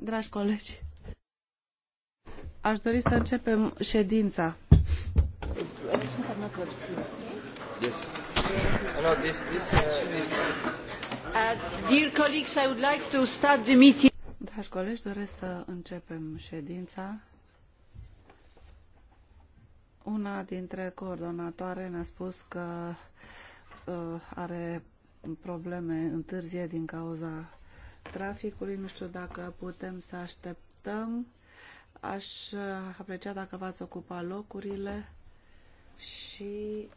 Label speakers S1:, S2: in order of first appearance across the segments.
S1: Dragi colegi, aș dori să începem ședința. Uh, uh, Dragi colegi, doresc să începem ședința. Una dintre coordonatoare ne-a spus că uh, are probleme, întârzie din cauza traficului. Nu știu dacă putem să așteptăm. Aș uh, aprecia dacă v-ați ocupa locurile și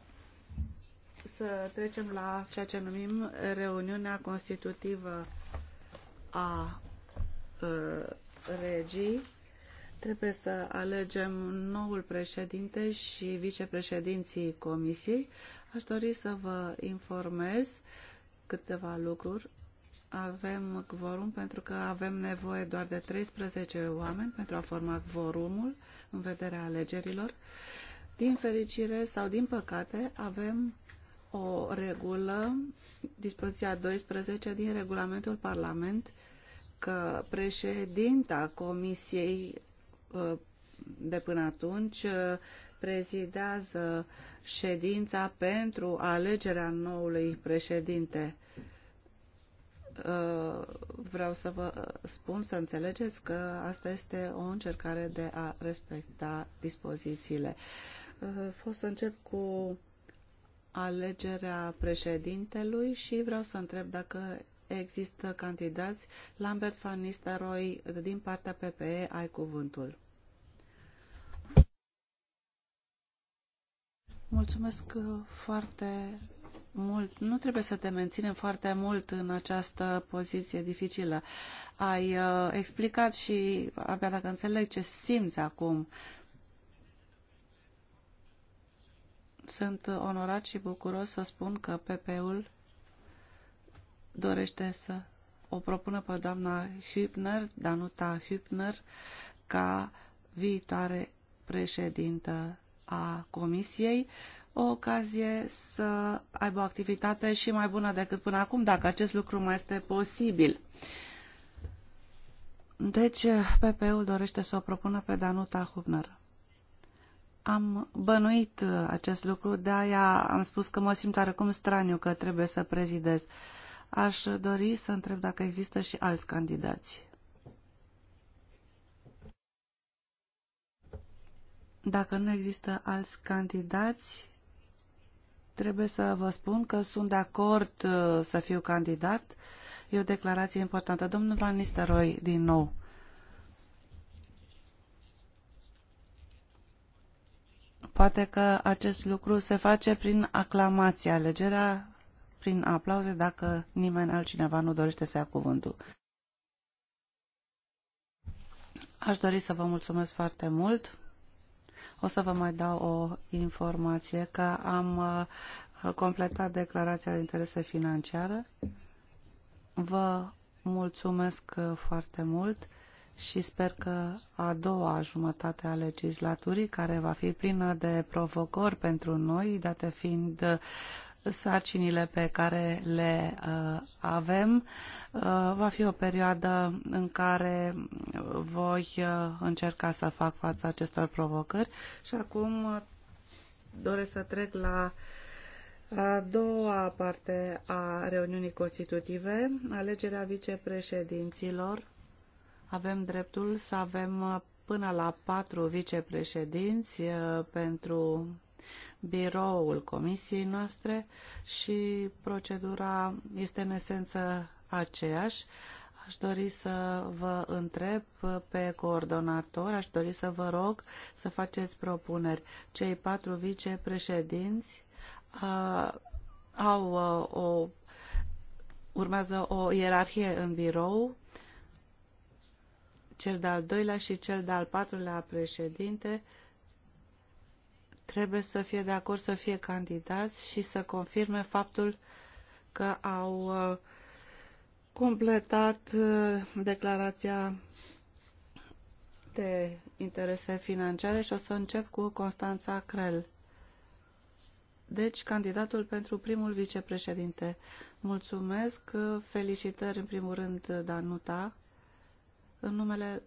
S1: să trecem la ceea ce numim reuniunea constitutivă a uh, regii Trebuie să alegem noul președinte și vicepreședinții comisiei. Aș dori să vă informez câteva lucruri. Avem quorum pentru că avem nevoie doar de 13 oameni pentru a forma quorumul în vederea alegerilor. Din fericire sau din păcate avem o regulă, dispoziția 12 din regulamentul Parlament, că președinta Comisiei de până atunci uh, prezidează ședința pentru alegerea noului președinte. Uh, vreau să vă spun să înțelegeți că asta este o încercare de a respecta dispozițiile. Uh, o să încep cu alegerea președintelui și vreau să întreb dacă există candidați. Lambert Van Nistelrooy, din partea PPE, ai cuvântul. Mulțumesc uh, foarte mult. Nu trebuie să te menținem foarte mult în această poziție dificilă. Ai uh, explicat și abia dacă înțeleg ce simți acum. Sunt onorat și bucuros să spun că PP-ul dorește să o propună pe doamna Hübner, Danuta Hübner, ca viitoare președintă a Comisiei, o ocazie să aibă o activitate și mai bună decât până acum, dacă acest lucru mai este posibil. Deci, PP-ul dorește să o propună pe Danuta Hübner. Am bănuit acest lucru, de-aia am spus că mă simt oarecum straniu că trebuie să prezidez. Uh, Aș dori să întreb dacă există și alți candidați. Dacă nu există alți candidați, trebuie să vă spun că sunt de acord uh, să fiu candidat. E o declarație importantă. Domnul Van Nistelrooy, din nou. Poate că acest lucru se face prin aclamație. Alegerea prin aplauze dacă nimeni altcineva nu dorește să ia cuvântul. Aș dori să vă mulțumesc foarte mult. O să vă mai dau o informație că am uh, completat declarația de interese financiară. Vă mulțumesc uh, foarte mult și sper că a doua jumătate a legislaturii, care va fi plină de provocări pentru noi, date fiind uh, sarcinile pe care le uh, avem. Uh, va fi o perioadă în care voi uh, încerca să fac față acestor provocări și acum uh, doresc să trec la a doua parte a reuniunii constitutive, alegerea vicepreședinților. Avem dreptul să avem uh, până la patru vicepreședinți uh, pentru biroul comisiei noastre și procedura este în esență aceeași. Aș dori să vă întreb pe coordonator, aș dori să vă rog să faceți propuneri. Cei patru vicepreședinți uh, au uh, o urmează o ierarhie în birou, cel de-al doilea și cel de-al patrulea președinte trebuie să fie de acord să fie candidați și să confirme faptul că au uh, completat uh, declarația de interese financiare și o să încep cu Constanța Crel. Deci, candidatul pentru primul vicepreședinte. Mulțumesc, uh, felicitări în primul rând Danuta, în numele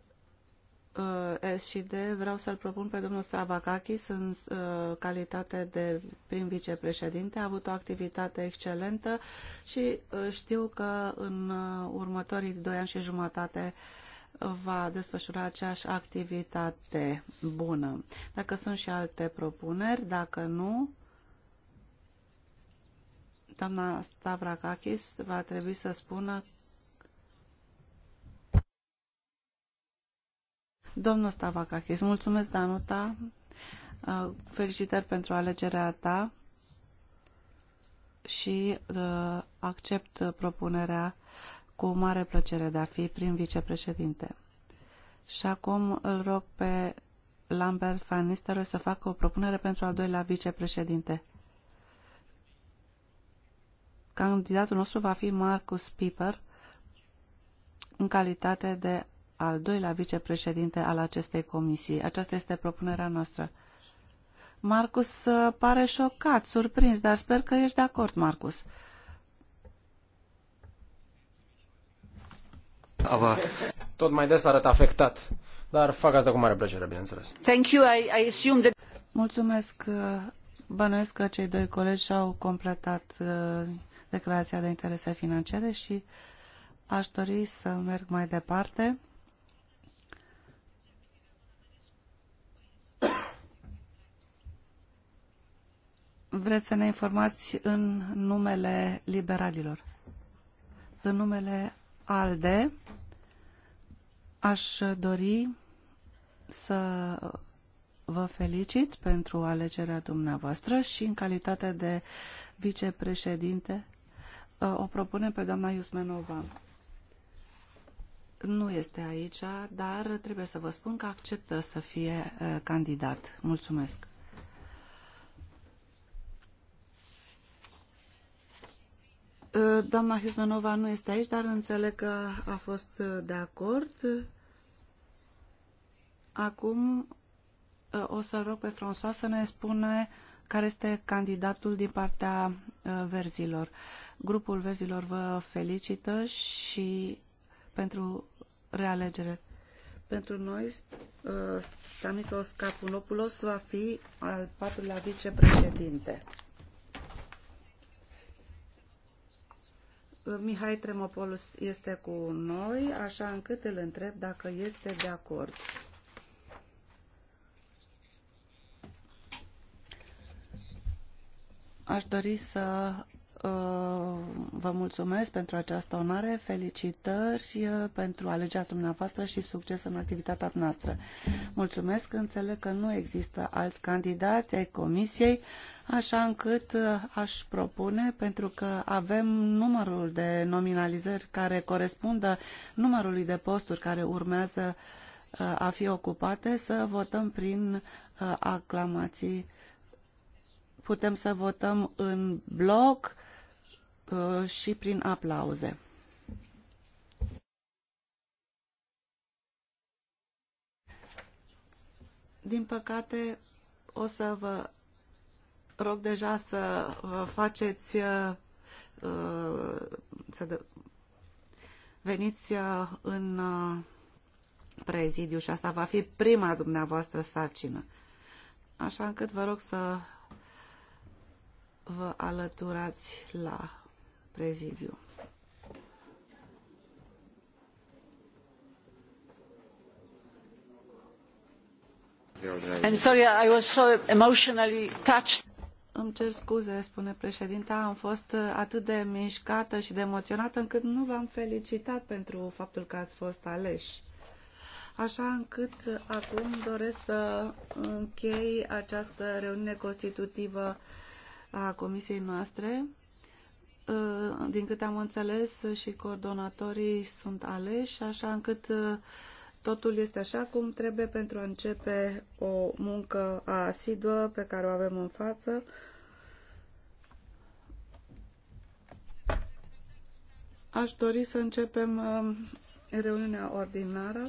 S1: Uh, S și D, vreau să-l propun pe domnul Stravakakis în uh, calitate de prim vicepreședinte. A avut o activitate excelentă și uh, știu că în următorii doi ani și jumătate va desfășura aceeași activitate bună. Dacă sunt și alte propuneri, dacă nu, doamna Stavrakakis va trebui să spună Domnul Stavakakis, mulțumesc, Danuta. Uh, felicitări pentru alegerea ta și uh, accept propunerea cu mare plăcere de a fi prim vicepreședinte. Și acum îl rog pe Lambert Van Nistelrooy să facă o propunere pentru al doilea vicepreședinte. Candidatul nostru va fi Marcus Piper în calitate de al doilea vicepreședinte al acestei comisii. Aceasta este propunerea noastră. Marcus ă, pare șocat, surprins, dar sper că ești de acord, Marcus.
S2: Aber... Tot mai des arăt afectat, dar fac asta cu mare plăcere, bineînțeles.
S1: Thank you, I, I assume that... Mulțumesc. Ă, bănuiesc că cei doi colegi și-au completat ă, declarația de interese financiare și aș dori să merg mai departe. vreți să ne informați în numele liberalilor. În numele ALDE aș dori să vă felicit pentru alegerea dumneavoastră și în calitate de vicepreședinte o propune pe doamna Iusmenova. Nu este aici, dar trebuie să vă spun că acceptă să fie eh, candidat. Mulțumesc. Ă, doamna Hizmenova nu este aici, dar înțeleg că a fost ă, de acord. Acum ă, o să rog pe François să ne spune care este candidatul din partea verzilor. Grupul verzilor vă felicită și pentru realegere. Pentru noi, Stamitos Capulopoulos va fi al patrulea vicepreședinte. Mihai Tremopoulos este cu noi, așa încât îl întreb dacă este de acord. Aș dori să Uh, vă mulțumesc pentru această onoare, felicitări uh, pentru alegerea dumneavoastră și succes în activitatea noastră. Mulțumesc, înțeleg că nu există alți candidați ai comisiei, așa încât uh, aș propune, pentru că avem numărul de nominalizări care corespundă numărului de posturi care urmează a fi ocupate, să votăm prin aclamații. Putem să votăm în bloc Uh, și prin aplauze. Din păcate, o să vă rog deja să faceți uh, uh, să veniți în prezidiu și asta va fi prima dumneavoastră sarcină. Așa încât vă rog să vă alăturați la prezidiu. Îmi cer scuze, spune președinta, am fost atât de mișcată și de emoționată încât nu v-am felicitat pentru faptul că ați fost aleși. Așa încât acum doresc să închei această reuniune constitutivă a comisiei noastre. Ă, din câte am înțeles, și coordonatorii sunt aleși, așa încât ă, totul este așa cum trebuie pentru a începe o muncă asiduă pe care o avem în față. Aș dori să începem ă, reuniunea ordinară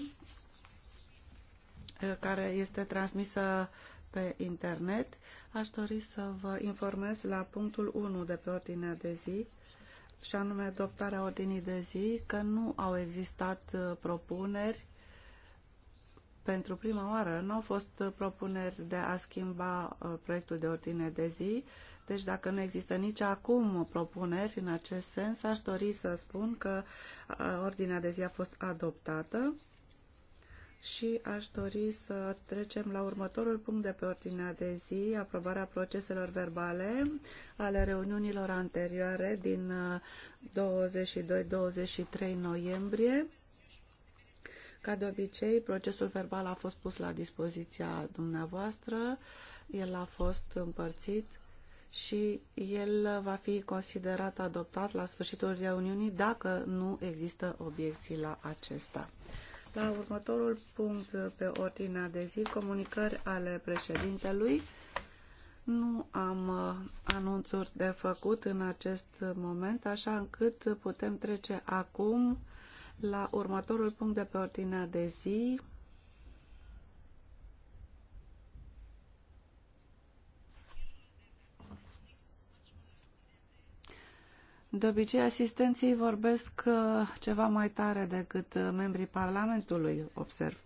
S1: care este transmisă pe internet. Aș dori să vă informez la punctul 1 de pe ordinea de zi, și anume adoptarea ordinii de zi, că nu au existat uh, propuneri pentru prima oară. Nu au fost uh, propuneri de a schimba uh, proiectul de ordine de zi, deci dacă nu există nici acum propuneri în acest sens, aș dori să spun că ordinea de zi a fost adoptată și aș dori să trecem la următorul punct de pe ordinea de zi, aprobarea proceselor verbale ale reuniunilor anterioare din 22-23 uh, noiembrie. Ca de obicei, procesul verbal a fost pus la dispoziția dumneavoastră, el a fost împărțit și el va fi considerat adoptat la sfârșitul reuniunii dacă nu există obiecții la acesta la următorul punct pe ordinea de zi, comunicări ale președintelui. Nu am uh, anunțuri de făcut în acest moment, așa încât putem trece acum la următorul punct de pe ordinea de zi, De obicei, asistenții vorbesc uh, ceva mai tare decât uh, membrii Parlamentului, observ.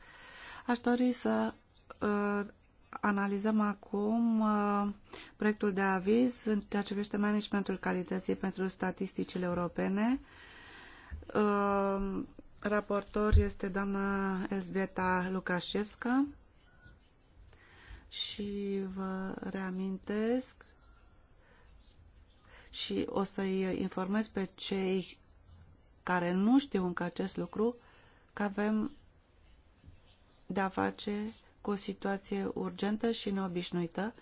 S1: Aș dori să uh, analizăm acum uh, proiectul de aviz în ceea ce privește managementul calității pentru statisticile europene. Uh, raportor este doamna Elzbieta Lukashevska și vă reamintesc și o să-i informez pe cei care nu știu încă acest lucru că avem de-a face cu o situație urgentă și neobișnuită.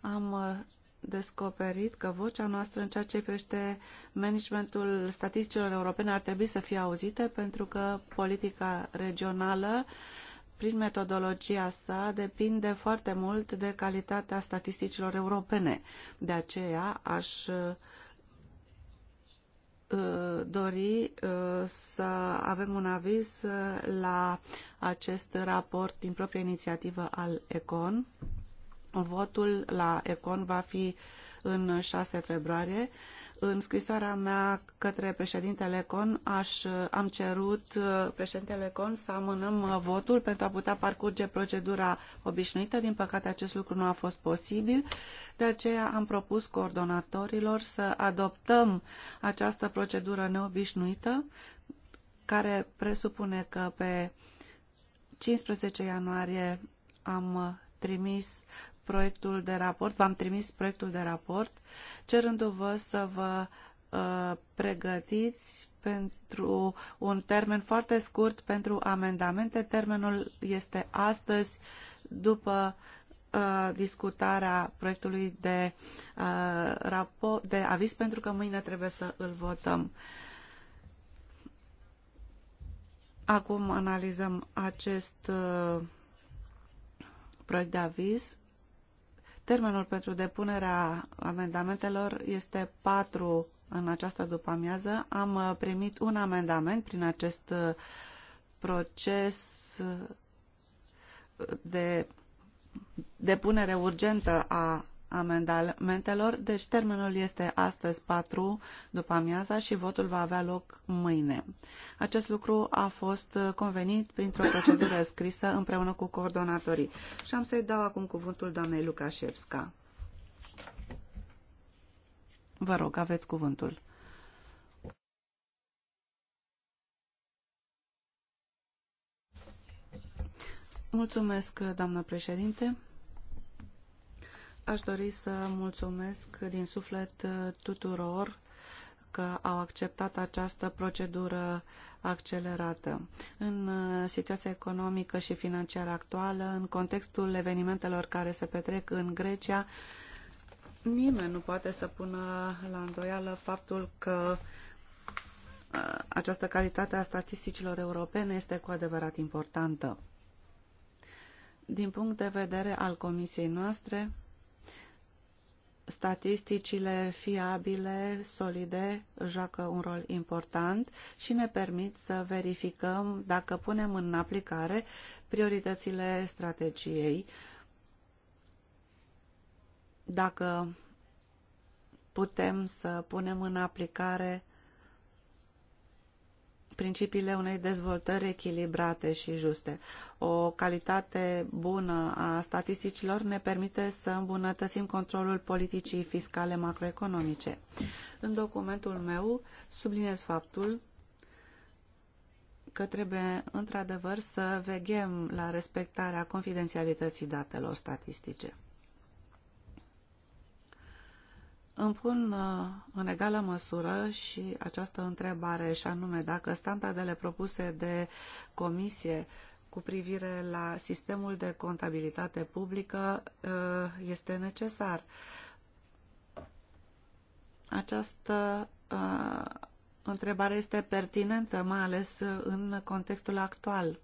S1: Am uh, descoperit că vocea noastră în ceea ce privește managementul statisticilor europene ar trebui să fie auzită pentru că politica regională uh, prin metodologia sa, depinde foarte mult de calitatea statisticilor europene. De aceea aș uh, dori uh, să avem un aviz uh, la acest raport din propria inițiativă al ECON. Votul la ECON va fi în 6 februarie în scrisoarea mea către președintele Con aș, am cerut uh, președintele Con să amânăm uh, votul pentru a putea parcurge procedura obișnuită. Din păcate acest lucru nu a fost posibil, de aceea am propus coordonatorilor să adoptăm această procedură neobișnuită care presupune că pe 15 ianuarie am trimis proiectul de raport, v-am trimis proiectul de raport, cerându-vă să vă uh, pregătiți pentru un termen foarte scurt pentru amendamente. Termenul este astăzi, după uh, discutarea proiectului de, uh, de aviz, pentru că mâine trebuie să îl votăm. Acum analizăm acest uh, proiect de aviz Termenul pentru depunerea amendamentelor este 4 în această după-amiază. Am uh, primit un amendament prin acest uh, proces uh, de depunere urgentă a amendamentelor, deci termenul este astăzi 4 după amiaza și votul va avea loc mâine. Acest lucru a fost convenit printr-o procedură scrisă împreună cu coordonatorii. Și am să-i dau acum cuvântul doamnei Lukașevska. Vă rog, aveți cuvântul. Mulțumesc, doamnă președinte. Aș dori să mulțumesc din suflet uh, tuturor că au acceptat această procedură accelerată. În uh, situația economică și financiară actuală, în contextul evenimentelor care se petrec în Grecia, nimeni nu poate să pună la îndoială faptul că uh, această calitate a statisticilor europene este cu adevărat importantă. Din punct de vedere al comisiei noastre, statisticile fiabile, solide, joacă un rol important și ne permit să verificăm dacă punem în aplicare prioritățile strategiei, dacă putem să punem în aplicare principiile unei dezvoltări echilibrate și juste. O calitate bună a statisticilor ne permite să îmbunătățim controlul politicii fiscale macroeconomice. În documentul meu subliniez faptul că trebuie într-adevăr să veghem la respectarea confidențialității datelor statistice. Îmi pun uh, în egală măsură și această întrebare, și anume dacă standardele propuse de comisie cu privire la sistemul de contabilitate publică uh, este necesar. Această uh, întrebare este pertinentă, mai ales în contextul actual.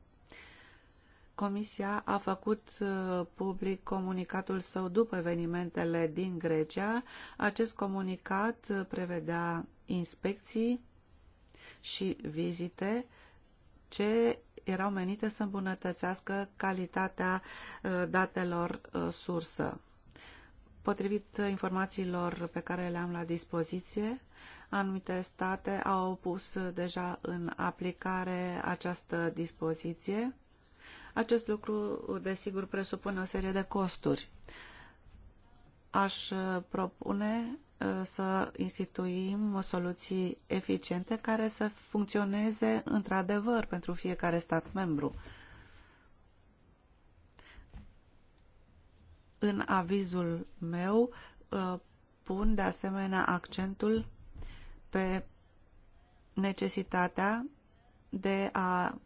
S1: Comisia a făcut uh, public comunicatul său după evenimentele din Grecia. Acest comunicat uh, prevedea inspecții și vizite ce erau menite să îmbunătățească calitatea uh, datelor sursă. Potrivit informațiilor pe care le-am la dispoziție, anumite state au pus deja în aplicare această dispoziție acest lucru, desigur, presupune o serie de costuri. Aș uh, propune uh, să instituim soluții eficiente care să funcționeze într-adevăr pentru fiecare stat membru. În avizul meu uh, pun de asemenea accentul pe necesitatea de a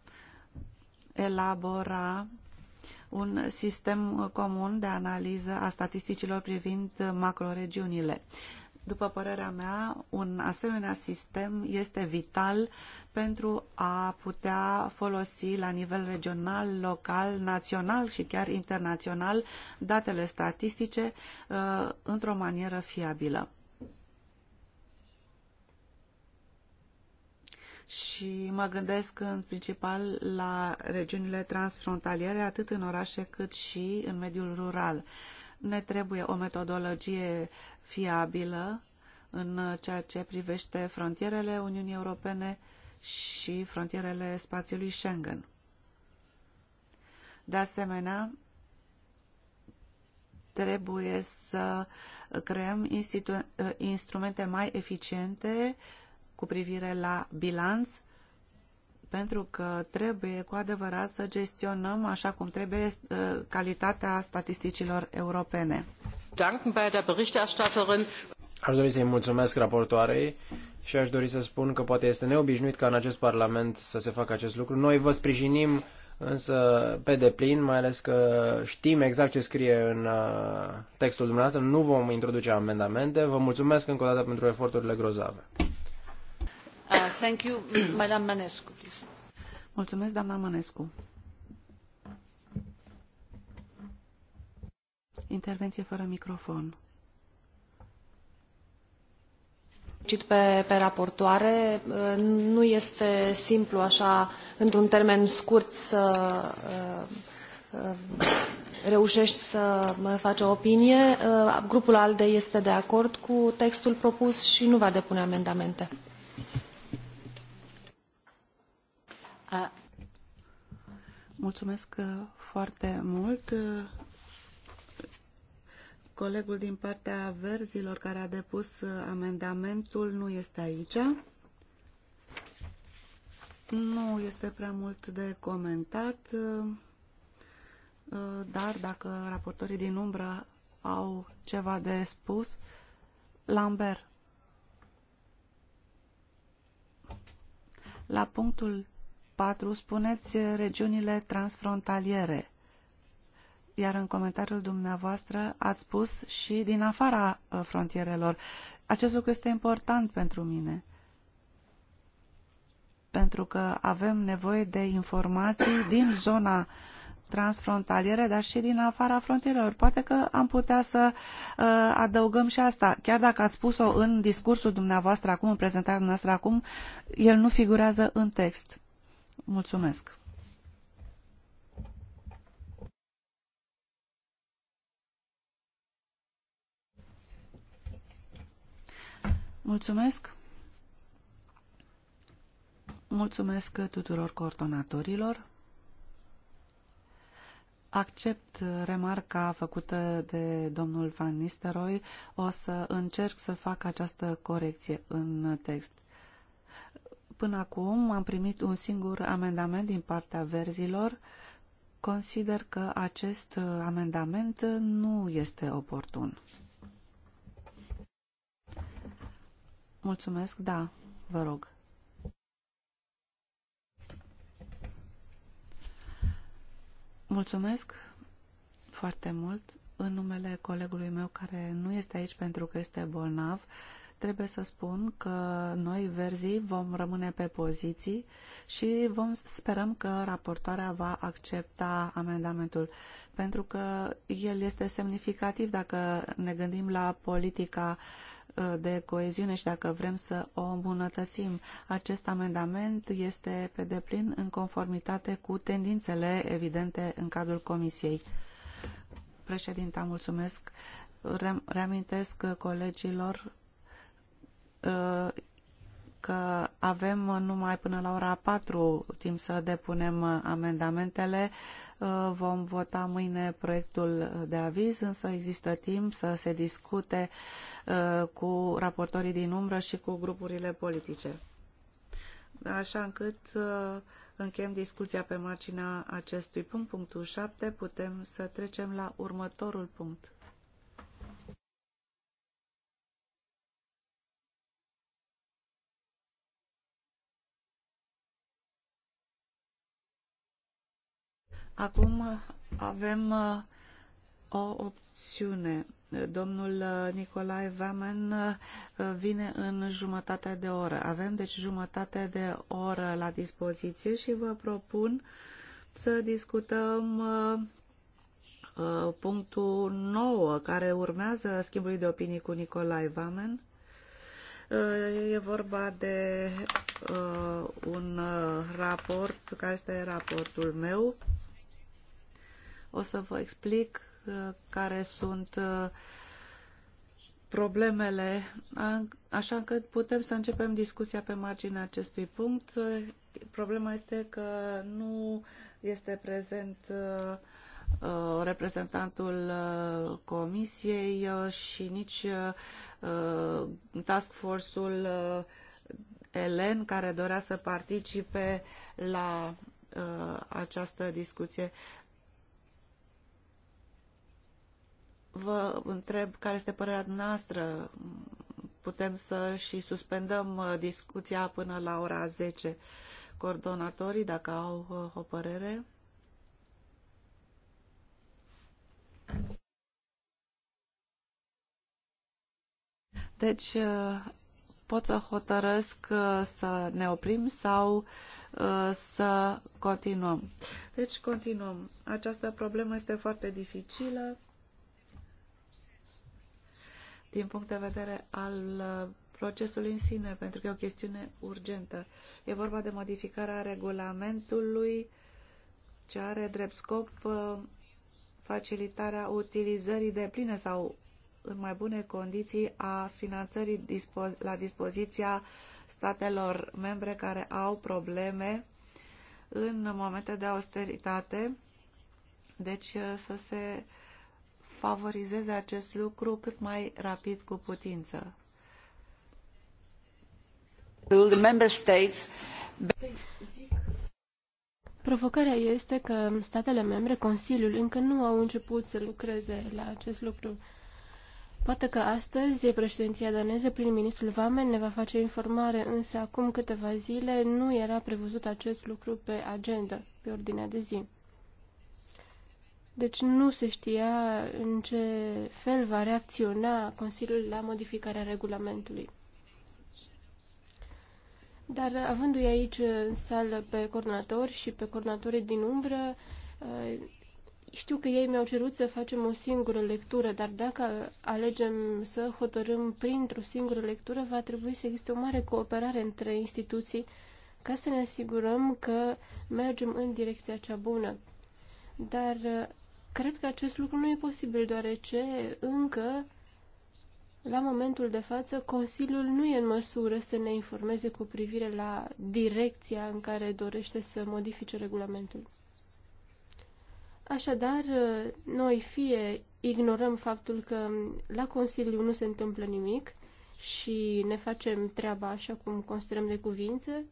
S1: elabora un sistem comun de analiză a statisticilor privind macroregiunile. După părerea mea, un asemenea sistem este vital pentru a putea folosi la nivel regional, local, național și chiar internațional datele statistice uh, într-o manieră fiabilă. și mă gândesc în principal la regiunile transfrontaliere, atât în orașe cât și în mediul rural. Ne trebuie o metodologie fiabilă în ceea ce privește frontierele Uniunii Europene și frontierele spațiului Schengen. De asemenea, trebuie să creăm instrumente mai eficiente uh, cu privire la bilanț, pentru că trebuie cu adevărat să gestionăm așa cum trebuie uh, calitatea statisticilor europene.
S2: Aș dori să-i mulțumesc raportoarei și aș dori să spun că poate este neobișnuit ca în acest Parlament să se facă acest lucru. Noi vă sprijinim însă pe deplin, mai ales că știm exact ce scrie în uh, textul dumneavoastră, nu vom introduce amendamente. Vă mulțumesc încă o dată pentru eforturile grozave
S1: felicit Manescu, Intervenție fără microfon. Cit pe, pe raportoare, nu
S3: este simplu așa, într-un termen scurt, să uh, reușești să faci o opinie. Uh, grupul ALDE este de acord cu textul propus și nu va depune amendamente.
S1: Mulțumesc uh, foarte mult. Uh, colegul din partea verzilor care a depus uh, amendamentul nu este aici. Nu este prea mult de comentat, dar dacă raportorii din umbră au ceva de spus, Lambert. La punctul 4 spuneți regiunile transfrontaliere, iar în comentariul dumneavoastră ați spus și din afara uh, frontierelor. Acest lucru este important pentru mine, pentru că avem nevoie de informații din zona transfrontaliere, dar și din afara frontierelor. Poate că am putea să uh, adăugăm și asta. Chiar dacă ați spus-o în discursul dumneavoastră acum, în prezentarea dumneavoastră acum, el nu figurează în text. Mulțumesc! Mulțumesc! Mulțumesc tuturor coordonatorilor. Accept remarca făcută de domnul Van Nisteroy. O să încerc să fac această corecție în text. Până acum am primit un singur amendament din partea verzilor. Consider că acest uh, amendament nu este oportun. Mulțumesc, da, vă rog. Mulțumesc foarte mult în numele colegului meu care nu este aici pentru că este bolnav trebuie să spun că noi, verzii, vom rămâne pe poziții și vom sperăm că raportoarea va accepta amendamentul, pentru că el este semnificativ dacă ne gândim la politica uh, de coeziune și dacă vrem să o îmbunătățim. Acest amendament este pe deplin în conformitate cu tendințele evidente în cadrul Comisiei. Președinta, mulțumesc reamintesc colegilor că avem numai până la ora 4 timp să depunem amendamentele. Uh, vom vota mâine proiectul de aviz, însă există timp să se discute uh, cu raportorii din umbră și cu grupurile politice. Da, așa încât uh, încheiem discuția pe marginea acestui punct, punctul 7, putem să trecem la următorul punct. Acum uh, avem uh, o opțiune. Domnul uh, Nicolae Vamen vine în jumătate de oră. Avem deci jumătate de oră la dispoziție și vă propun să discutăm punctul 9 care urmează schimbului de opinii cu Nicolae Vamen. E vorba de un raport care este raportul meu o să vă explic uh, care sunt uh, problemele, așa că putem să începem discuția pe marginea acestui punct. Uh, problema este că nu este prezent reprezentantul comisiei și nici task force-ul Elen care dorea să participe la această discuție. vă întreb care este părerea noastră. Putem să și suspendăm uh, discuția până la ora 10. Coordonatorii, dacă au uh, o părere. Deci, uh, pot să hotărăsc să ne oprim sau să continuăm. Deci, continuăm. Această problemă este foarte dificilă din punct de vedere al uh, procesului în sine, pentru că e o chestiune urgentă. E vorba de modificarea regulamentului ce are drept scop uh, facilitarea utilizării de pline sau în mai bune condiții a finanțării dispo la dispoziția statelor membre care au probleme în momente de austeritate, deci uh, să se favorizeze acest lucru cât mai rapid cu putință.
S4: Provocarea este că statele membre, Consiliul, încă nu au început să lucreze la acest lucru. Poate că astăzi președinția daneză prin ministrul Vamen ne va face informare, însă acum câteva zile nu era prevăzut acest lucru pe agenda, pe ordinea de zi. Deci nu se știa în ce fel va reacționa Consiliul la modificarea regulamentului. Dar avându-i aici în sală pe coordonatori și pe coordonatorii din umbră, eh, știu că ei mi-au cerut să facem o singură lectură, dar dacă alegem să hotărâm printr-o singură lectură, va trebui să existe o mare cooperare între instituții ca să ne asigurăm că mergem în direcția cea bună. Dar eh, Cred că acest lucru nu e posibil, deoarece încă, la momentul de față, Consiliul nu e în măsură să ne informeze cu privire la direcția în care dorește să modifice regulamentul. Așadar, noi fie ignorăm faptul că la Consiliu nu se întâmplă nimic și ne facem treaba așa cum considerăm de cuvință,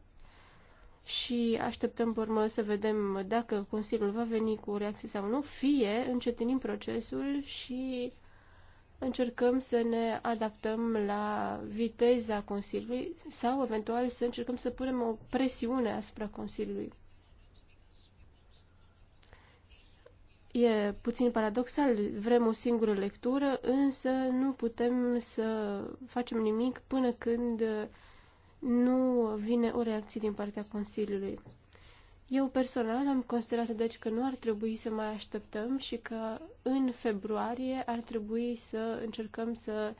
S4: și așteptăm pe urmă să vedem dacă Consiliul va veni cu o reacție sau nu, fie încetinim procesul și încercăm să ne adaptăm la viteza Consiliului sau eventual să încercăm să punem o presiune asupra Consiliului. E puțin paradoxal, vrem o singură lectură, însă nu putem să facem nimic până când nu vine o reacție din partea Consiliului. Eu personal am considerat deci că nu ar trebui să mai așteptăm și că în februarie ar trebui să încercăm să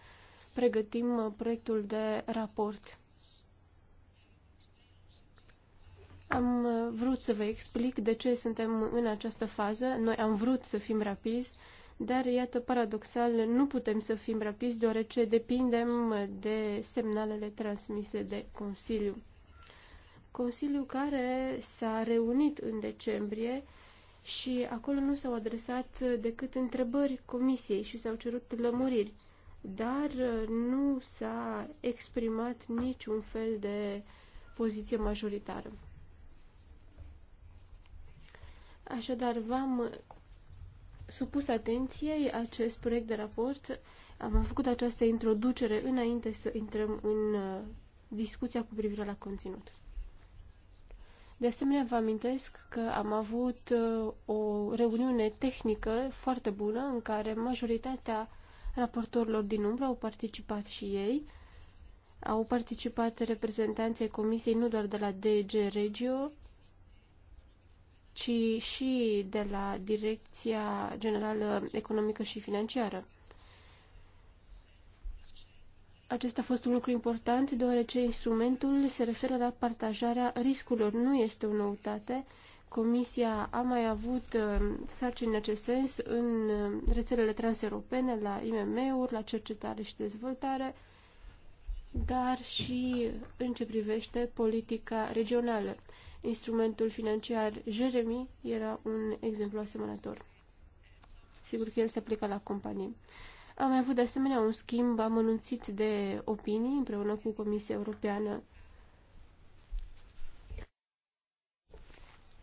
S4: pregătim uh, proiectul de raport. Am uh, vrut să vă explic de ce suntem în această fază. Noi am vrut să fim rapizi, dar, iată, paradoxal, nu putem să fim rapizi deoarece depindem de semnalele transmise de Consiliu. Consiliu care s-a reunit în decembrie și acolo nu s-au adresat decât întrebări comisiei și s-au cerut lămuriri, dar nu s-a exprimat niciun fel de poziție majoritară. Așadar, v-am supus atenției acest proiect de raport. Am făcut această introducere înainte să intrăm în uh, discuția cu privire la conținut. De asemenea, vă amintesc că am avut uh, o reuniune tehnică foarte bună în care majoritatea raportorilor din umbră au participat și ei. Au participat reprezentanții comisiei nu doar de la DG Regio, ci și de la Direcția Generală Economică și Financiară. Acesta a fost un lucru important, deoarece instrumentul se referă la partajarea riscurilor. Nu este o noutate. Comisia a mai avut um, sarcini în acest sens în um, rețelele transeuropene, la IMM-uri, la cercetare și dezvoltare, dar și în ce privește politica regională. Instrumentul financiar Jeremy era un exemplu asemănător. Sigur că el se aplica la companie. Am mai avut de asemenea un schimb amănunțit de opinii împreună cu Comisia Europeană.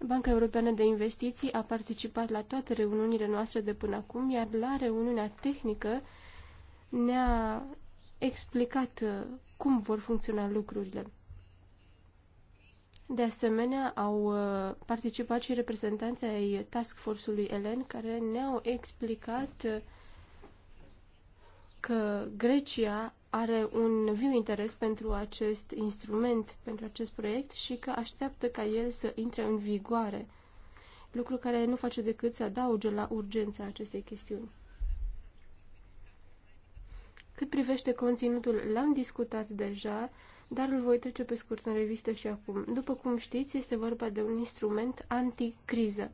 S4: Banca Europeană de Investiții a participat la toate reuniunile noastre de până acum, iar la reuniunea tehnică ne-a explicat uh, cum vor funcționa lucrurile. De asemenea, au uh, participat și reprezentanții ai Task Force-ului Elen, care ne-au explicat uh, că Grecia are un viu interes pentru acest instrument, pentru acest proiect și că așteaptă ca el să intre în vigoare, lucru care nu face decât să adauge la urgența acestei chestiuni. Cât privește conținutul, l-am discutat deja, dar îl voi trece pe scurt în revistă și acum. După cum știți, este vorba de un instrument anticriză.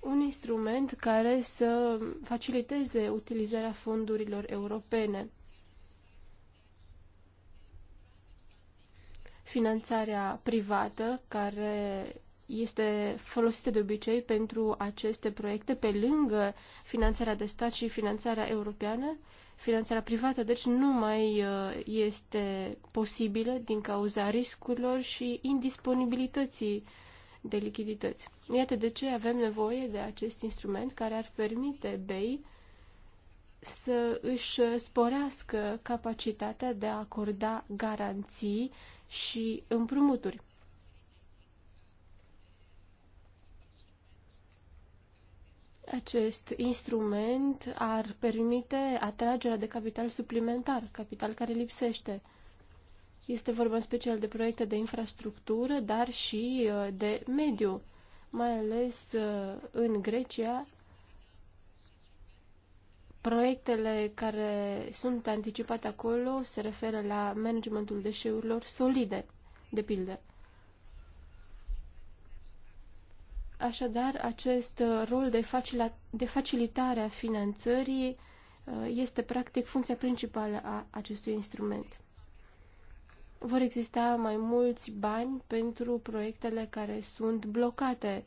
S4: Un instrument care să faciliteze utilizarea fondurilor europene. Finanțarea privată, care este folosită de obicei pentru aceste proiecte, pe lângă finanțarea de stat și finanțarea europeană, finanțarea privată, deci nu mai uh, este posibilă din cauza riscurilor și indisponibilității de lichidități. Iată de ce avem nevoie de acest instrument care ar permite BEI să își sporească capacitatea de a acorda garanții și împrumuturi. Acest instrument ar permite atragerea de capital suplimentar, capital care lipsește. Este vorba în special de proiecte de infrastructură, dar și uh, de mediu, mai ales uh, în Grecia. Proiectele care sunt anticipate acolo se referă la managementul deșeurilor solide, de pildă. Așadar, acest uh, rol de, facila, de facilitare a finanțării uh, este practic funcția principală a acestui instrument. Vor exista mai mulți bani pentru proiectele care sunt blocate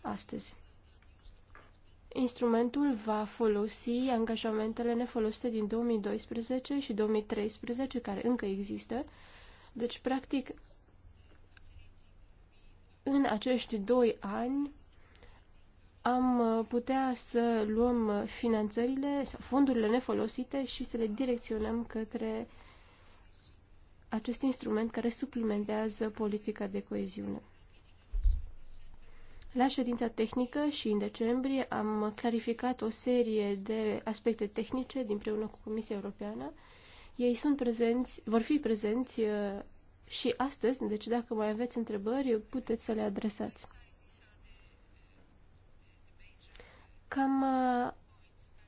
S4: astăzi. Instrumentul va folosi angajamentele nefolosite din 2012 și 2013, care încă există. Deci, practic, în acești doi ani am uh, putea să luăm uh, finanțările, fondurile nefolosite și să le direcționăm către acest instrument care suplimentează politica de coeziune. La ședința tehnică și în decembrie am clarificat o serie de aspecte tehnice din împreună cu Comisia Europeană. Ei sunt prezenți, vor fi prezenți uh, și astăzi, deci dacă mai aveți întrebări, puteți să le adresați. Cam uh,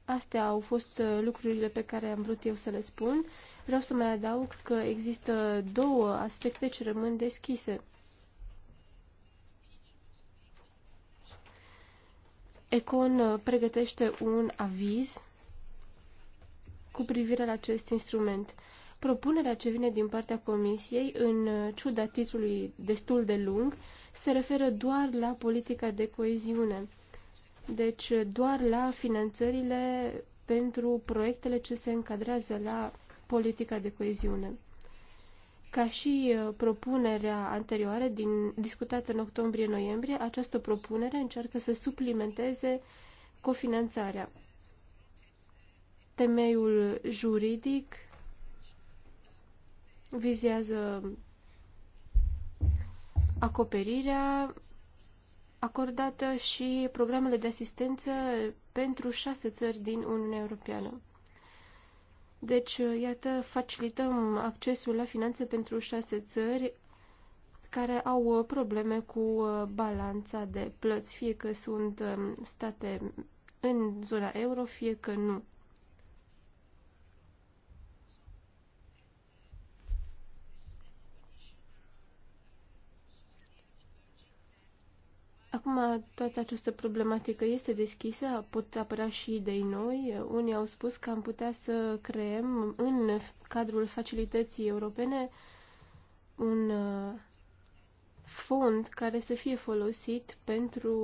S4: astea au fost uh, lucrurile pe care am vrut eu să le spun. Vreau să mai adaug că există două aspecte ce rămân deschise. Econ uh, pregătește un aviz cu privire la acest instrument. Propunerea ce vine din partea Comisiei, în ciuda titlului destul de lung, se referă doar la politica de coeziune. Deci doar la finanțările pentru proiectele ce se încadrează la politica de coeziune. Ca și uh, propunerea anterioară din, discutată în octombrie-noiembrie, această propunere încearcă să suplimenteze cofinanțarea. Temeiul juridic vizează acoperirea acordată și programele de asistență pentru șase țări din Uniunea Europeană. Deci, iată, facilităm accesul la finanțe pentru șase țări care au uh, probleme cu uh, balanța de plăți, fie că sunt um, state în zona euro, fie că nu. Acum toată această problematică este deschisă, pot apărea și idei noi. Unii au spus că am putea să creăm în cadrul facilității europene un uh, fond care să fie folosit pentru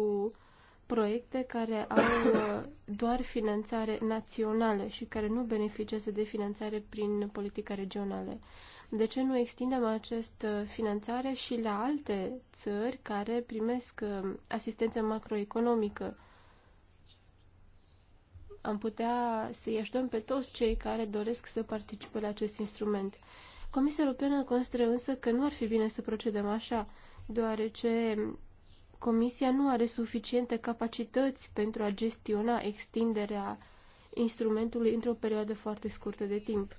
S4: proiecte care au uh, doar finanțare națională și care nu beneficiază de finanțare prin politica regională de ce nu extindem acest finanțare și la alte țări care primesc uh, asistență macroeconomică? Am putea să-i ajutăm pe toți cei care doresc să participe la acest instrument. Comisia Europeană consideră însă că nu ar fi bine să procedăm așa, deoarece Comisia nu are suficiente capacități pentru a gestiona extinderea instrumentului într-o perioadă foarte scurtă de timp.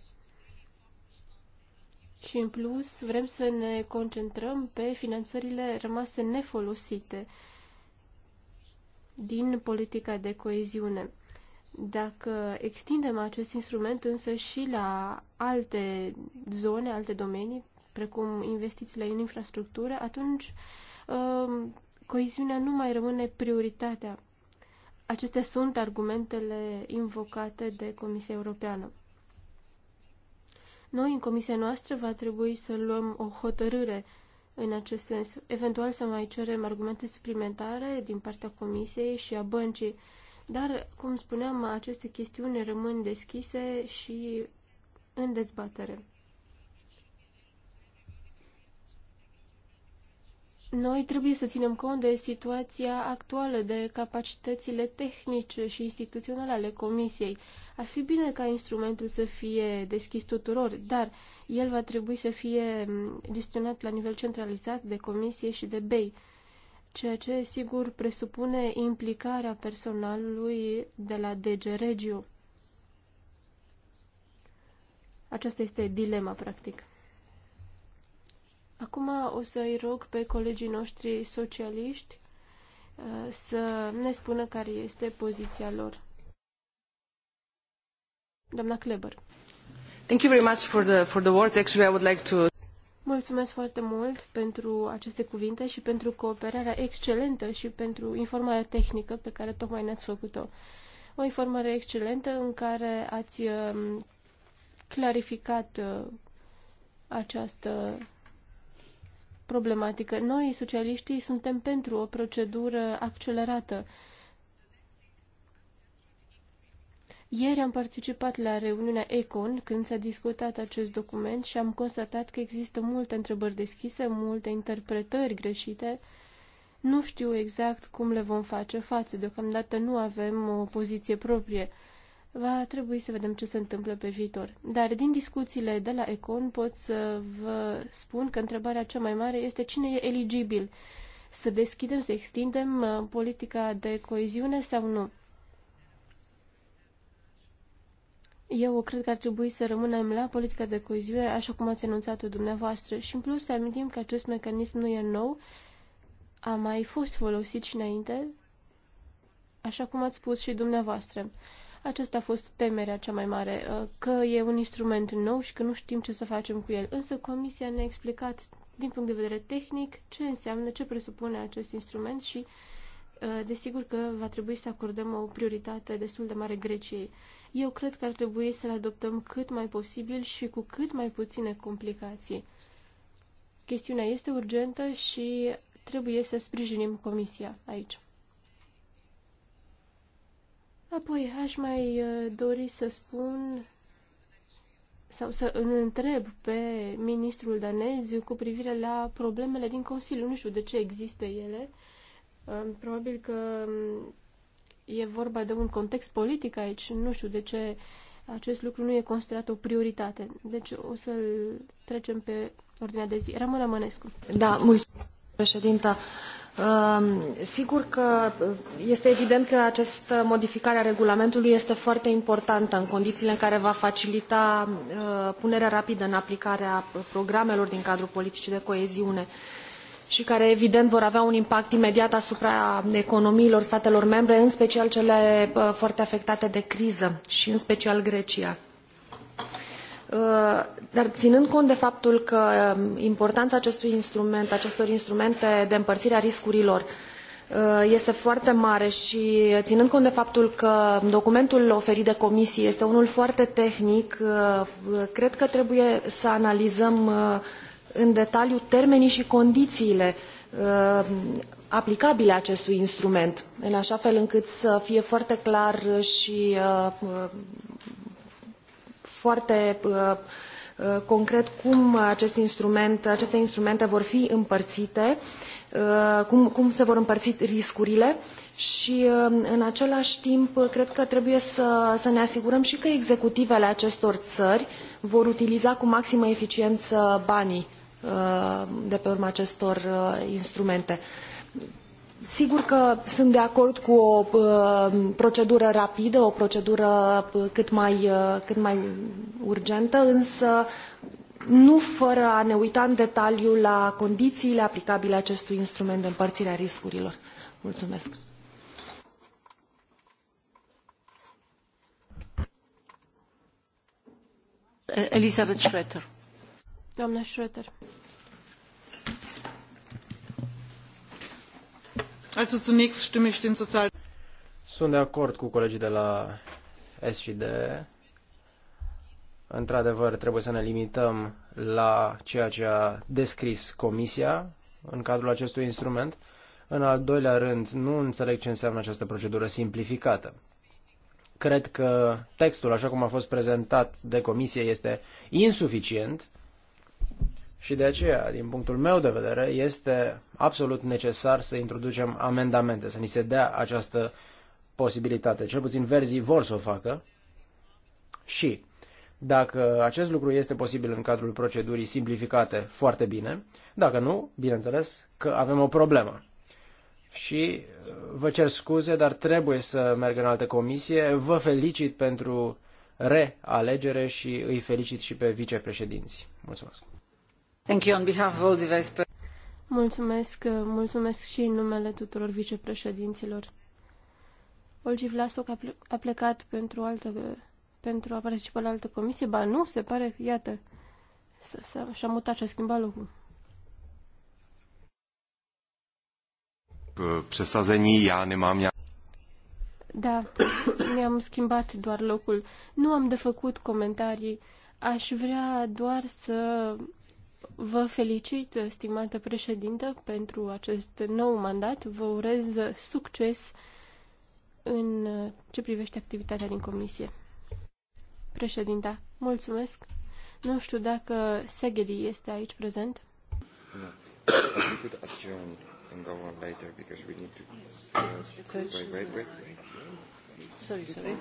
S4: Și în plus vrem să ne concentrăm pe finanțările rămase nefolosite din politica de coeziune. Dacă extindem acest instrument însă și la alte zone, alte domenii, precum investițiile în infrastructură, atunci um, coeziunea nu mai rămâne prioritatea. Acestea sunt argumentele invocate de Comisia Europeană. Noi, în comisia noastră, va trebui să luăm o hotărâre în acest sens. Eventual să mai cerem argumente suplimentare din partea comisiei și a băncii. Dar, cum spuneam, aceste chestiuni rămân deschise și în dezbatere. Noi trebuie să ținem cont de situația actuală, de capacitățile tehnice și instituționale ale Comisiei. Ar fi bine ca instrumentul să fie deschis tuturor, dar el va trebui să fie mm, gestionat la nivel centralizat de comisie și de BEI, ceea ce sigur presupune implicarea personalului de la DG Regio. Aceasta este dilema, practic. Acum o să-i rog pe colegii noștri socialiști uh, să ne spună care este poziția lor. Doamna Kleber. Thank you very much
S1: for the, for the words. Actually, I would like to...
S4: Mulțumesc foarte mult pentru aceste cuvinte și pentru cooperarea excelentă și pentru informarea tehnică pe care tocmai ne-ați făcut-o. O informare excelentă în care ați um, clarificat uh, această problematică. Noi, socialiștii, suntem pentru o procedură accelerată Ieri am participat la reuniunea ECON când s-a discutat acest document și am constatat că există multe întrebări deschise, multe interpretări greșite. Nu știu exact cum le vom face față, deocamdată nu avem o poziție proprie. Va trebui să vedem ce se întâmplă pe viitor. Dar din discuțiile de la Econ pot să vă spun că întrebarea cea mai mare este cine e eligibil. Să deschidem, să extindem uh, politica de coeziune sau nu? Eu cred că ar trebui să rămânem la politica de coeziune, așa cum ați enunțat-o dumneavoastră. Și în plus să amintim că acest mecanism nu e nou, a mai fost folosit și înainte, așa cum ați spus și dumneavoastră. Aceasta a fost temerea cea mai mare, uh, că e un instrument nou și că nu știm ce să facem cu el. Însă Comisia ne-a explicat, din punct de vedere tehnic, ce înseamnă, ce presupune acest instrument și, uh, desigur, că va trebui să acordăm o prioritate destul de mare Greciei. Eu cred că ar trebui să le adoptăm cât mai posibil și cu cât mai puține complicații. Chestiunea este urgentă și trebuie să sprijinim Comisia aici. Apoi aș mai uh, dori să spun sau să îl întreb pe ministrul danez cu privire la problemele din Consiliu. Nu știu de ce există ele. Um, probabil că um, E vorba de un context politic aici. Nu știu de ce acest lucru nu e considerat o prioritate. Deci o să trecem pe ordinea de zi. Ramona Mănescu.
S3: Da, mulțumesc, președinta. Um, sigur că este evident că această modificare a regulamentului este foarte importantă în condițiile în care va facilita uh, punerea rapidă în aplicare a programelor din cadrul politicii de coeziune și care evident vor avea un impact imediat asupra economiilor statelor membre, în special cele uh, foarte afectate de criză și în special Grecia. Uh, dar ținând cont de faptul că um, importanța acestui instrument, acestor instrumente de împărțire a riscurilor uh, este foarte mare și ținând cont de faptul că documentul oferit de comisie este unul foarte tehnic, cred că trebuie să analizăm în detaliu termenii și condițiile uh, aplicabile acestui instrument, în așa fel încât să fie foarte clar și uh, foarte uh, uh concret cum acest instrument, aceste instrumente vor fi împărțite, uh, cum, cum se vor împărți riscurile și uh, în același timp cred că trebuie să, să ne asigurăm și că executivele acestor țări vor utiliza cu maximă eficiență banii Uh, de pe urma acestor uh, instrumente. Sigur că sunt de acord cu o uh, procedură rapidă, o procedură cât mai, cât mai urgentă, însă nu fără a ne uita în detaliu la condițiile aplicabile acestui instrument de împărțire a riscurilor. Mulțumesc!
S4: Elisabeth Schroeter. Doamna
S2: Also zunächst stimme ich den Sozial Sunt de acord cu colegii de la S și D. Într-adevăr, trebuie să ne limităm la ceea ce a descris Comisia în cadrul acestui instrument. În al doilea rând, nu înțeleg ce înseamnă această procedură simplificată. Cred că textul, așa cum a fost prezentat de Comisie, este insuficient și de aceea, din punctul meu de vedere, este absolut necesar să introducem amendamente, să ni se dea această posibilitate. Cel puțin verzii vor să o facă. Și dacă acest lucru este posibil în cadrul procedurii simplificate, foarte bine. Dacă nu, bineînțeles că avem o problemă. Și uh, vă cer scuze, dar trebuie să merg în altă comisie. Vă felicit pentru realegere și îi felicit și pe vicepreședinți. Mulțumesc.
S4: Mulțumesc, mulțumesc și în numele tuturor vicepreședinților. Olgi Vlasov a plecat pentru, altă, pentru a participa la altă comisie? Ba nu, se pare, iată, și-a mutat și-a schimbat locul.
S5: Přesazení já nemám
S4: Da, mi-am schimbat doar locul. Nu am de făcut comentarii. Aș vrea doar să Vă felicit, stimată președintă, pentru acest nou mandat. Vă urez succes în ce privește activitatea din comisie. Președinta, mulțumesc. Nu știu dacă Segedi este aici prezent.
S3: Sorry, sorry.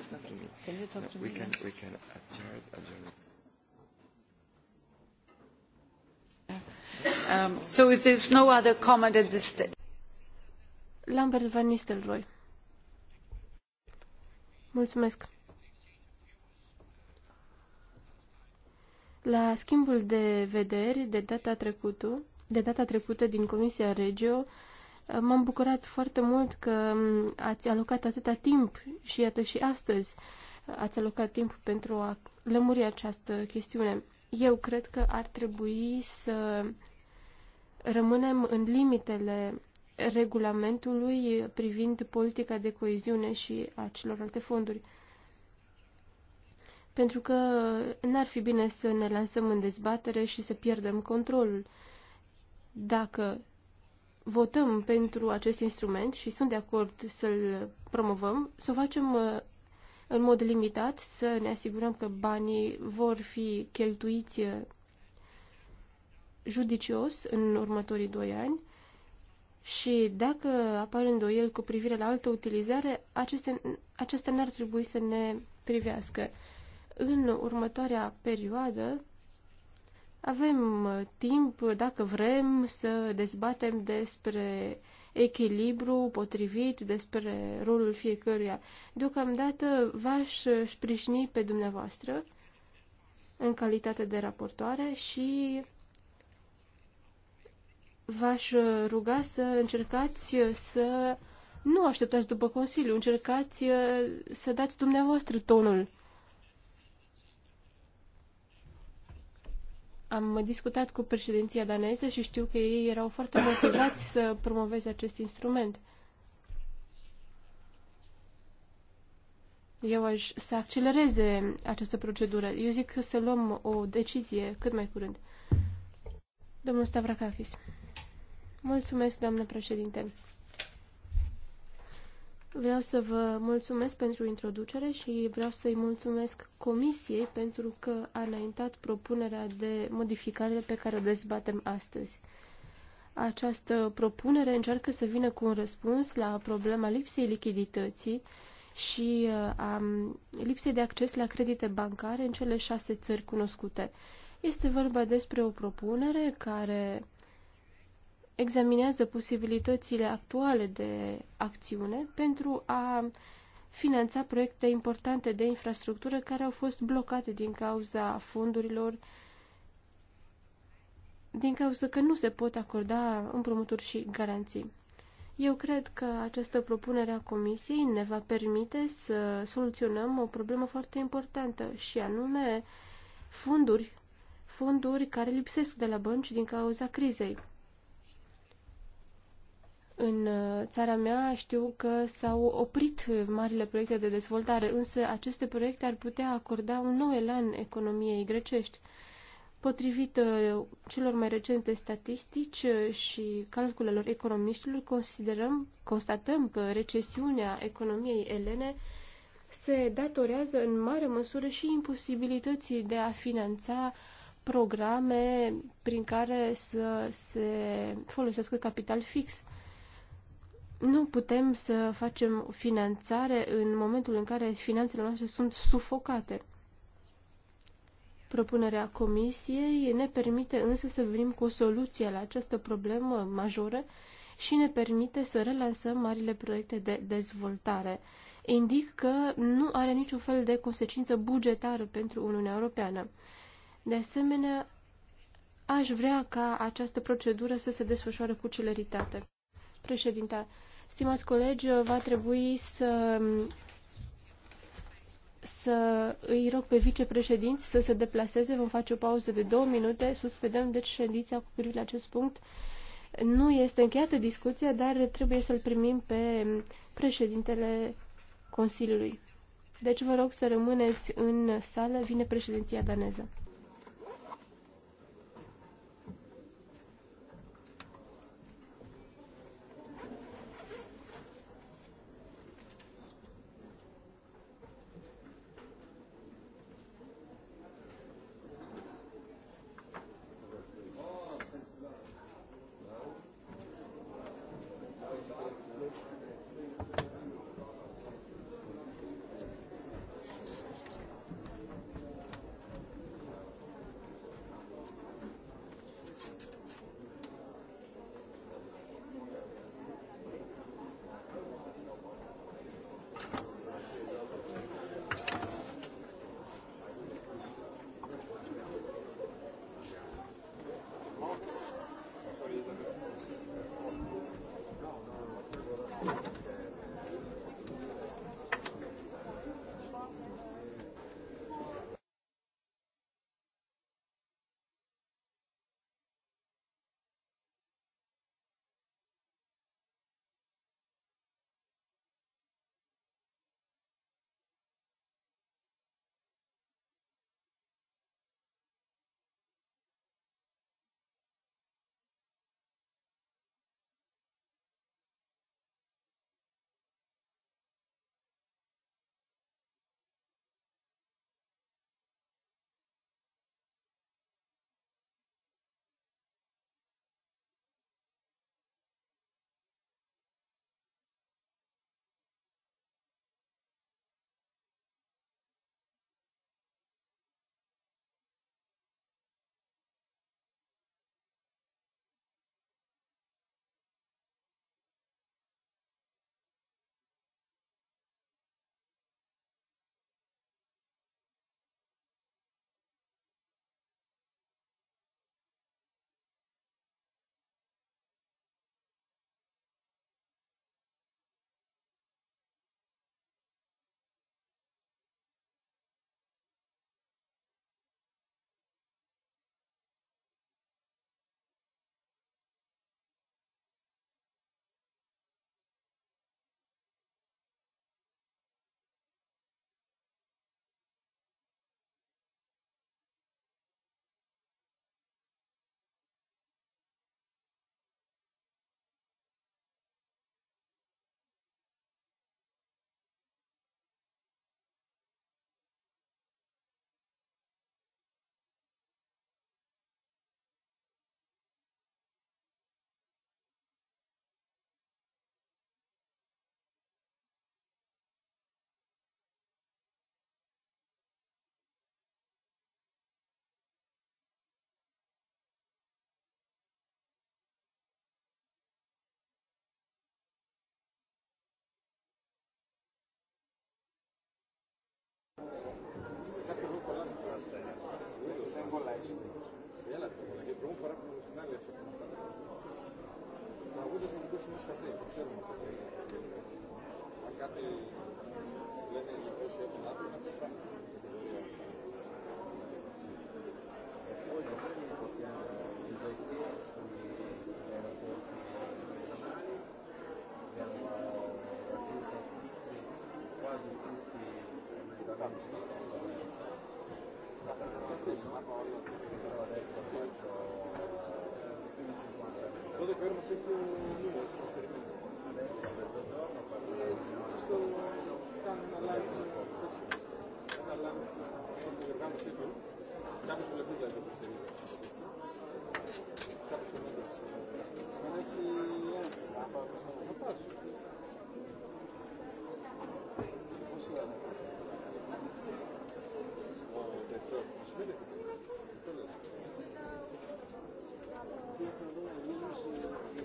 S1: Can you talk to me? can, we can adjourn.
S4: Um, so if there's no other comment at this stage. Lambert Van Nistelrooy. Mulțumesc. La schimbul de vederi de data trecută, de data trecută din Comisia Regio, m-am bucurat foarte mult că ați alocat atâta timp și iată și astăzi ați alocat timp pentru a lămuri această chestiune. Eu cred că ar trebui să rămânem în limitele regulamentului privind politica de coeziune și a celorlalte fonduri. Pentru că n-ar fi bine să ne lansăm în dezbatere și să pierdem controlul. Dacă votăm pentru acest instrument și sunt de acord să-l promovăm, să o facem uh, în mod limitat, să ne asigurăm că banii vor fi cheltuiți uh, judicios în următorii doi ani și dacă apar îndoieli cu privire la altă utilizare, aceste, acestea n-ar trebui să ne privească. În următoarea perioadă avem uh, timp, dacă vrem, să dezbatem despre echilibru potrivit, despre rolul fiecăruia. Deocamdată v-aș uh, sprijini pe dumneavoastră în calitate de raportoare și v-aș uh, ruga să încercați uh, să nu așteptați după Consiliu, încercați uh, să dați dumneavoastră tonul. Am discutat cu președinția daneză și știu că ei erau foarte motivați să promoveze acest instrument. Eu aș să accelereze această procedură. Eu zic să luăm o decizie cât mai curând. Domnul Stavrakakis. Mulțumesc, doamnă președinte. Vreau să vă mulțumesc pentru introducere și vreau să-i mulțumesc Comisiei pentru că a înaintat propunerea de modificare pe care o dezbatem astăzi. Această propunere încearcă să vină cu un răspuns la problema lipsei lichidității și uh, a lipsei de acces la credite bancare în cele șase țări cunoscute. Este vorba despre o propunere care examinează posibilitățile actuale de acțiune pentru a finanța proiecte importante de infrastructură care au fost blocate din cauza fondurilor, din cauza că nu se pot acorda împrumuturi și garanții. Eu cred că această propunere a Comisiei ne va permite să soluționăm o problemă foarte importantă și anume fonduri, fonduri care lipsesc de la bănci din cauza crizei. În uh, țara mea știu că s-au oprit marile proiecte de dezvoltare, însă aceste proiecte ar putea acorda un nou elan economiei grecești. Potrivit uh, celor mai recente statistici uh, și calculelor economiștilor, considerăm, constatăm că recesiunea economiei elene se datorează în mare măsură și imposibilității de a finanța programe prin care să se folosească capital fix nu putem să facem finanțare în momentul în care finanțele noastre sunt sufocate. Propunerea Comisiei ne permite însă să venim cu o soluție la această problemă majoră și ne permite să relansăm marile proiecte de dezvoltare. Indic că nu are niciun fel de consecință bugetară pentru Uniunea Europeană. De asemenea, aș vrea ca această procedură să se desfășoare cu celeritate. Președinte, Stimați colegi, va trebui să să îi rog pe vicepreședinți să se deplaseze. Vom face o pauză de două minute. Suspedăm deci ședința cu privire la acest punct. Nu este încheiată discuția, dar trebuie să-l primim pe președintele Consiliului. Deci vă rog să rămâneți în sală. Vine președinția daneză.
S5: реально отработать. И потом пора потому что надо все помогать. А вот же мы
S3: больше не скопляем, вообще мы Пока ты глядя не
S5: больше это надо, это правда. Ой,
S6: stesso numero, stesso
S5: esperimento. Adesso a mezzogiorno parlo eh, sì, questo
S6: danno all'Anzi,
S5: all'Anzi, quando verranno sei tu, capo sulla sedia del questo video. Capo sulla sedia. Non è che la
S2: fa questa non faccio. Se fosse la
S1: Oh, detto, aspetta. Quello. Sì, quello.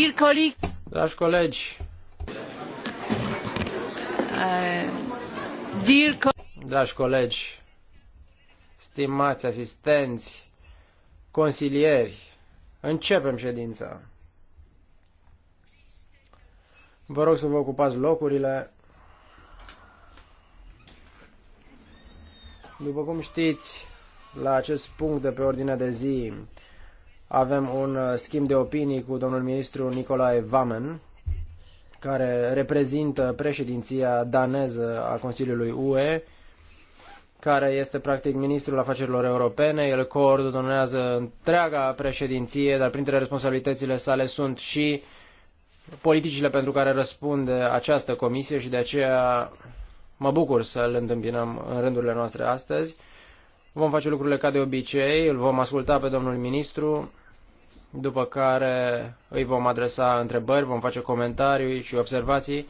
S2: Dear Dragi colegi, uh, dragi colegi, stimați asistenți, consilieri, începem ședința. Vă rog să vă ocupați locurile. După cum știți, la acest punct de pe ordinea de zi, avem un uh, schimb de opinii cu domnul ministru Nicolae Vamen, care reprezintă președinția daneză a Consiliului UE, care este practic ministrul afacerilor europene. El coordonează întreaga președinție, dar printre responsabilitățile sale sunt și politicile pentru care răspunde această comisie și de aceea mă bucur să-l întâmpinăm în rândurile noastre astăzi. Vom face lucrurile ca de obicei, îl vom asculta pe domnul ministru, după care îi vom adresa întrebări, vom face comentarii și observații.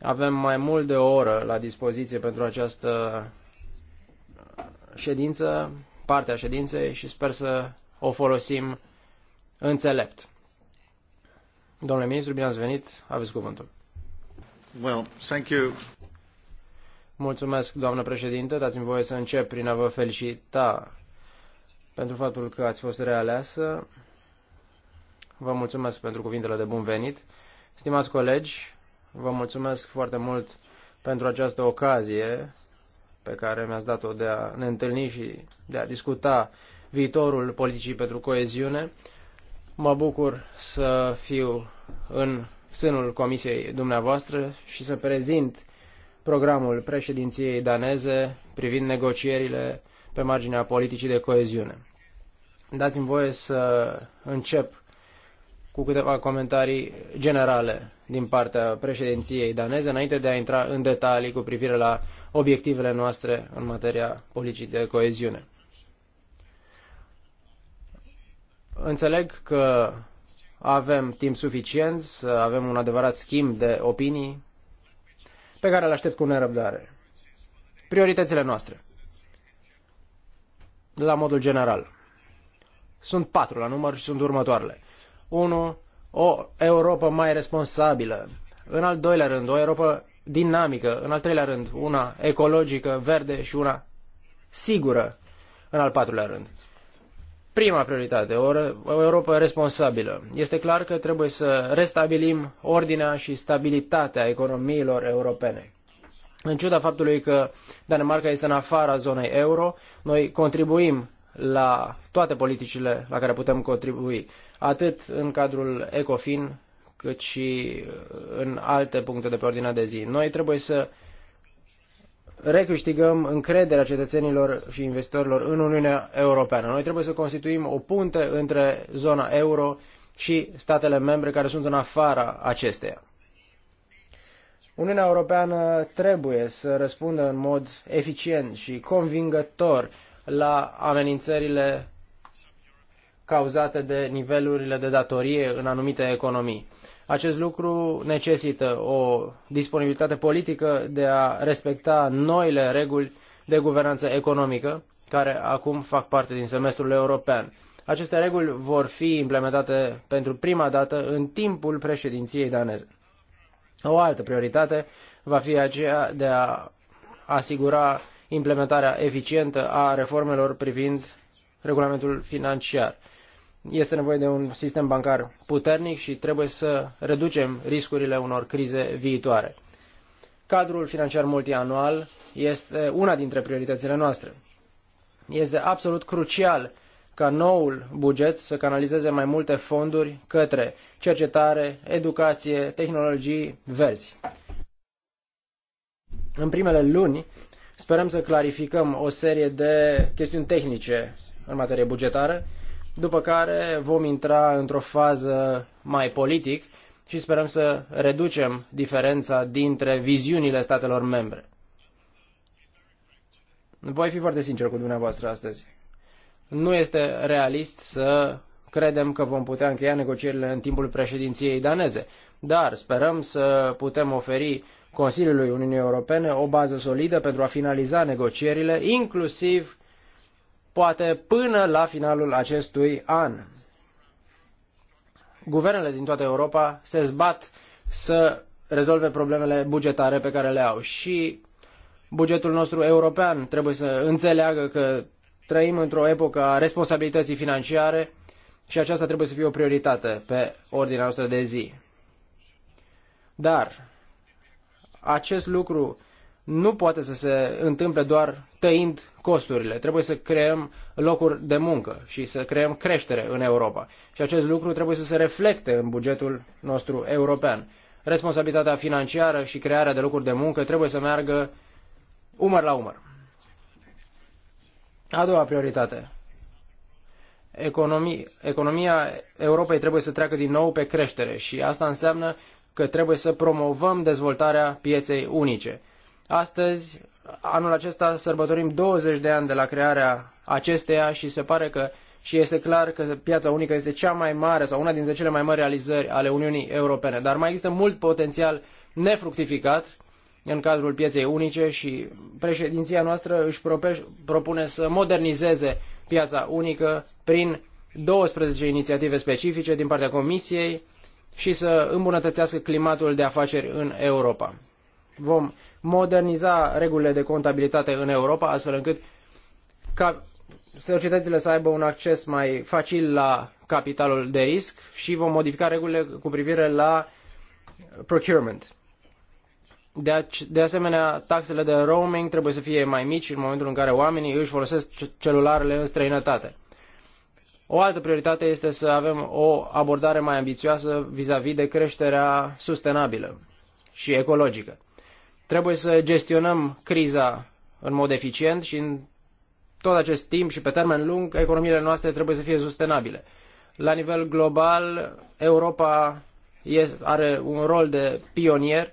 S2: Avem mai mult de o oră la dispoziție pentru această ședință, partea ședinței și sper să o folosim înțelept. Domnule ministru, bine ați venit, aveți cuvântul. Well, thank you. Mulțumesc, doamnă președinte, dați-mi voie să încep prin a vă felicita pentru faptul că ați fost realeasă. Vă mulțumesc pentru cuvintele de bun venit. Stimați colegi, vă mulțumesc foarte mult pentru această ocazie pe care mi-ați dat-o de a ne întâlni și de a discuta viitorul politicii pentru coeziune. Mă bucur să fiu în sânul comisiei dumneavoastră și să prezint programul președinției daneze privind negocierile pe marginea politicii de coeziune. Dați-mi voie să încep cu câteva comentarii generale din partea președinției daneze, înainte de a intra în detalii cu privire la obiectivele noastre în materia politicii de coeziune. Înțeleg că avem timp suficient să avem un adevărat schimb de opinii pe care îl aștept cu nerăbdare. Prioritățile noastre. La modul general. Sunt patru la număr și sunt următoarele. 1. O Europa mai responsabilă. În al doilea rând, o Europa dinamică. În al treilea rând, una ecologică, verde și una sigură. În al patrulea rând. Prima prioritate, o, o Europa responsabilă. Este clar că trebuie să restabilim ordinea și stabilitatea economiilor europene. În ciuda faptului că Danemarca este în afara zonei euro, noi contribuim la toate politicile la care putem contribui, atât în cadrul ECOFIN, cât și uh, în alte puncte de pe ordinea de zi. Noi trebuie să recâștigăm încrederea cetățenilor și investitorilor în Uniunea Europeană. Noi trebuie să constituim o punte între zona euro și statele membre care sunt în afara acesteia. Uniunea Europeană trebuie să răspundă în mod eficient și convingător la amenințările cauzate de nivelurile de datorie în anumite economii. Acest lucru necesită o disponibilitate politică de a respecta noile reguli de guvernanță economică, care acum fac parte din semestrul european. Aceste reguli vor fi implementate pentru prima dată în timpul președinției daneze. O altă prioritate va fi aceea de a asigura implementarea eficientă a reformelor privind regulamentul financiar. Este nevoie de un sistem bancar puternic și trebuie să reducem riscurile unor crize viitoare. Cadrul financiar multianual este una dintre prioritățile noastre. Este absolut crucial ca noul buget să canalizeze mai multe fonduri către cercetare, educație, tehnologii verzi. În primele luni Sperăm să clarificăm o serie de chestiuni tehnice în materie bugetară, după care vom intra într-o fază mai politic și sperăm să reducem diferența dintre viziunile statelor membre. Voi fi foarte sincer cu dumneavoastră astăzi. Nu este realist să credem că vom putea încheia negocierile în timpul președinției daneze, dar sperăm să putem oferi Consiliului Uniunii Europene o bază solidă pentru a finaliza negocierile, inclusiv poate până la finalul acestui an. Guvernele din toată Europa se zbat să rezolve problemele bugetare pe care le au și bugetul nostru european trebuie să înțeleagă că trăim într-o epocă a responsabilității financiare și aceasta trebuie să fie o prioritate pe ordinea noastră de zi. Dar acest lucru nu poate să se întâmple doar tăind costurile. Trebuie să creăm locuri de muncă și să creăm creștere în Europa. Și acest lucru trebuie să se reflecte în bugetul nostru european. Responsabilitatea financiară și crearea de locuri de muncă trebuie să meargă umăr la umăr. A doua prioritate. Economia, economia Europei trebuie să treacă din nou pe creștere și asta înseamnă că trebuie să promovăm dezvoltarea pieței unice. Astăzi, anul acesta, sărbătorim 20 de ani de la crearea acesteia și se pare că și este clar că piața unică este cea mai mare sau una dintre cele mai mari realizări ale Uniunii Europene. Dar mai există mult potențial nefructificat în cadrul pieței unice și președinția noastră își propune să modernizeze piața unică prin 12 inițiative specifice din partea Comisiei, și să îmbunătățească climatul de afaceri în Europa. Vom moderniza regulile de contabilitate în Europa, astfel încât ca societățile să aibă un acces mai facil la capitalul de risc și vom modifica regulile cu privire la procurement. De, de asemenea, taxele de roaming trebuie să fie mai mici în momentul în care oamenii își folosesc celularele în străinătate. O altă prioritate este să avem o abordare mai ambițioasă vis-a-vis de creșterea sustenabilă și ecologică. Trebuie să gestionăm criza în mod eficient și în tot acest timp și pe termen lung, economiile noastre trebuie să fie sustenabile. La nivel global, Europa are un rol de pionier.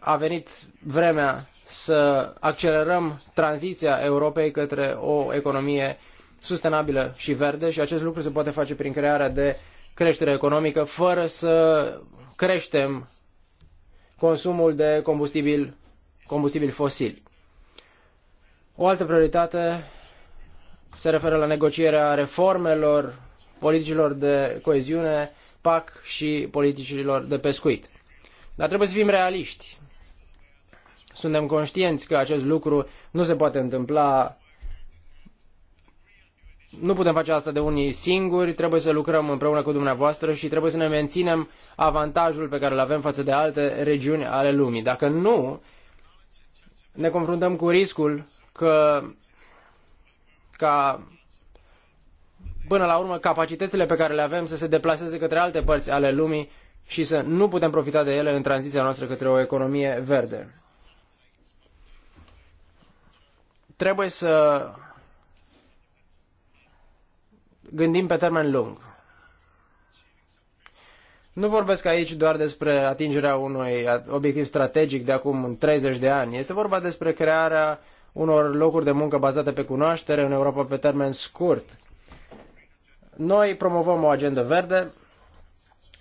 S2: A venit vremea să accelerăm tranziția Europei către o economie sustenabilă și verde și acest lucru se poate face prin crearea de creștere economică fără să creștem consumul de combustibil, combustibil fosil. O altă prioritate se referă la negocierea reformelor politicilor de coeziune, PAC și politicilor de pescuit. Dar trebuie să fim realiști. Suntem conștienți că acest lucru nu se poate întâmpla nu putem face asta de unii singuri, trebuie să lucrăm împreună cu dumneavoastră și trebuie să ne menținem avantajul pe care îl avem față de alte regiuni ale lumii. Dacă nu, ne confruntăm cu riscul că ca până la urmă capacitățile pe care le avem să se deplaseze către alte părți ale lumii și să nu putem profita de ele în tranziția noastră către o economie verde. Trebuie să gândim pe termen lung. Nu vorbesc aici doar despre atingerea unui obiectiv strategic de acum 30 de ani. Este vorba despre crearea unor locuri de muncă bazate pe cunoaștere în Europa pe termen scurt. Noi promovăm o agendă verde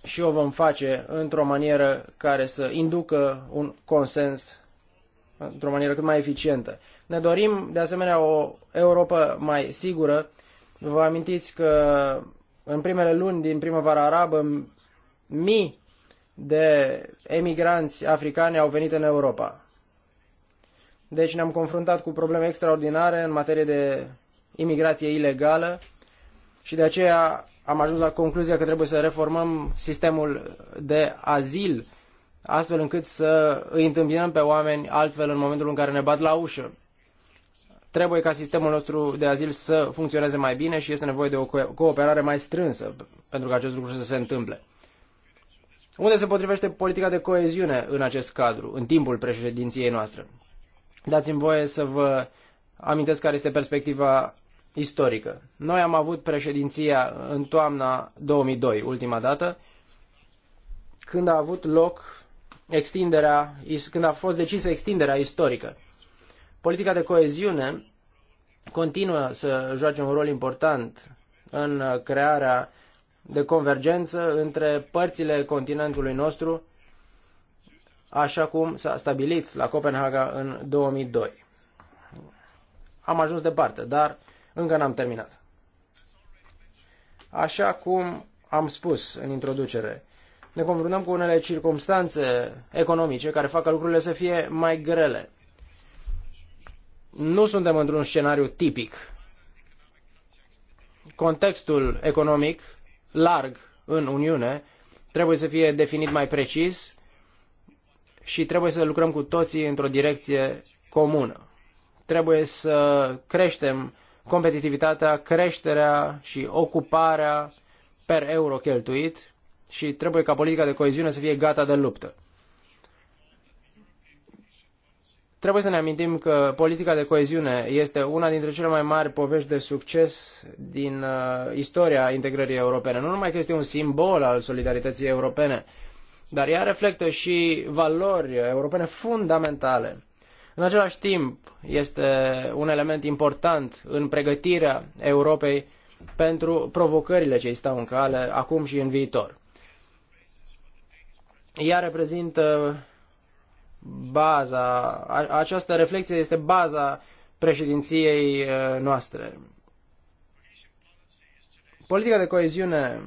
S2: și o vom face într-o manieră care să inducă un consens într-o manieră cât mai eficientă. Ne dorim, de asemenea, o Europa mai sigură Vă amintiți că în primele luni din primăvara arabă, mii de emigranți africani au venit în Europa. Deci ne-am confruntat cu probleme extraordinare în materie de imigrație ilegală și de aceea am ajuns la concluzia că trebuie să reformăm sistemul de azil astfel încât să îi întâmpinăm pe oameni altfel în momentul în care ne bat la ușă. Trebuie ca sistemul nostru de azil să funcționeze mai bine și este nevoie de o cooperare mai strânsă pentru ca acest lucru să se întâmple. Unde se potrivește politica de coeziune în acest cadru, în timpul președinției noastre? Dați-mi voie să vă amintesc care este perspectiva istorică. Noi am avut președinția în toamna 2002, ultima dată, când a avut loc extinderea, când a fost decisă extinderea istorică. Politica de coeziune continuă să joace un rol important în crearea de convergență între părțile continentului nostru, așa cum s-a stabilit la Copenhaga în 2002. Am ajuns departe, dar încă n-am terminat. Așa cum am spus în introducere, ne confruntăm cu unele circumstanțe economice care fac lucrurile să fie mai grele nu suntem într-un scenariu tipic. Contextul economic larg în Uniune trebuie să fie definit mai precis și trebuie să lucrăm cu toții într-o direcție comună. Trebuie să creștem competitivitatea, creșterea și ocuparea per euro cheltuit și trebuie ca politica de coeziune să fie gata de luptă. Trebuie să ne amintim că politica de coeziune este una dintre cele mai mari povești de succes din uh, istoria integrării europene. Nu numai că este un simbol al solidarității europene, dar ea reflectă și valori europene fundamentale. În același timp, este un element important în pregătirea Europei pentru provocările ce îi stau în cale acum și în viitor. Ea reprezintă baza, această reflexie este baza președinției uh, noastre. Politica de coeziune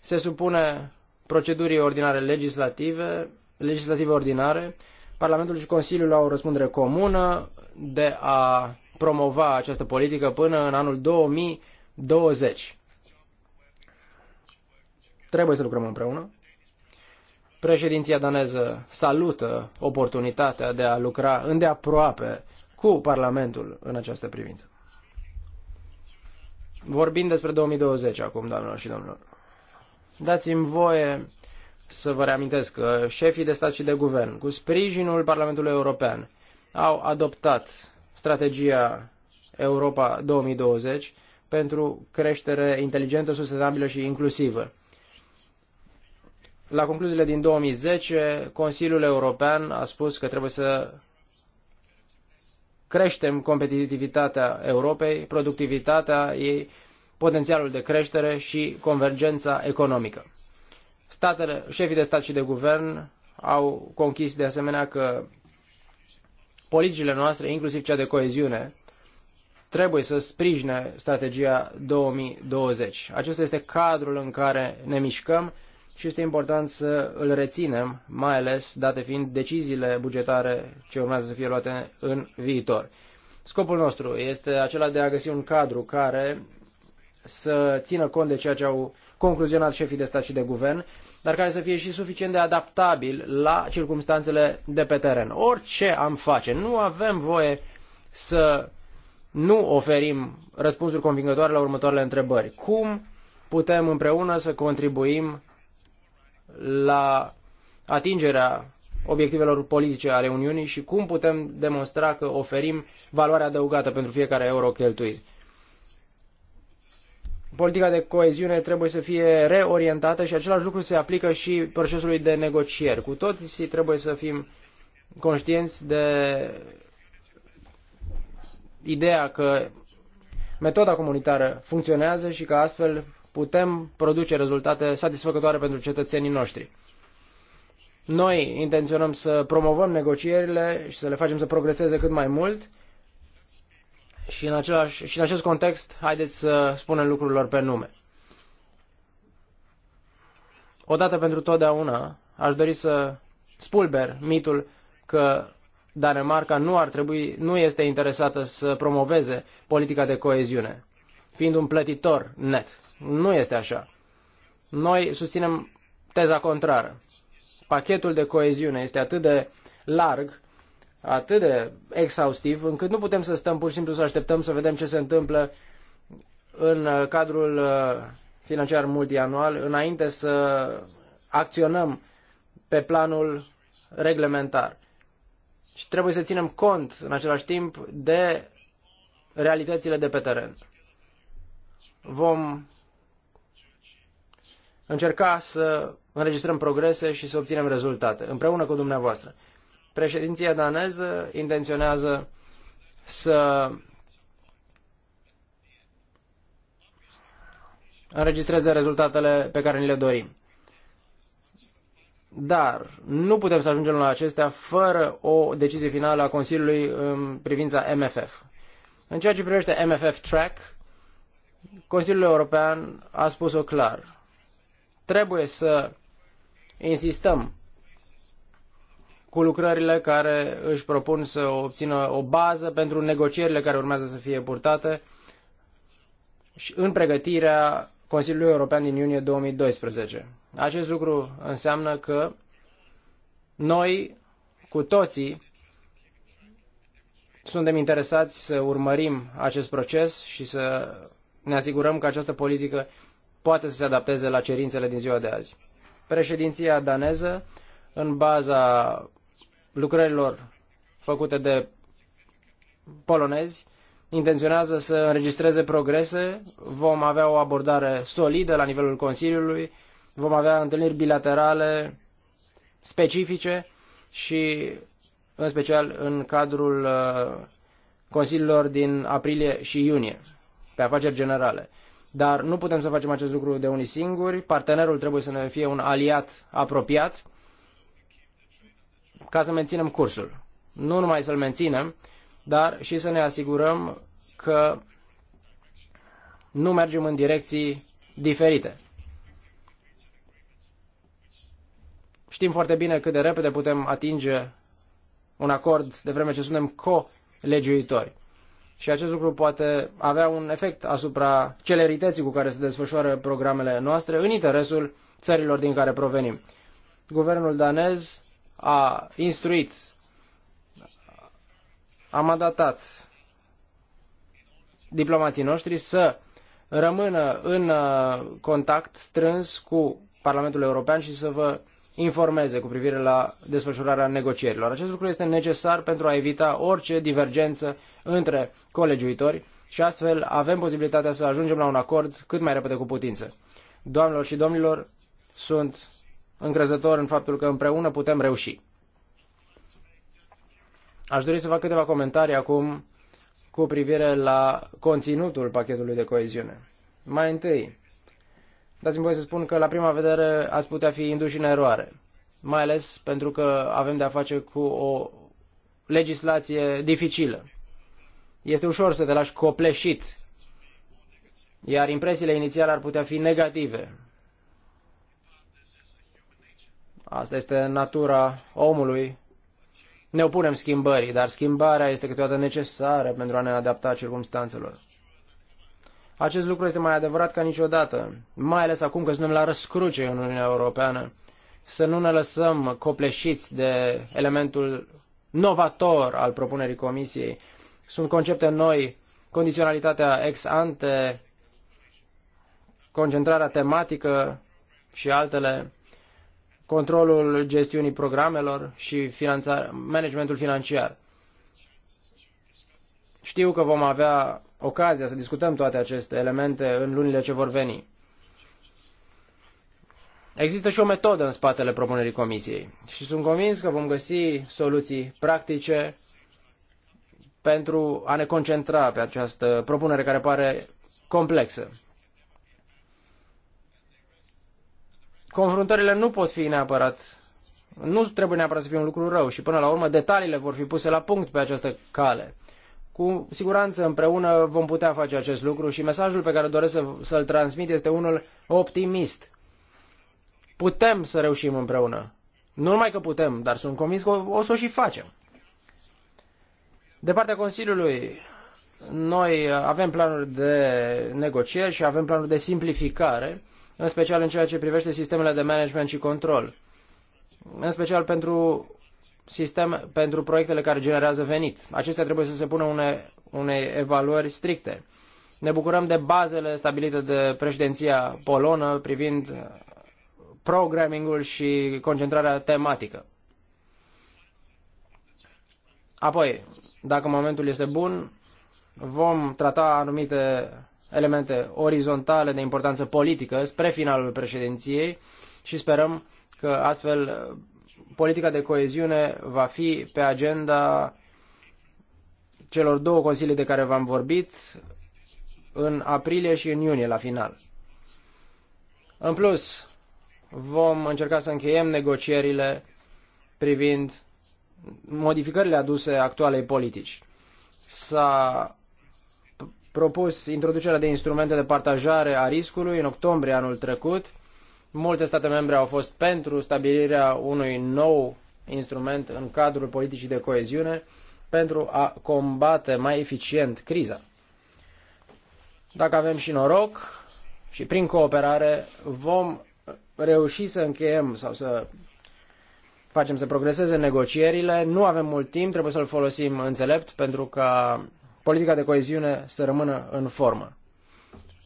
S2: se supune procedurii ordinare legislative, legislative ordinare. Parlamentul și Consiliul au o răspundere comună de a promova această politică până în anul 2020. Trebuie să lucrăm împreună. Președinția daneză salută oportunitatea de a lucra îndeaproape cu Parlamentul în această privință. Vorbind despre 2020 acum, doamnelor și domnilor, dați-mi voie să vă reamintesc că șefii de stat și de guvern, cu sprijinul Parlamentului European, au adoptat strategia Europa 2020 pentru creștere inteligentă, sustenabilă și inclusivă. La concluziile din 2010, Consiliul European a spus că trebuie să creștem competitivitatea Europei, productivitatea ei, potențialul de creștere și convergența economică. Statele, șefii de stat și de guvern au conchis de asemenea că politicile noastre, inclusiv cea de coeziune, trebuie să sprijine strategia 2020. Acesta este cadrul în care ne mișcăm și este important să îl reținem, mai ales date fiind deciziile bugetare ce urmează să fie luate în viitor. Scopul nostru este acela de a găsi un cadru care să țină cont de ceea ce au concluzionat șefii de stat și de guvern, dar care să fie și suficient de adaptabil la circumstanțele de pe teren. Orice am face, nu avem voie să nu oferim răspunsuri convingătoare la următoarele întrebări. Cum putem împreună să contribuim la atingerea obiectivelor politice ale Uniunii și cum putem demonstra că oferim valoare adăugată pentru fiecare euro cheltuit. Politica de coeziune trebuie să fie reorientată și același lucru se aplică și procesului de negocieri. Cu toții trebuie să fim conștienți de ideea că metoda comunitară funcționează și că astfel putem produce rezultate satisfăcătoare pentru cetățenii noștri. Noi intenționăm să promovăm negocierile și să le facem să progreseze cât mai mult și în, același, și în acest context haideți să spunem lucrurilor pe nume. Odată pentru totdeauna aș dori să spulber mitul că Danemarca nu ar trebui, nu este interesată să promoveze politica de coeziune fiind un plătitor net. Nu este așa. Noi susținem teza contrară. Pachetul de coeziune este atât de larg, atât de exhaustiv, încât nu putem să stăm pur și simplu să așteptăm să vedem ce se întâmplă în uh, cadrul uh, financiar multianual, înainte să acționăm pe planul reglementar. Și trebuie să ținem cont în același timp de realitățile de pe teren vom încerca să înregistrăm progrese și să obținem rezultate, împreună cu dumneavoastră. Președinția daneză intenționează să înregistreze rezultatele pe care ni le dorim. Dar nu putem să ajungem la acestea fără o decizie finală a Consiliului în privința MFF. În ceea ce privește MFF Track, Consiliul European a spus-o clar. Trebuie să insistăm cu lucrările care își propun să obțină o bază pentru negocierile care urmează să fie purtate și în pregătirea Consiliului European din iunie 2012. Acest lucru înseamnă că noi, cu toții, suntem interesați să urmărim acest proces și să ne asigurăm că această politică poate să se adapteze la cerințele din ziua de azi. Președinția daneză, în baza lucrărilor făcute de polonezi, intenționează să înregistreze progrese, vom avea o abordare solidă la nivelul Consiliului, vom avea întâlniri bilaterale specifice și în special în cadrul uh, consiliilor din aprilie și iunie pe afaceri generale. Dar nu putem să facem acest lucru de unii singuri, partenerul trebuie să ne fie un aliat apropiat ca să menținem cursul. Nu numai să-l menținem, dar și să ne asigurăm că nu mergem în direcții diferite. Știm foarte bine cât de repede putem atinge un acord de vreme ce suntem co-legiuitori și acest lucru poate avea un efect asupra celerității cu care se desfășoară programele noastre în interesul țărilor din care provenim. Guvernul danez a instruit, a mandatat diplomații noștri să rămână în uh, contact strâns cu Parlamentul European și să vă informeze cu privire la desfășurarea negocierilor. Acest lucru este necesar pentru a evita orice divergență între colegiuitori și astfel avem posibilitatea să ajungem la un acord cât mai repede cu putință. Doamnelor și domnilor, sunt încrezător în faptul că împreună putem reuși. Aș dori să fac câteva comentarii acum cu privire la conținutul pachetului de coeziune. Mai întâi, dați-mi voie să spun că la prima vedere ați putea fi induși în eroare, mai ales pentru că avem de-a face cu o legislație dificilă. Este ușor să te lași copleșit, iar impresiile inițiale ar putea fi negative. Asta este natura omului. Ne opunem schimbării, dar schimbarea este câteodată necesară pentru a ne adapta circumstanțelor. Acest lucru este mai adevărat ca niciodată, mai ales acum că suntem la răscruce în Uniunea Europeană. Să nu ne lăsăm copleșiți de elementul novator al propunerii Comisiei, sunt concepte noi, condiționalitatea ex ante, concentrarea tematică și altele, controlul gestiunii programelor și managementul financiar. Știu că vom avea ocazia să discutăm toate aceste elemente în lunile ce vor veni. Există și o metodă în spatele propunerii comisiei și sunt convins că vom găsi soluții practice pentru a ne concentra pe această propunere care pare complexă. Confruntările nu pot fi neapărat, nu trebuie neapărat să fie un lucru rău și până la urmă detaliile vor fi puse la punct pe această cale. Cu siguranță împreună vom putea face acest lucru și mesajul pe care doresc să, să-l transmit este unul optimist. Putem să reușim împreună. Nu numai că putem, dar sunt convins că o, o să o și facem. De partea Consiliului, noi avem planuri de negocieri și avem planuri de simplificare, în special în ceea ce privește sistemele de management și control, în special pentru, sistem, pentru proiectele care generează venit. Acestea trebuie să se pună une, unei evaluări stricte. Ne bucurăm de bazele stabilite de președinția polonă privind programmingul și concentrarea tematică. Apoi, dacă momentul este bun, vom trata anumite elemente orizontale de importanță politică spre finalul președinției și sperăm că astfel uh, politica de coeziune va fi pe agenda celor două consilii de care v-am vorbit în aprilie și în iunie la final. În plus, vom încerca să încheiem negocierile privind modificările aduse actualei politici. S-a propus introducerea de instrumente de partajare a riscului în octombrie anul trecut. Multe state membre au fost pentru stabilirea unui nou instrument în cadrul politicii de coeziune pentru a combate mai eficient criza. Dacă avem și noroc și prin cooperare vom reuși să încheiem sau să facem să progreseze negocierile. Nu avem mult timp, trebuie să-l folosim înțelept pentru ca politica de coeziune să rămână în formă.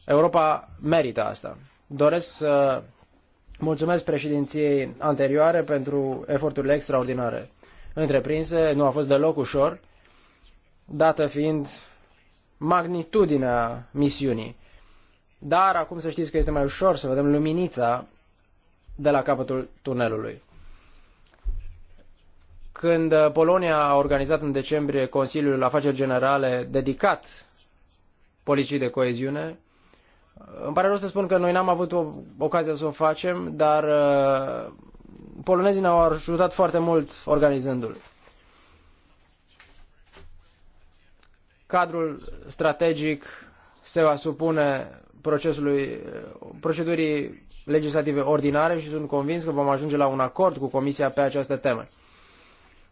S2: Europa merită asta. Doresc să mulțumesc președinției anterioare pentru eforturile extraordinare întreprinse. Nu a fost deloc ușor, dată fiind magnitudinea misiunii. Dar acum să știți că este mai ușor să vedem luminița de la capătul tunelului. Când uh, Polonia a organizat în decembrie Consiliul Afaceri Generale dedicat politicii de coeziune, uh, îmi pare rău să spun că noi n-am avut o, ocazia să o facem, dar uh, polonezii ne-au ajutat foarte mult organizându-l. Cadrul strategic se va supune procesului, procedurii legislative ordinare și sunt convins că vom ajunge la un acord cu Comisia pe această temă.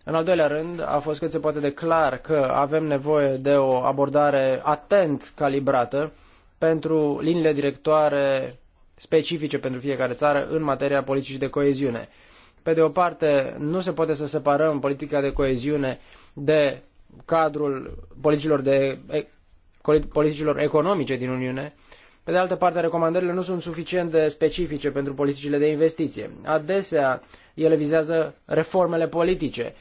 S2: În al doilea rând, a fost cât se poate de clar că avem nevoie de o abordare atent calibrată pentru liniile directoare specifice pentru fiecare țară în materia politicii de coeziune. Pe de o parte, nu se poate să separăm politica de coeziune de cadrul politicilor, de, politicilor economice din Uniune. Pe de altă parte, recomandările nu sunt suficient de specifice pentru politicile de investiție. Adesea, ele vizează reformele politice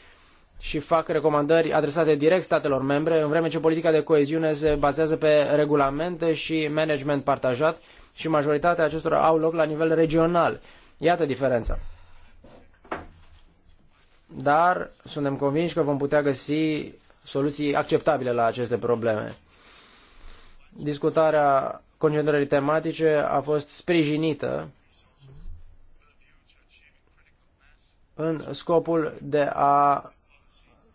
S2: și fac recomandări adresate direct statelor membre, în vreme ce politica de coeziune se bazează pe regulamente și management partajat și majoritatea acestora au loc la nivel regional. Iată diferența. Dar suntem convinși că vom putea găsi soluții acceptabile la aceste probleme. Discutarea concentrării tematice a fost sprijinită în scopul de a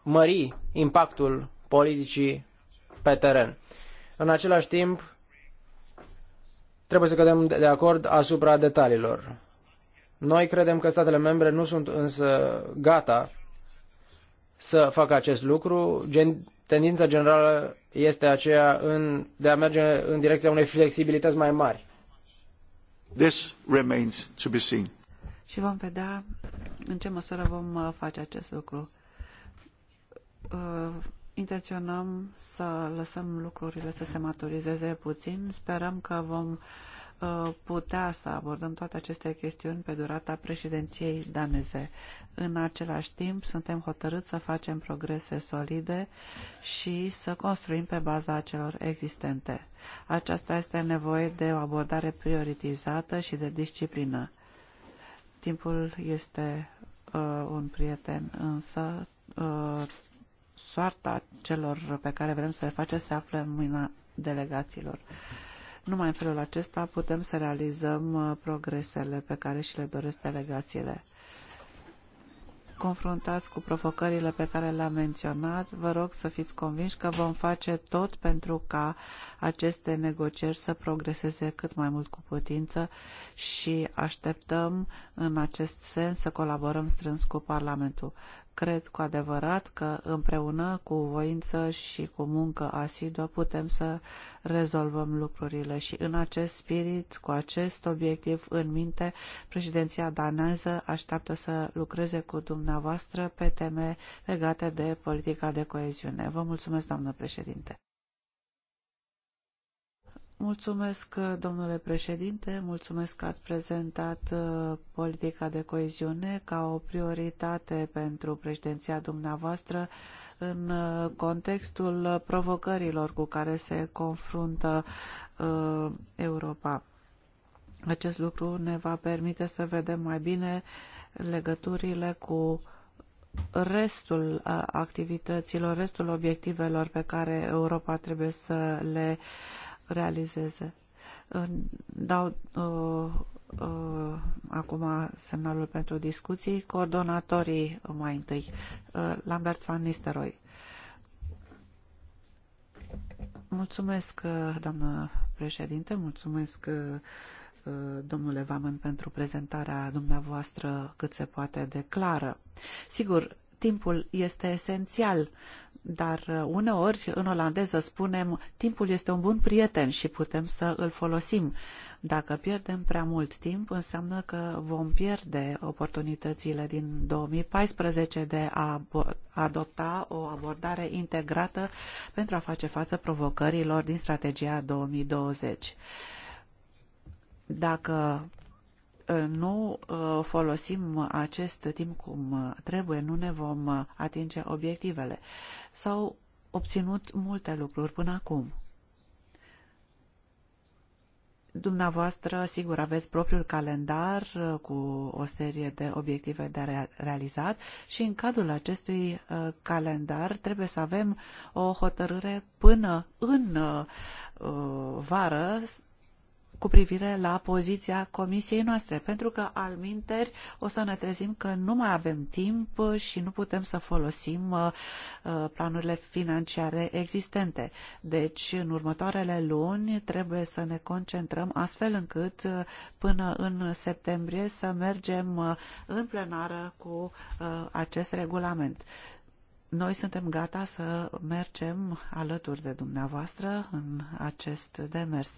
S2: mări impactul politicii pe teren. În același timp, trebuie să cădem de acord asupra detaliilor. Noi credem că statele membre nu sunt însă gata să facă acest lucru. Gen, tendința generală este aceea în, de a merge în direcția unei flexibilități mai mari.
S1: This remains to be seen. Și vom vedea în ce măsură vom uh, face acest lucru. Uh, intenționăm să lăsăm lucrurile să se maturizeze puțin. Sperăm că vom uh, putea să abordăm toate aceste chestiuni pe durata președinției daneze. În același timp, suntem hotărâți să facem progrese solide și să construim pe baza celor existente. Aceasta este nevoie de o abordare prioritizată și de disciplină. Timpul este uh, un prieten, însă uh, soarta celor pe care vrem să le facem se află în mâna delegaților. Numai în felul acesta putem să realizăm uh, progresele pe care și le doresc delegațiile. Confruntați cu provocările pe care le-am menționat, vă rog să fiți convinși că vom face tot pentru ca aceste negocieri să progreseze cât mai mult cu putință și așteptăm în acest sens să colaborăm strâns cu Parlamentul. Cred cu adevărat că împreună cu voință și cu muncă asiduă putem să rezolvăm lucrurile și în acest spirit, cu acest obiectiv în minte, președinția daneză așteaptă să lucreze cu dumneavoastră pe teme legate de politica de coeziune. Vă mulțumesc, doamnă președinte. Mulțumesc, domnule președinte, mulțumesc că ați prezentat uh, politica de coeziune ca o prioritate pentru președinția dumneavoastră în uh, contextul provocărilor cu care se confruntă uh, Europa. Acest lucru ne va permite să vedem mai bine legăturile cu restul activităților, restul obiectivelor pe care Europa trebuie să le realizeze. Dau uh, uh, acum semnalul pentru discuții. Coordonatorii mai întâi. Uh, Lambert van Nistelrooy. Mulțumesc, uh, doamnă președinte, mulțumesc uh, uh, domnule Vamân pentru prezentarea dumneavoastră cât se poate de clară. Sigur, timpul este esențial uh, dar uh, uneori în olandeză spunem timpul este un bun prieten și putem să îl folosim. Dacă pierdem prea mult timp, înseamnă că vom pierde oportunitățile din 2014 de a adopta o abordare integrată pentru a face față provocărilor din strategia 2020. Dacă Uh, nu uh, folosim acest timp cum uh, trebuie, nu ne vom atinge obiectivele. S-au obținut multe lucruri până acum. Dumneavoastră, sigur, aveți propriul calendar cu o serie de obiective de realizat și în cadrul acestui calendar trebuie să avem o hotărâre până în vară cu privire la poziția comisiei noastre, pentru că al minteri o să ne trezim că nu mai avem timp și nu putem să folosim uh, uh, planurile financiare existente. Deci, în următoarele luni trebuie să ne concentrăm astfel încât uh, până în septembrie să mergem în plenară cu acest regulament. Noi suntem gata să mergem alături de dumneavoastră în acest demers.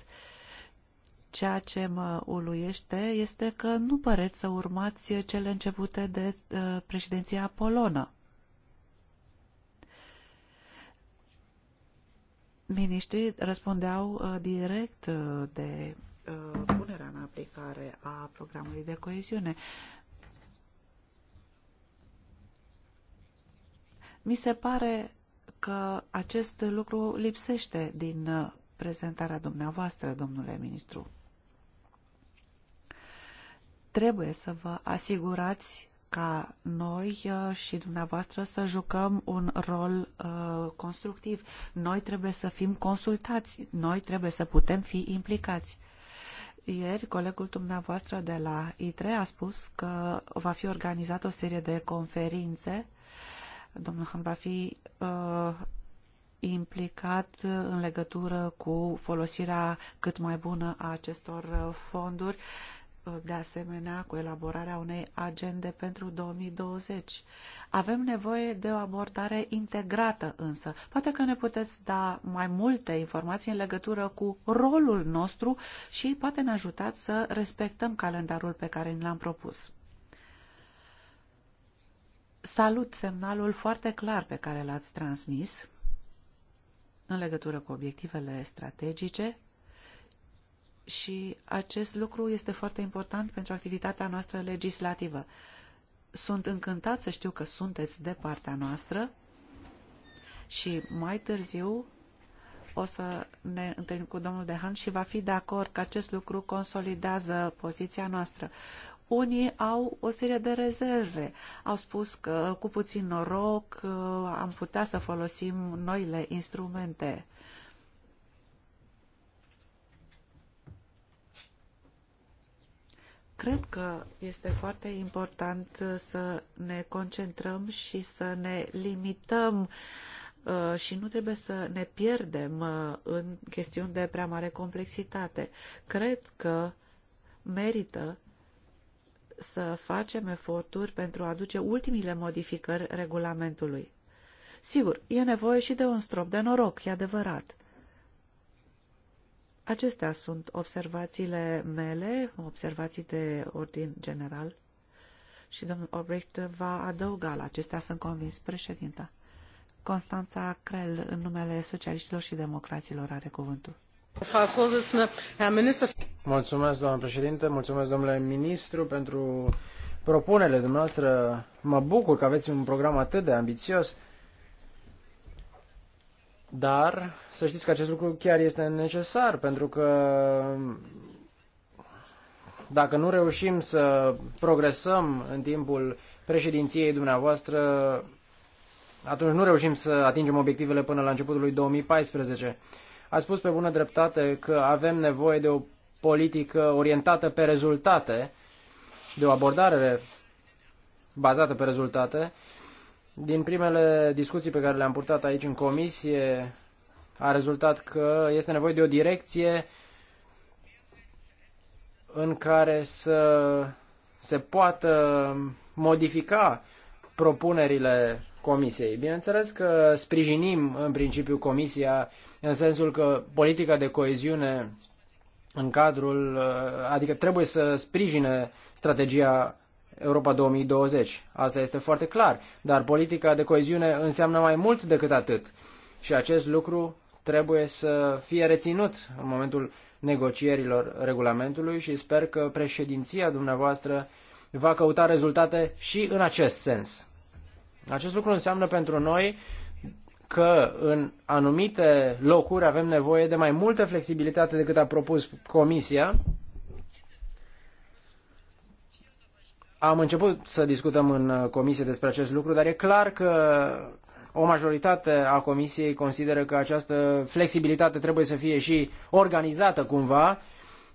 S1: Ceea ce mă uluiește este că nu păreți să urmați cele începute de uh, președinția polonă. Ministrii răspundeau uh, direct uh, de punerea în aplicare a programului de coeziune. Mi se pare că acest lucru lipsește din prezentarea dumneavoastră, domnule ministru. Trebuie să vă asigurați ca noi uh, și dumneavoastră să jucăm un rol uh, constructiv. Noi trebuie să fim consultați, noi trebuie să putem fi implicați. Ieri, colegul dumneavoastră de la ITRE a spus că va fi organizată o serie de conferințe. Domnul Han va fi uh, implicat în legătură cu folosirea cât mai bună a acestor uh, fonduri. Uh, de asemenea cu elaborarea unei agende pentru 2020. Avem nevoie de o abordare integrată însă. Poate că ne puteți da mai multe informații în legătură cu rolul nostru și poate ne ajutați să respectăm calendarul pe care ni l-am propus. Salut semnalul foarte clar pe care l-ați transmis în legătură cu obiectivele strategice și acest lucru este foarte important pentru activitatea noastră legislativă. Sunt încântat să știu că sunteți de partea noastră și mai târziu o să ne întâlnim cu domnul Dehan și va fi de acord că acest lucru consolidează poziția noastră. Unii au o serie de rezerve. Au spus că cu puțin noroc am putea să folosim noile instrumente Cred că este foarte important să ne concentrăm și să ne limităm uh, și nu trebuie să ne pierdem uh, în chestiuni de prea mare complexitate. Cred că merită să facem eforturi pentru a aduce ultimile modificări regulamentului. Sigur, e nevoie și de un strop de noroc, e adevărat. Acestea sunt observațiile mele, observații de ordin general. Și domnul Obrecht va adăuga la acestea, sunt convins, președinta. Constanța Crel, în numele socialiștilor și democraților, are cuvântul.
S2: Mulțumesc, doamnă președinte, mulțumesc, domnule ministru, pentru propunerile dumneavoastră. Mă bucur că aveți un program atât de ambițios. Dar să știți că acest lucru chiar este necesar, pentru că dacă nu reușim să progresăm în timpul președinției dumneavoastră, atunci nu reușim să atingem obiectivele până la începutul lui 2014. A spus pe bună dreptate că avem nevoie de o politică orientată pe rezultate, de o abordare bazată pe rezultate din primele discuții pe care le-am purtat aici în comisie, a rezultat că este nevoie de o direcție în care să se poată modifica propunerile comisiei. Bineînțeles că sprijinim în principiu comisia în sensul că politica de coeziune în cadrul, adică trebuie să sprijine strategia Europa 2020. Asta este foarte clar. Dar politica de coeziune înseamnă mai mult decât atât. Și acest lucru trebuie să fie reținut în momentul negocierilor regulamentului și sper că președinția dumneavoastră va căuta rezultate și în acest sens. Acest lucru înseamnă pentru noi că în anumite locuri avem nevoie de mai multă flexibilitate decât a propus Comisia Am început să discutăm în uh, comisie despre acest lucru, dar e clar că o majoritate a comisiei consideră că această flexibilitate trebuie să fie și organizată cumva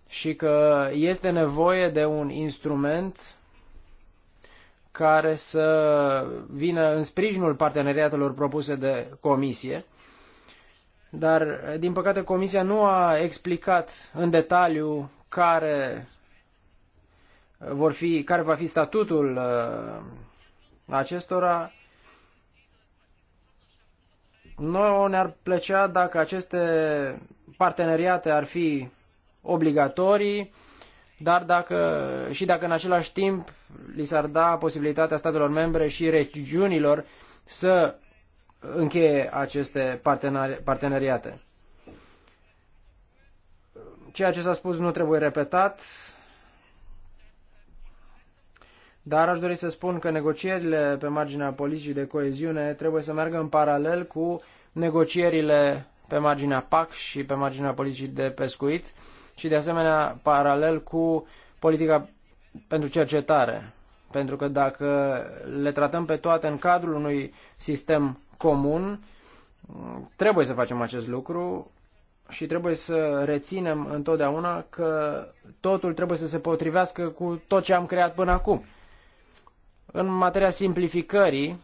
S2: și că este nevoie de un instrument care să vină în sprijinul parteneriatelor propuse de comisie. Dar, din păcate, comisia nu a explicat în detaliu care vor fi, care va fi statutul uh, acestora. Noi ne-ar plăcea dacă aceste parteneriate ar fi obligatorii, dar dacă, și dacă în același timp li s-ar da posibilitatea statelor membre și regiunilor să încheie aceste parteneri, parteneriate. Ceea ce s-a spus nu trebuie repetat. Dar aș dori să spun că negocierile pe marginea politicii de coeziune trebuie să meargă în paralel cu negocierile pe marginea PAC și pe marginea politicii de pescuit și de asemenea paralel cu politica pentru cercetare. Pentru că dacă le tratăm pe toate în cadrul unui sistem comun, trebuie să facem acest lucru și trebuie să reținem întotdeauna că totul trebuie să se potrivească cu tot ce am creat până acum. În materia simplificării,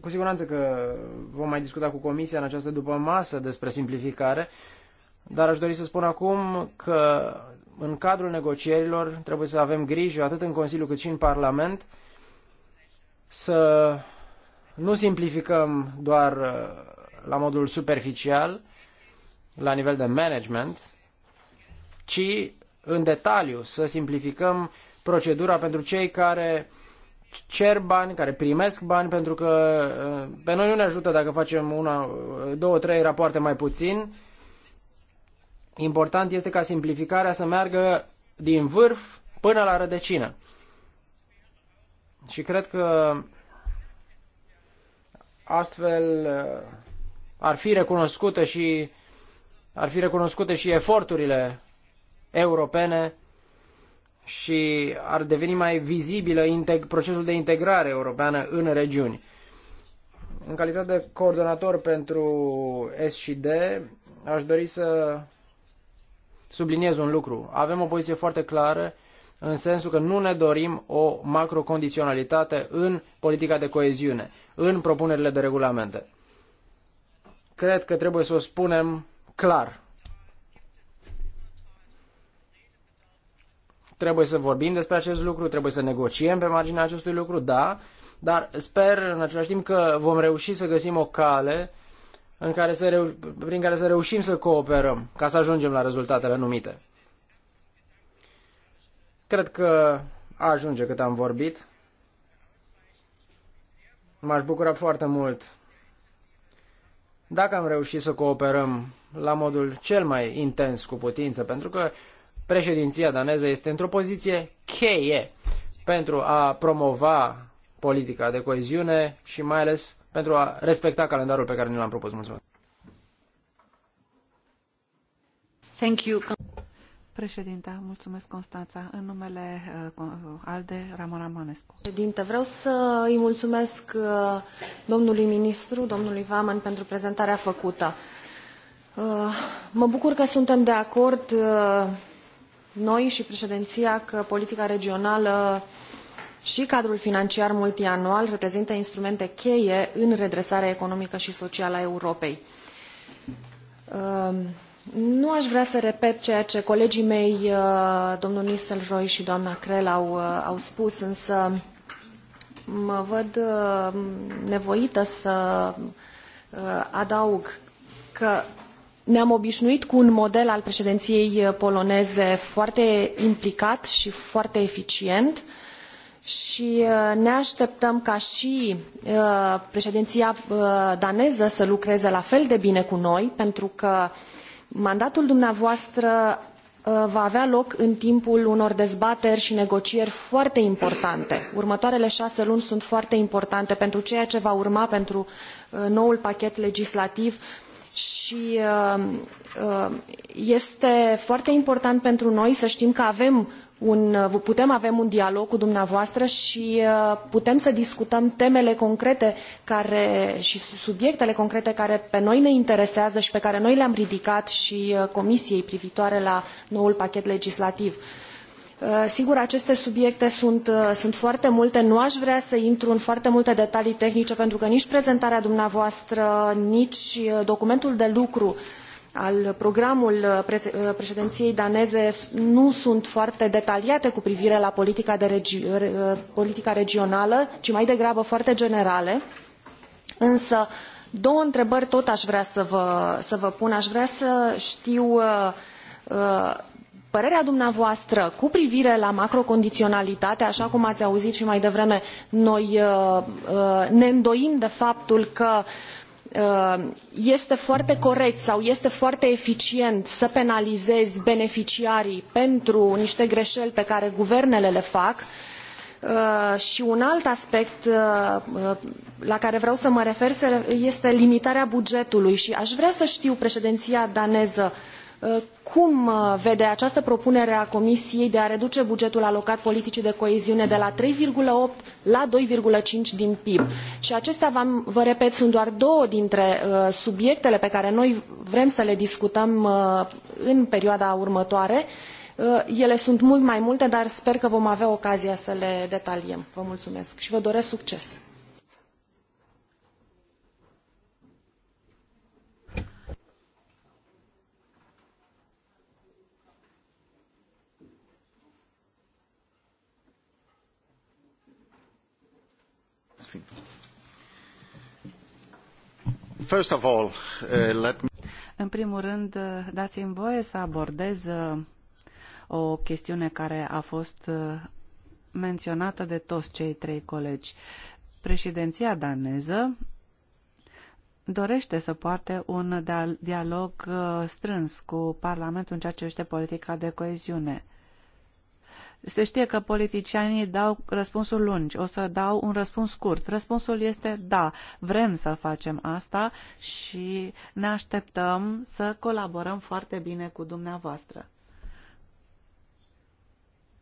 S2: cu siguranță că vom mai discuta cu Comisia în această după masă despre simplificare, dar aș dori să spun acum că în cadrul negocierilor trebuie să avem grijă, atât în Consiliu cât și în Parlament, să nu simplificăm doar uh, la modul superficial, la nivel de management, ci în detaliu să simplificăm procedura pentru cei care cer bani, care primesc bani, pentru că uh, pe noi nu ne ajută dacă facem una, uh, două, trei rapoarte mai puțin. Important este ca simplificarea să meargă din vârf până la rădăcină. Și cred că astfel uh, ar fi recunoscute și ar fi recunoscute și eforturile europene și ar deveni mai vizibilă integ- procesul de integrare europeană în regiuni. În calitate de coordonator pentru S și D, aș dori să subliniez un lucru. Avem o poziție foarte clară în sensul că nu ne dorim o macrocondiționalitate în politica de coeziune, în propunerile de regulamente. Cred că trebuie să o spunem clar Trebuie să vorbim despre acest lucru, trebuie să negociem pe marginea acestui lucru, da, dar sper în același timp că vom reuși să găsim o cale în care să reu- prin care să reușim să cooperăm ca să ajungem la rezultatele numite. Cred că ajunge cât am vorbit. M-aș bucura foarte mult dacă am reușit să cooperăm la modul cel mai intens cu putință, pentru că președinția daneză este într-o poziție cheie pentru a promova politica de coeziune și mai ales pentru a respecta calendarul pe care ni l-am propus. Mulțumesc!
S1: Thank you. Președinte, mulțumesc Constanța. În numele uh, ALDE, Ramona Manescu. Președinte, vreau să îi mulțumesc
S3: uh, domnului ministru, domnului Vaman, pentru prezentarea făcută. Uh, mă bucur că suntem de acord uh, noi și președinția că politica regională și cadrul financiar multianual reprezintă instrumente cheie în redresarea economică și socială a Europei. Ehm, nu aș vrea să repet ceea ce colegii mei, uh, domnul Nistelrooy și doamna Crel, au, uh, au spus, însă mă văd uh, nevoită să adaug că ne-am obișnuit cu un model al președinției poloneze foarte implicat și foarte eficient și uh, ne așteptăm ca și uh, președinția uh, daneză să lucreze la fel de bine cu noi, pentru că mandatul dumneavoastră va avea loc în timpul unor dezbateri și negocieri foarte importante. Următoarele șase luni sunt foarte importante pentru ceea ce va urma pentru noul pachet legislativ uh, și uh, uh, este foarte important pentru noi să știm că avem un, uh, putem avea un dialog cu dumneavoastră și putem să discutăm temele concrete care, și subiectele concrete care pe noi ne interesează și pe care noi le-am ridicat și Comisiei privitoare la noul pachet legislativ. Uh, sigur, aceste subiecte sunt, uh, sunt foarte multe. Nu aș vrea să intru în foarte multe detalii tehnice, pentru că nici prezentarea dumneavoastră, nici uh, documentul de lucru al programul președinției daneze nu sunt foarte detaliate cu privire la politica, regi politica regională, ci mai degrabă foarte generale. Însă, două întrebări tot aș vrea să vă, să vă pun. Aș vrea să știu uh, Părerea dumneavoastră cu privire la macrocondiționalitate, așa cum ați auzit și mai devreme, noi uh, uh, ne îndoim de faptul că uh, este foarte corect sau este foarte eficient să penalizezi beneficiarii pentru niște greșeli pe care guvernele le fac și un alt aspect la care vreau să mă refer este limitarea bugetului și aș vrea să știu președinția daneză Uh, cum uh, vede această propunere a Comisiei de a reduce bugetul alocat politicii de coeziune de la 3,8 la 2,5 din PIB? Și acestea, vă repet, sunt doar două dintre uh, subiectele pe care noi vrem să le discutăm în perioada următoare. Ele sunt mult mai multe, dar sper că vom avea ocazia să le detaliem. Vă mulțumesc și vă doresc succes!
S6: First of all, uh, let me...
S1: În primul rând, uh, dați-mi voie să abordez uh, o chestiune care a fost uh, menționată de toți cei trei colegi. Președinția daneză dorește să poarte un dialog strâns cu Parlamentul în ceea ce este politica de coeziune. Se știe că politicianii dau răspunsuri lungi. O să dau un răspuns scurt. Răspunsul este da, vrem să facem asta și ne așteptăm să colaborăm foarte bine cu dumneavoastră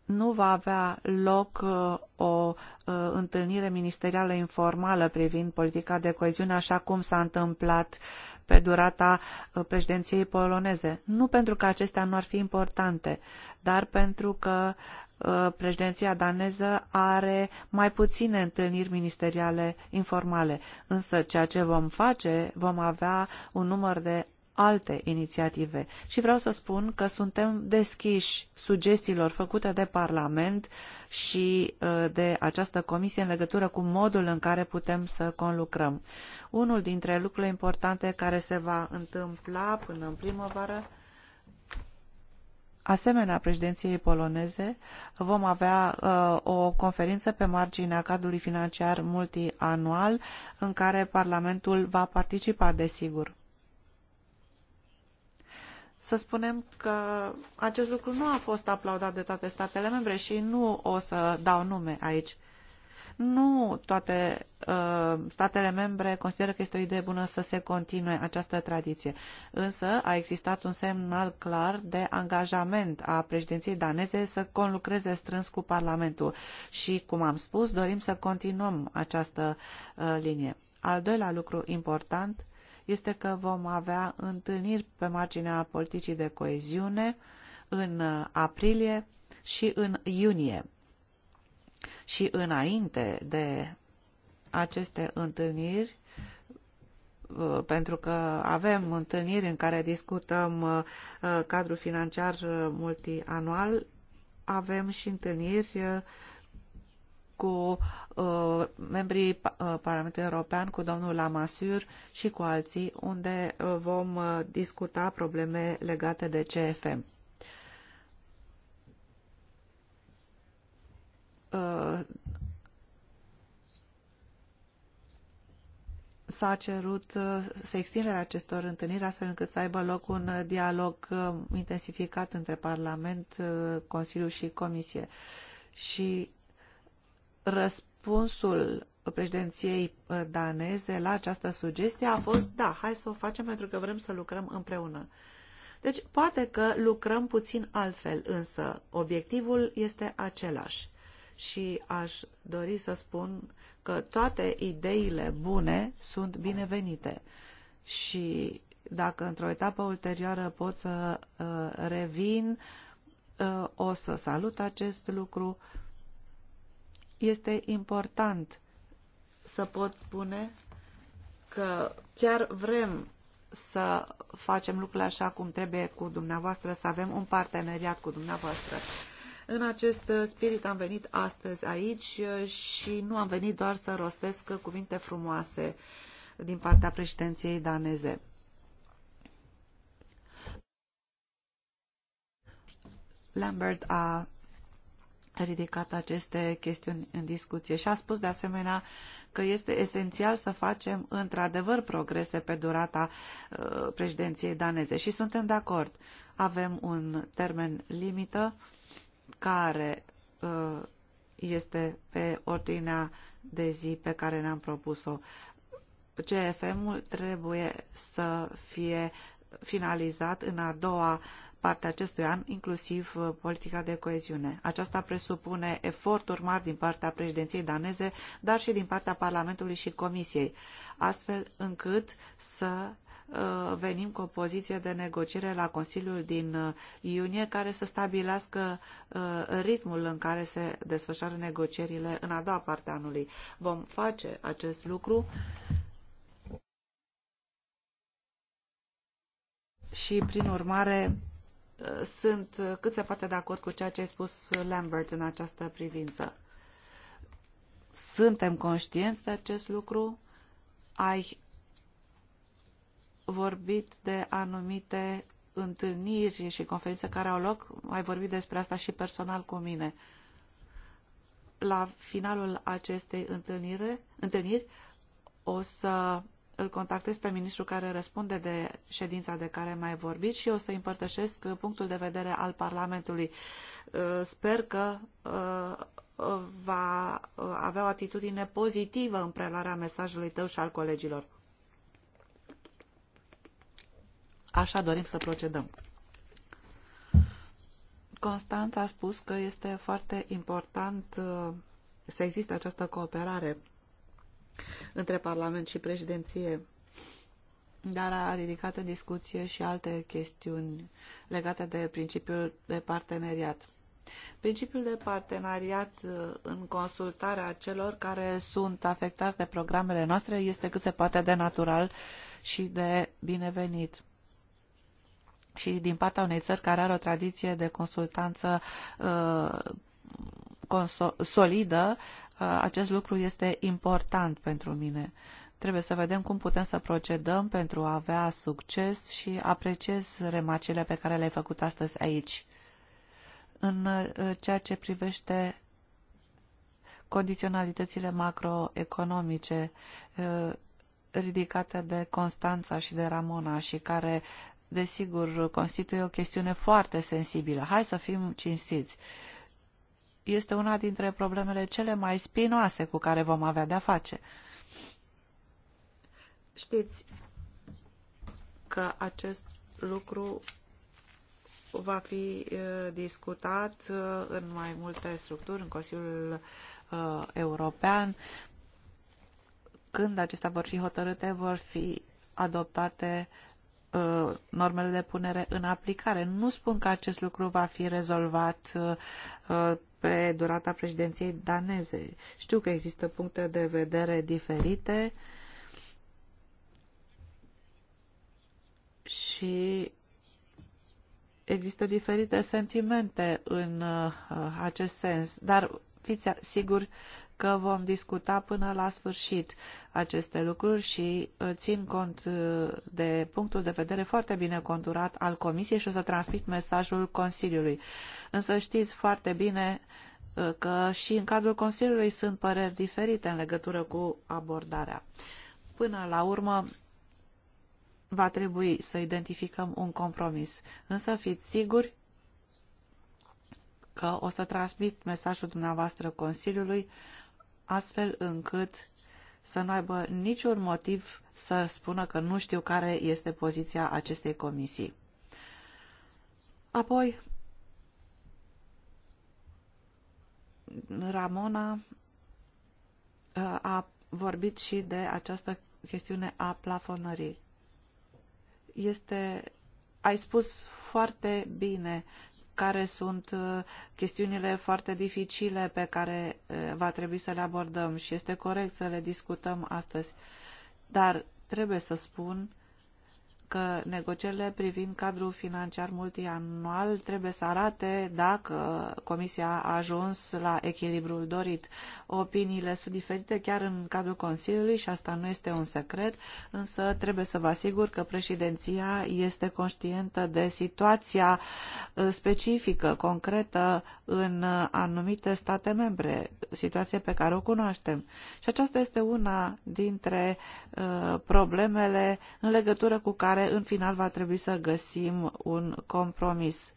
S1: nu va avea loc uh, o uh, întâlnire ministerială informală privind politica de coeziune, așa cum s-a întâmplat pe durata uh, președinției poloneze. Nu pentru că acestea nu ar fi importante, dar pentru că Uh, președinția daneză are mai puține întâlniri ministeriale informale, însă ceea ce vom face, vom avea un număr de alte inițiative. Și vreau să spun că suntem deschiși sugestiilor făcute de Parlament și uh, de această comisie în legătură cu modul în care putem să conlucrăm. Unul dintre lucrurile importante care se va întâmpla până în primăvară asemenea președinției poloneze, vom avea uh, o conferință pe marginea cadrului financiar multianual în care Parlamentul va participa, desigur. Să spunem că acest lucru nu a fost aplaudat de toate statele membre și nu o să dau nume aici. Nu toate uh, statele membre consideră că este o idee bună să se continue această tradiție, însă a existat un semnal clar de angajament a președinției daneze să conlucreze strâns cu Parlamentul și, cum am spus, dorim să continuăm această uh, linie. Al doilea lucru important este că vom avea întâlniri pe marginea politicii de coeziune în uh, aprilie și în iunie. Și înainte de aceste întâlniri, uh, pentru că avem întâlniri în care discutăm uh, uh, cadrul financiar multianual, avem și întâlniri cu membrii Parlamentului European, cu domnul Lamassur și cu alții, unde vom discuta probleme legate de CFM. Uh, s-a cerut uh, să extinderea acestor întâlniri astfel încât să aibă loc un dialog uh, intensificat între Parlament, Consiliu și Comisie. Și răspunsul președinției daneze la această sugestie a fost da, hai să o facem pentru că vrem să lucrăm împreună. Deci poate că lucrăm puțin altfel, însă obiectivul este același și aș dori să spun că toate ideile bune sunt binevenite și dacă într-o etapă ulterioară pot să uh, revin, uh, o să salut acest lucru. Este important să pot spune că chiar vrem să facem lucrurile așa cum trebuie cu dumneavoastră, să avem un parteneriat cu dumneavoastră. În acest spirit am venit astăzi aici uh, și nu am venit doar să rostesc cuvinte frumoase din partea președinției daneze. Lambert a ridicat aceste chestiuni în discuție și a spus de asemenea că este esențial să facem într-adevăr progrese pe durata uh, președinției daneze și suntem de acord. Avem un termen limită care uh, este pe ordinea de zi pe care ne-am propus-o. CFM-ul trebuie să fie finalizat în a doua parte a acestui an, inclusiv uh, politica de coeziune. Aceasta presupune eforturi mari din partea președinției daneze, dar și din partea Parlamentului și Comisiei, astfel încât să Uh, venim cu o poziție de negociere la Consiliul din uh, iunie care să stabilească uh, ritmul în care se desfășoară negocierile în a doua parte a anului. Vom face acest lucru și, prin urmare, sunt cât se poate de acord cu ceea ce a spus Lambert în această privință. Suntem conștienți de acest lucru, I vorbit de anumite întâlniri și conferințe care au loc, ai vorbit despre asta și personal cu mine. La finalul acestei întâlniri, întâlniri o să îl contactez pe ministrul care răspunde de ședința de care mai vorbit și o să împărtășesc punctul de vedere al Parlamentului. Uh, sper că uh, va uh, avea o atitudine pozitivă în preluarea mesajului tău și al colegilor. așa dorim să procedăm. Constanța a spus că este foarte important uh, să existe această cooperare între Parlament și președinție, dar a ridicat în discuție și alte chestiuni legate de principiul de parteneriat. Principiul de parteneriat uh, în consultarea celor care sunt afectați de programele noastre este cât se poate de natural și de binevenit și din partea unei țări care are o tradiție de consultanță uh, solidă, uh, acest lucru este important pentru mine. Trebuie să vedem cum putem să procedăm pentru a avea succes și apreciez remarcile pe care le-ai făcut astăzi aici. În uh, ceea ce privește condiționalitățile macroeconomice ridicate de Constanța și de Ramona și care desigur, constituie o chestiune foarte sensibilă. Hai să fim cinstiți. Este una dintre problemele cele mai spinoase cu care vom avea de-a face. Știți că acest lucru va fi discutat în mai multe structuri, în Consiliul European. Când acestea vor fi hotărâte, vor fi adoptate uh, Uh, normele de punere în aplicare. Nu spun că acest lucru va fi rezolvat uh, uh, pe durata președinției daneze. Știu că există puncte de vedere diferite și există diferite sentimente în acest sens, dar fiți siguri că vom discuta până la sfârșit aceste lucruri și uh, țin cont uh, de punctul de vedere foarte bine conturat al Comisiei și o să transmit mesajul Consiliului. Însă știți foarte bine uh, că și în cadrul Consiliului sunt păreri diferite în legătură cu abordarea. Până la urmă, va trebui să identificăm un compromis, însă fiți siguri că o să transmit mesajul dumneavoastră Consiliului astfel încât să nu aibă niciun motiv să spună că nu știu care este poziția acestei comisii. Apoi, Ramona uh, a vorbit și de această chestiune a plafonării. Este, ai spus foarte bine care sunt uh, chestiunile foarte dificile pe care uh, va trebui să le abordăm și este corect să le discutăm astăzi. Dar trebuie să spun că negocierile privind cadrul financiar multianual trebuie să arate dacă Comisia a ajuns la echilibrul dorit. Opiniile sunt diferite chiar în cadrul Consiliului și asta nu este un secret, însă trebuie să vă asigur că președinția este conștientă de situația uh, specifică, concretă în uh, anumite state membre, situație pe care o cunoaștem. Și aceasta este una dintre uh, problemele în legătură cu care care în final va trebui să găsim un compromis.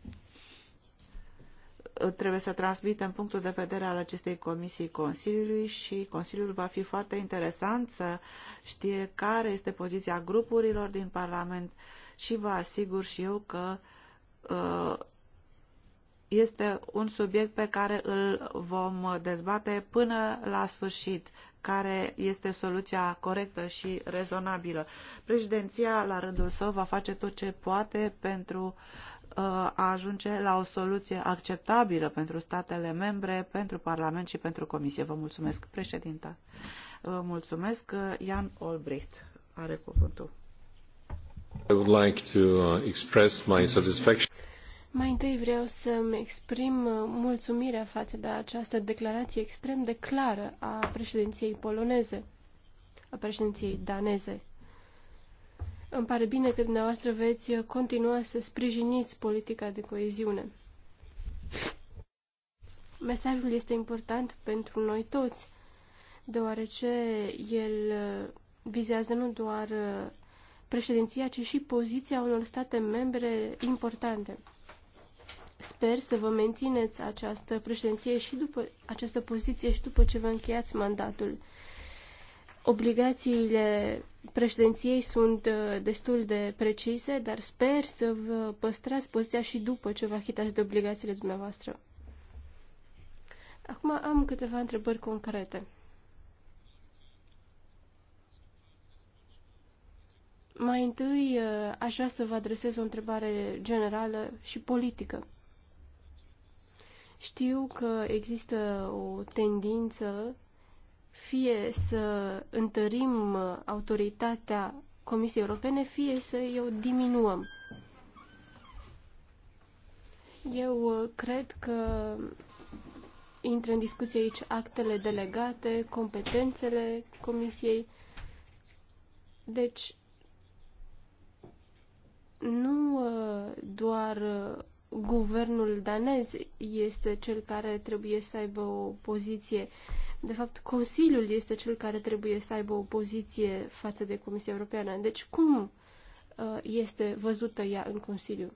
S1: Trebuie să transmitem punctul de vedere al acestei comisii Consiliului și Consiliul va fi foarte interesant să știe care este poziția grupurilor din Parlament și vă asigur și eu că uh, este un subiect pe care îl vom dezbate până la sfârșit care este soluția corectă și rezonabilă. Președinția, la rândul său, va face tot ce poate pentru uh, a ajunge la o soluție acceptabilă pentru statele membre, pentru Parlament și pentru Comisie. Vă mulțumesc, președinta. Vă uh, mulțumesc. Jan
S4: uh, Olbricht are cuvântul.
S5: I would like to express my satisfaction.
S4: Mai întâi vreau să-mi exprim uh, mulțumirea față de această declarație extrem de clară a președinției poloneze, a președinției daneze. Îmi pare bine că dumneavoastră veți uh, continua să sprijiniți politica de coeziune. Mesajul este important pentru noi toți, deoarece el uh, vizează nu doar președinția, ci și poziția unor state membre importante. Sper să vă mențineți această președinție și după această poziție și după ce vă încheiați mandatul. Obligațiile președinției sunt uh, destul de precise, dar sper să vă păstrați poziția și după ce vă achitați de obligațiile dumneavoastră. Acum am câteva întrebări concrete. Mai întâi uh, aș vrea să vă adresez o întrebare generală și politică. Știu că există o tendință fie să întărim autoritatea Comisiei Europene, fie să o diminuăm. Eu uh, cred că intră în discuție aici actele delegate, competențele Comisiei. Deci, nu uh, doar uh, guvernul danez este cel care trebuie să aibă o poziție. De fapt, Consiliul este cel care trebuie să aibă o poziție față de Comisia Europeană. Deci, cum uh, este văzută ea în Consiliu?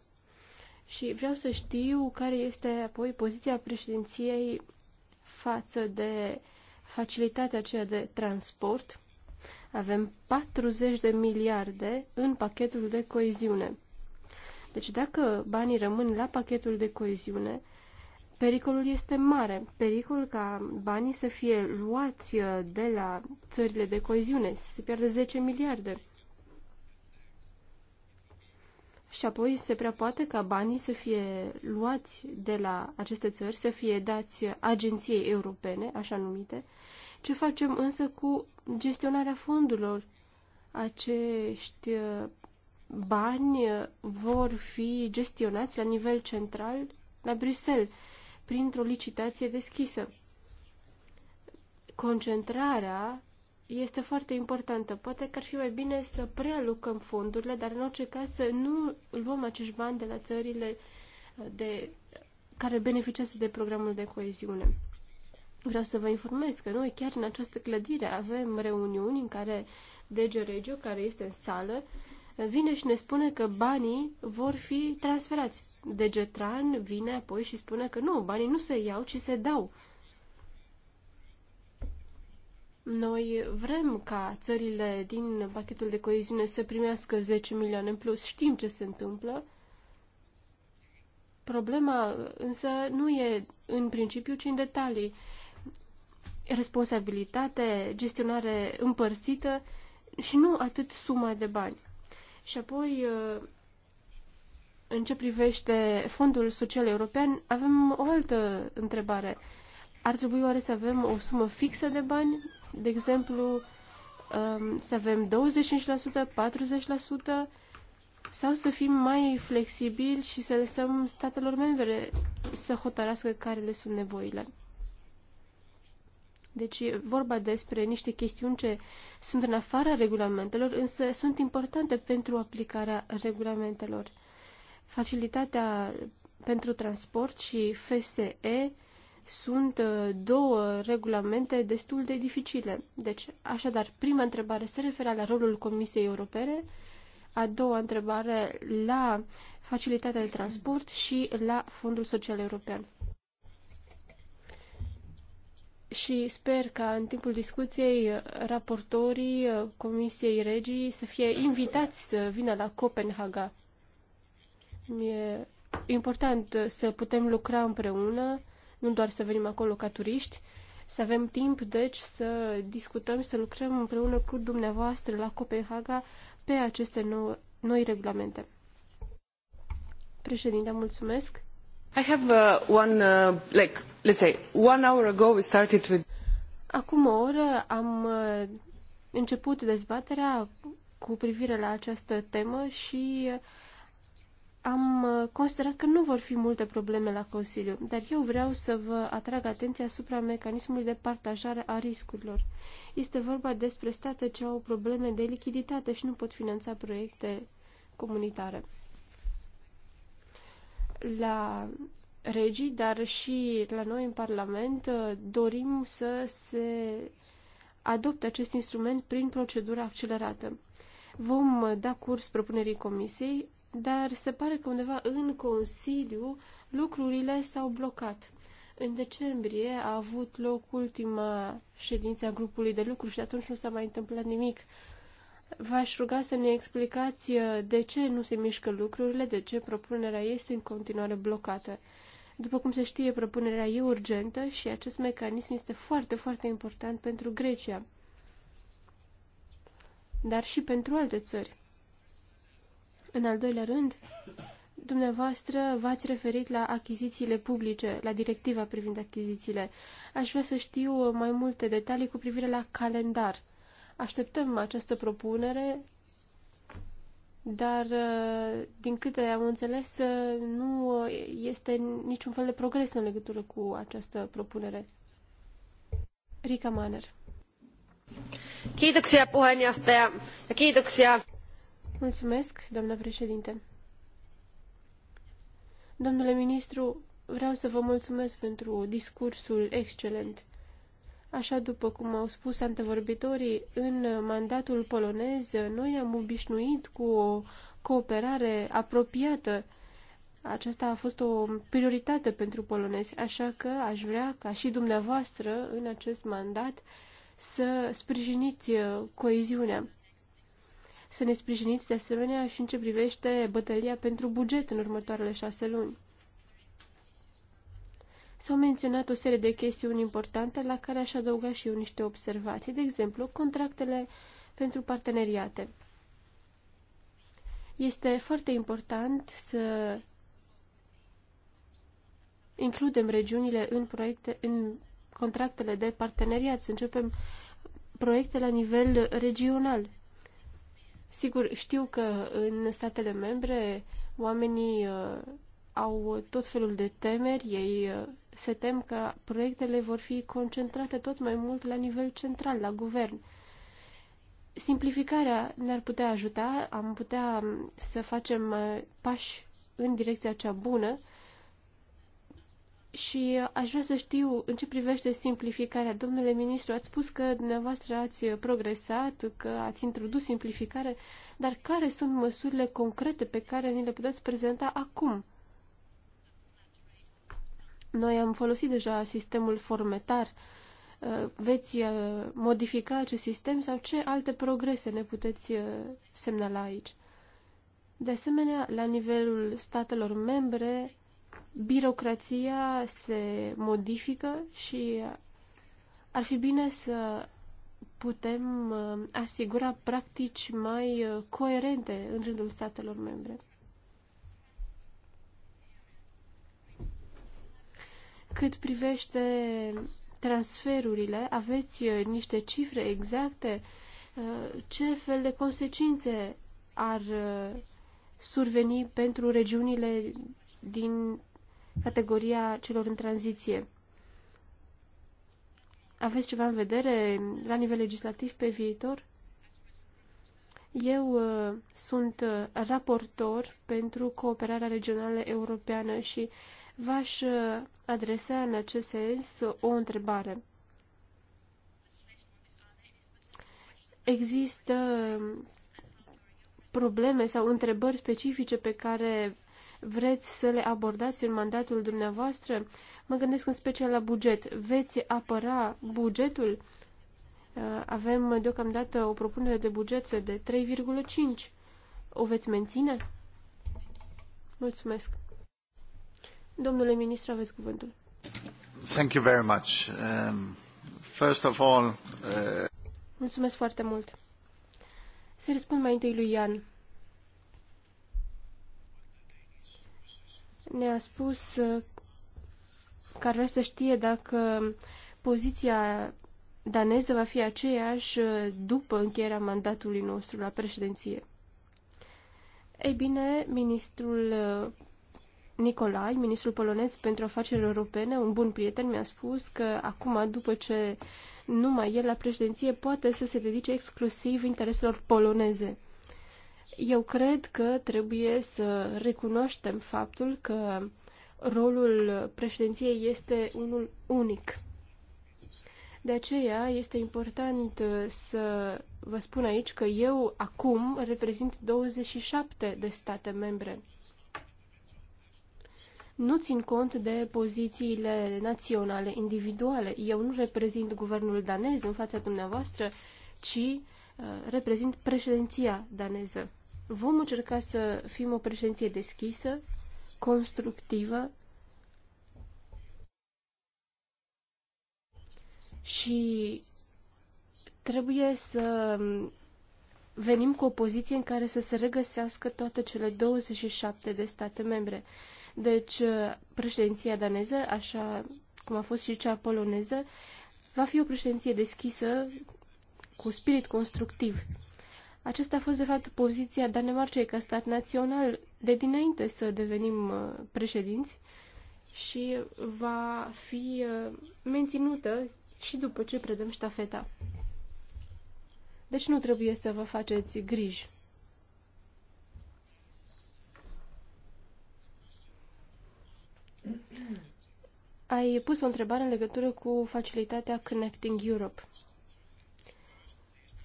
S4: Și vreau să știu care este apoi poziția președinției față de facilitatea aceea de transport. Avem 40 de miliarde în pachetul de coeziune. Deci dacă banii rămân la pachetul de coeziune, pericolul este mare. Pericolul ca banii să fie luați uh, de la țările de coeziune, să se pierde 10 miliarde. Și apoi se prea poate ca banii să fie luați de la aceste țări, să fie dați agenției europene, așa numite. Ce facem însă cu gestionarea fondurilor? Acești uh, bani vor fi gestionați la nivel central la Bruxelles printr-o licitație deschisă. Concentrarea este foarte importantă. Poate că ar fi mai bine să prealucăm fondurile, dar în orice caz să nu luăm acești bani de la țările uh, de, care beneficiază de programul de coeziune. Vreau să vă informez că noi chiar în această clădire avem reuniuni în care DG Regio, care este în sală, uh, vine și ne spune că banii vor fi transferați. Degetran vine apoi și spune că nu, banii nu se iau, ci se dau. Noi vrem ca țările din pachetul de coeziune să primească 10 milioane în plus. Știm ce se întâmplă. Problema însă nu e în principiu, ci în detalii. Responsabilitate, gestionare împărțită și nu atât suma de bani. Și apoi, în ce privește Fondul Social European, avem o altă întrebare. Ar trebui oare să avem o sumă fixă de bani? De exemplu, um, să avem 25%, 40%? sau să fim mai flexibili și să lăsăm statelor membre să hotărască care le sunt nevoile. Deci e vorba despre niște chestiuni ce sunt în afara regulamentelor, însă sunt importante pentru aplicarea regulamentelor. Facilitatea pentru transport și FSE sunt uh, două regulamente destul de dificile. Deci, așadar, prima întrebare se referă la rolul Comisiei Europene, a doua întrebare la facilitatea de transport și la Fondul Social European și sper ca în timpul discuției uh, raportorii uh, Comisiei Regii să fie invitați să vină la Copenhaga. E important uh, să putem lucra împreună, nu doar să venim acolo ca turiști, să avem timp, deci, să discutăm și să lucrăm împreună cu dumneavoastră la Copenhaga pe aceste nou, noi regulamente. Președinte, mulțumesc!
S1: I have uh, one, uh, like, let's say, one hour ago we started with...
S4: Acum o oră am uh, început dezbaterea cu privire la această temă și uh, am uh, considerat că nu vor fi multe probleme la Consiliu, dar eu vreau să vă atrag atenția asupra mecanismului de partajare a riscurilor. Este vorba despre state ce au probleme de lichiditate și nu pot finanța proiecte comunitare la regii, dar și la noi în Parlament uh, dorim să se adopte acest instrument prin procedură accelerată. Vom uh, da curs propunerii comisiei, dar se pare că undeva în Consiliu lucrurile s-au blocat. În decembrie a avut loc ultima ședință a grupului de lucru și de atunci nu s-a mai întâmplat nimic. V-aș ruga să ne explicați uh, de ce nu se mișcă lucrurile, de ce propunerea este în continuare blocată. După cum se știe, propunerea e urgentă și acest mecanism este foarte, foarte important pentru Grecia, dar și pentru alte țări. În al doilea rând, dumneavoastră v-ați referit la achizițiile publice, la directiva privind achizițiile. Aș vrea să știu mai multe detalii cu privire la calendar – Așteptăm această propunere, dar, uh, din câte am înțeles, uh, nu uh, este niciun fel de progres în legătură cu această propunere. Rica Maner. Kiitoksia puheenjohtaja ja kiitoksia. Mulțumesc, doamna președinte. Domnule ministru, vreau să vă mulțumesc pentru discursul excelent. Așa după cum au spus antevorbitorii, în mandatul polonez noi am obișnuit cu o cooperare apropiată. Aceasta a fost o prioritate pentru polonezi, așa că aș vrea ca și dumneavoastră în acest mandat să sprijiniți uh, coeziunea. Să ne sprijiniți de asemenea și în ce privește bătălia pentru buget în următoarele șase luni. S-au menționat o serie de chestiuni importante la care aș adăuga și eu niște observații, de exemplu, contractele pentru parteneriate. Este foarte important să includem regiunile în, proiecte, în contractele de parteneriat, să începem proiecte la nivel regional. Sigur, știu că în statele membre oamenii uh, au tot felul de temeri, ei uh, se tem că proiectele vor fi concentrate tot mai mult la nivel central, la guvern. Simplificarea ne-ar putea ajuta, am putea um, să facem uh, pași în direcția cea bună și uh, aș vrea să știu în ce privește simplificarea. Domnule ministru, ați spus că dumneavoastră ați progresat, că ați introdus simplificare, dar care sunt măsurile concrete pe care ni le puteți prezenta acum? Noi am folosit deja sistemul formetar. Uh, veți uh, modifica acest sistem sau ce alte progrese ne puteți uh, semnala aici? De asemenea, la nivelul statelor membre, birocrația se modifică și ar fi bine să putem asigura practici mai coerente în rândul statelor membre. Cât privește transferurile, aveți uh, niște cifre exacte? Uh, ce fel de consecințe ar uh, surveni pentru regiunile din categoria celor în tranziție? Aveți ceva în vedere la nivel legislativ pe viitor? Eu sunt raportor pentru cooperarea regională europeană și v-aș uh, adresa în acest sens o întrebare. Există um, probleme sau întrebări specifice pe care vreți să le abordați în mandatul dumneavoastră? Mă gândesc în special la buget. Veți apăra bugetul? Uh, avem deocamdată o propunere de buget de 3,5. O veți menține? Mulțumesc! Domnule ministru, aveți cuvântul. Thank you very much. Um, first of all, uh... Mulțumesc foarte mult. Să răspund mai întâi lui Ian. Ne-a spus uh, că ar vrea să știe dacă poziția daneză va fi aceeași uh, după încheierea mandatului nostru la președinție. Ei bine, ministrul uh, Nicolai, ministrul polonez pentru afaceri europene, un bun prieten, mi-a spus că acum, după ce numai el la președinție, poate să se dedice exclusiv intereselor poloneze. Eu cred că trebuie să recunoaștem faptul că rolul președinției este unul unic. De aceea este important uh, să vă spun aici că eu acum reprezint 27 de state membre nu țin cont de pozițiile naționale, individuale. Eu nu reprezint guvernul danez în fața dumneavoastră, ci uh, reprezint președinția daneză. Vom încerca să fim o președinție deschisă, constructivă și trebuie să venim cu o poziție în care să se regăsească toate cele 27 de state membre. Deci, uh, președinția daneză, așa cum a fost și cea poloneză, va fi o președinție deschisă cu spirit constructiv. Acesta a fost, de fapt, poziția Danemarcei ca stat național de dinainte să devenim uh, președinți și va fi uh, menținută și după ce predăm ștafeta. Deci nu trebuie să vă faceți griji. Ai pus o întrebare în legătură cu facilitatea Connecting Europe.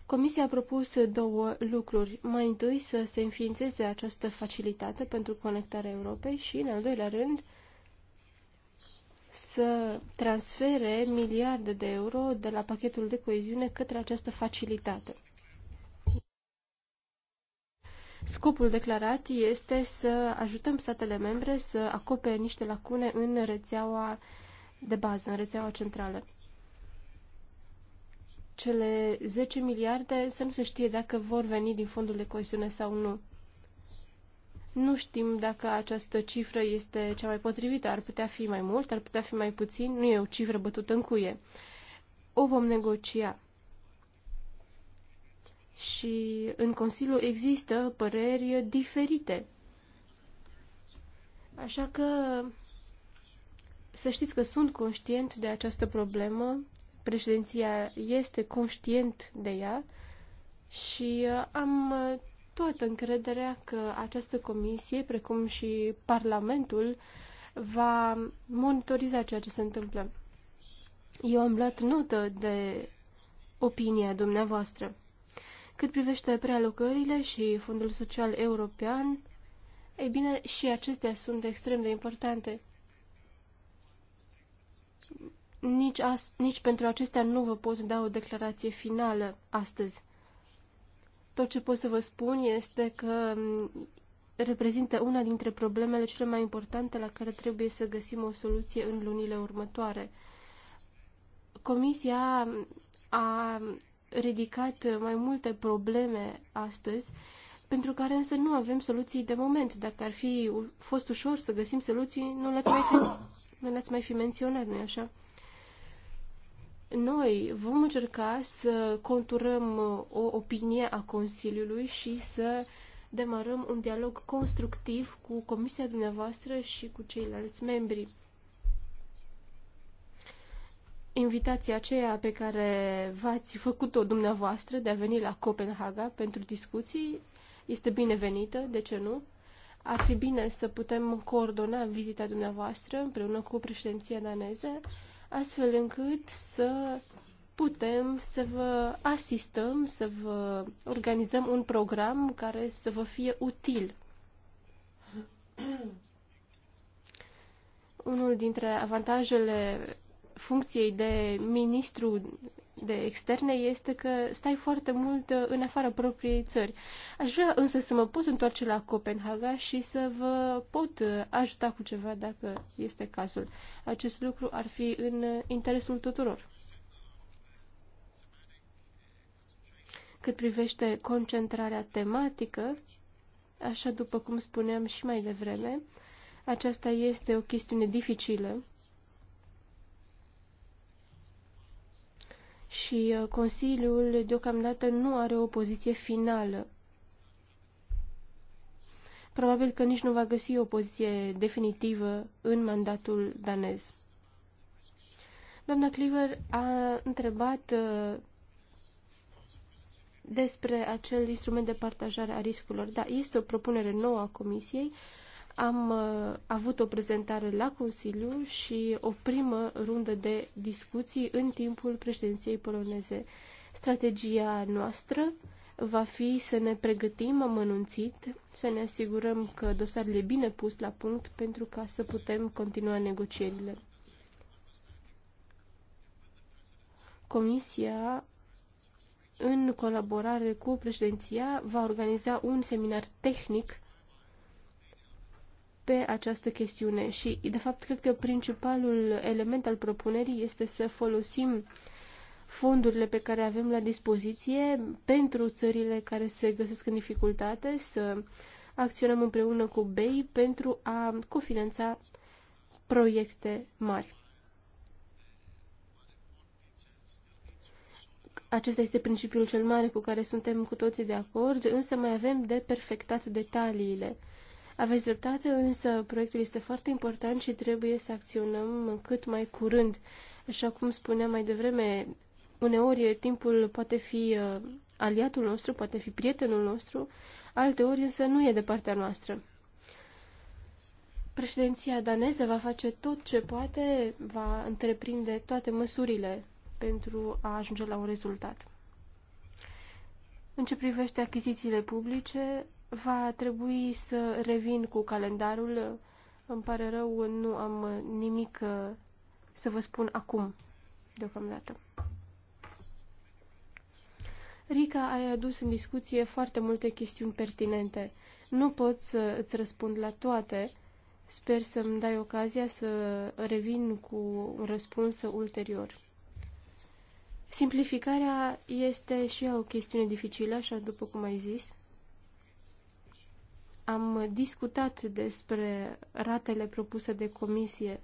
S4: Comisia a propus două lucruri. Mai întâi să se înființeze această facilitate pentru conectarea Europei și, în al doilea rând, să transfere miliarde de euro de la pachetul de coeziune către această facilitate. Scopul declarat este să ajutăm statele membre să acopere niște lacune în rețeaua de bază, în rețeaua centrală. Cele 10 miliarde, să nu se știe dacă vor veni din fondul de coeziune sau nu. Nu știm dacă această cifră este cea mai potrivită. Ar putea fi mai mult, ar putea fi mai puțin. Nu e o cifră bătută în cuie. O vom negocia. Și în Consiliu există păreri diferite. Așa că să știți că sunt conștient de această problemă. Președinția este conștient de ea și am toată încrederea că această comisie, precum și Parlamentul, va monitoriza ceea ce se întâmplă. Eu am luat notă de opinia dumneavoastră. Cât privește prealocările și Fondul Social European, ei bine, și acestea sunt extrem de importante. Nici, as, nici pentru acestea nu vă pot da o declarație finală astăzi. Tot ce pot să vă spun este că mm, reprezintă una dintre problemele cele mai importante la care trebuie să găsim o soluție în lunile următoare. Comisia mm, a ridicat mai multe probleme astăzi, pentru care însă nu avem soluții de moment. Dacă ar fi fost ușor să găsim soluții, nu le-ați mai fi, nu le-ați mai fi menționat, nu-i așa? Noi vom încerca să conturăm uh, o opinie a Consiliului și să demarăm un dialog constructiv cu comisia dumneavoastră și cu ceilalți membri. Invitația aceea pe care v-ați făcut-o dumneavoastră de a veni la Copenhaga pentru discuții este binevenită, de ce nu? Ar fi bine să putem coordona vizita dumneavoastră împreună cu președinția daneză astfel încât să putem să vă asistăm, să vă organizăm un program care să vă fie util. Unul dintre avantajele funcției de ministru de externe este că stai foarte mult uh, în afara propriei țări. Aș vrea însă să mă pot întoarce la Copenhaga și să vă pot uh, ajuta cu ceva dacă este cazul. Acest lucru ar fi în uh, interesul tuturor. Cât privește concentrarea tematică, așa după cum spuneam și mai devreme, aceasta este o chestiune dificilă și uh, Consiliul deocamdată nu are o poziție finală. Probabil că nici nu va găsi o poziție definitivă în mandatul danez. Doamna Cleaver a întrebat uh, despre acel instrument de partajare a riscurilor. Da, este o propunere nouă a Comisiei am uh, avut o prezentare la Consiliu și o primă rundă de discuții în timpul președinției poloneze. Strategia noastră va fi să ne pregătim amănunțit, să ne asigurăm că dosarele bine pus la punct pentru ca să putem continua negocierile. Comisia, în colaborare cu președinția, va organiza un seminar tehnic pe această chestiune și, de fapt, cred că principalul element al propunerii este să folosim fondurile pe care avem la dispoziție pentru țările care se găsesc în dificultate, să acționăm împreună cu BEI pentru a cofinanța proiecte mari. Acesta este principiul cel mare cu care suntem cu toții de acord, însă mai avem de perfectat detaliile. Aveți dreptate, însă proiectul este foarte important și trebuie să acționăm cât mai curând. Așa cum spuneam mai devreme, uneori timpul poate fi uh, aliatul nostru, poate fi prietenul nostru, alteori însă nu e de partea noastră. Președinția daneză va face tot ce poate, va întreprinde toate măsurile pentru a ajunge la un rezultat. În ce privește achizițiile publice, Va trebui să revin cu calendarul. Îmi pare rău, nu am nimic uh, să vă spun acum, deocamdată. Rica, ai adus în discuție foarte multe chestiuni pertinente. Nu pot să îți răspund la toate. Sper să-mi dai ocazia să revin cu un răspuns ulterior. Simplificarea este și ea o chestiune dificilă, așa după cum ai zis. Am discutat despre ratele propuse de comisie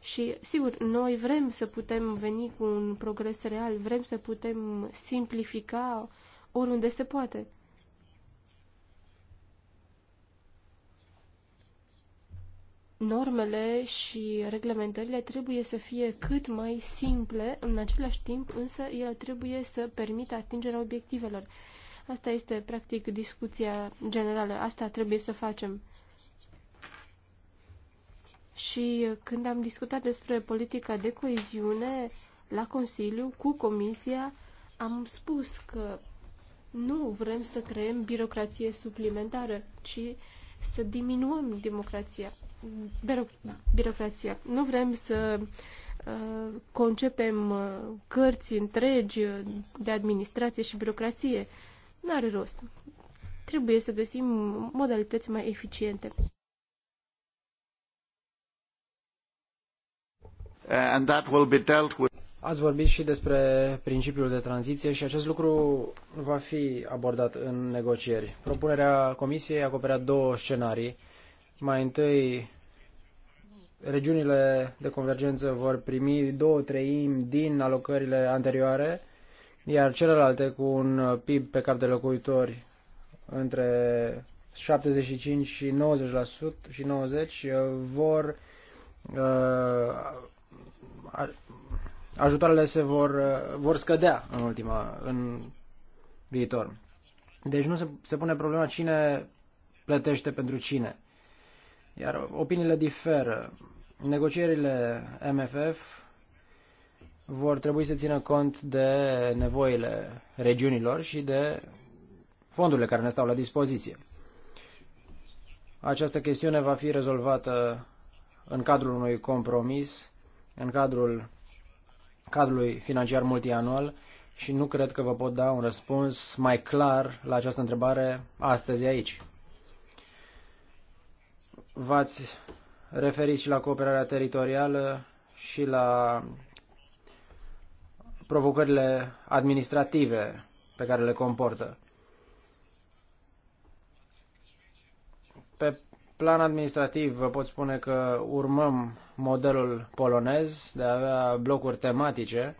S4: Și, sigur, noi vrem să putem veni cu un progres real, vrem să putem simplifica oriunde se poate. Normele și reglementările trebuie să fie cât mai simple, în același timp însă ele trebuie să permită atingerea obiectivelor. Asta este, practic, discuția generală. Asta trebuie să facem. Și când am discutat despre politica de coeziune la Consiliu, cu Comisia, am spus că nu vrem să creăm birocrație suplimentară, ci să diminuăm democrația, da, birocrația. Nu vrem să uh, concepem uh, cărți întregi de administrație și birocrație. Nu are rost. Trebuie să găsim modalități mai eficiente.
S6: Uh, and that will be dealt with...
S2: Ați vorbit și despre principiul de tranziție și acest lucru va fi abordat în negocieri. Propunerea Comisiei acoperea două scenarii. Mai întâi, regiunile de convergență vor primi două treimi din alocările anterioare iar celelalte cu un uh, PIB pe cap de locuitori între 75 și 90% și 90 uh, vor uh, ajutoarele se vor, uh, vor scădea în ultima, în viitor. Deci nu se, se pune problema cine plătește pentru cine. Iar opiniile diferă. Negocierile MFF vor trebui să țină cont de nevoile regiunilor și de fondurile care ne stau la dispoziție. Această chestiune va fi rezolvată în cadrul unui compromis, în cadrul cadrului financiar multianual și nu cred că vă pot da un răspuns mai clar la această întrebare astăzi aici. V-ați referit și la cooperarea teritorială și la provocările administrative pe care le comportă. Pe plan administrativ vă pot spune că urmăm modelul polonez de a avea blocuri tematice,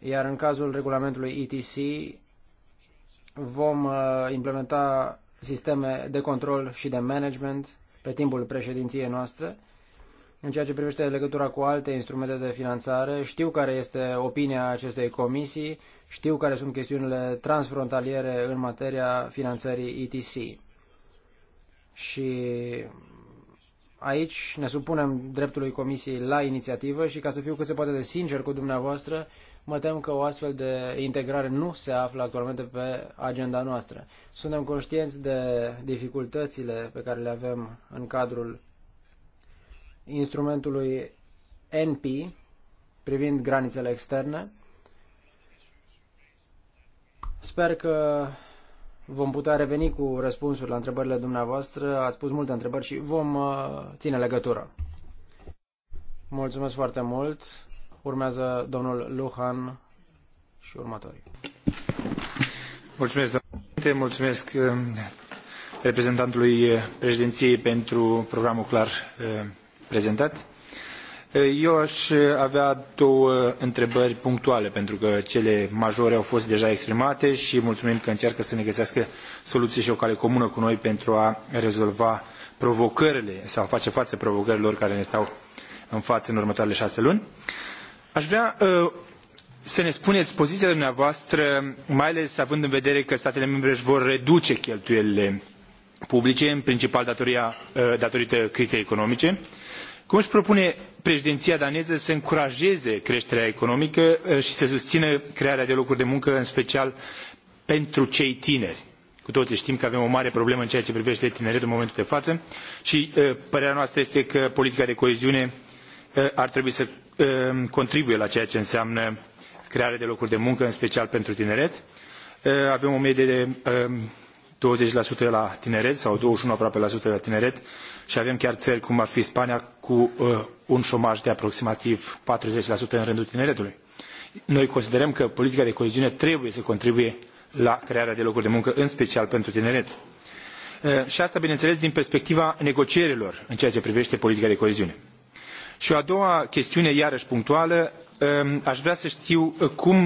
S2: iar în cazul regulamentului ETC vom uh, implementa sisteme de control și de management pe timpul președinției noastre în ceea ce privește legătura cu alte instrumente de finanțare, știu care este opinia acestei comisii, știu care sunt chestiunile transfrontaliere în materia finanțării ETC. Și aici ne supunem dreptului comisiei la inițiativă și ca să fiu cât se poate de sincer cu dumneavoastră, mă tem că o astfel de integrare nu se află actualmente pe agenda noastră. Suntem conștienți de dificultățile pe care le avem în cadrul instrumentului NP privind granițele externe. Sper că vom putea reveni cu răspunsuri la întrebările dumneavoastră. Ați pus multe întrebări și vom uh, ține legătură. Mulțumesc foarte mult. Urmează domnul Luhan și următorii.
S5: Mulțumesc, domnule. Mulțumesc uh, reprezentantului uh, președinției pentru programul clar prezentat. Eu aș avea două întrebări punctuale, pentru că cele majore au fost deja exprimate și mulțumim că încearcă să ne găsească soluții și o cale comună cu noi pentru a rezolva provocările sau face față provocărilor care ne stau în față în următoarele șase luni. Aș vrea uh, să ne spuneți poziția dumneavoastră, mai ales având în vedere că statele membre își vor reduce cheltuielile publice, în principal datoria, uh, datorită crizei economice. Uh, cum își propune preedinia daneză să încurajeze creșterea economică uh, și să susțină crearea de locuri de muncă, în special pentru cei tineri? Cu toții știm că avem o mare problemă în ceea ce privește tineretul în momentul de față și uh, părerea noastră este că politica de coeziune uh, ar trebui să contribuie la ceea ce înseamnă crearea de locuri de muncă, în special pentru tineret. Avem o medie de 20% la tineret sau 21% aproape la sută la tineret și avem chiar ări cum ar fi Spania cu uh, un șomaj de aproximativ 40% în rândul tineretului. Noi considerăm că politica de coeziune trebuie să contribuie la crearea de locuri de muncă, în special pentru tineret. Uh, și asta, bineînțeles, din perspectiva negocierilor în ceea ce privește politica de coeziune. Și o a doua chestiune, iarăși punctuală, um, aș vrea să știu uh, cum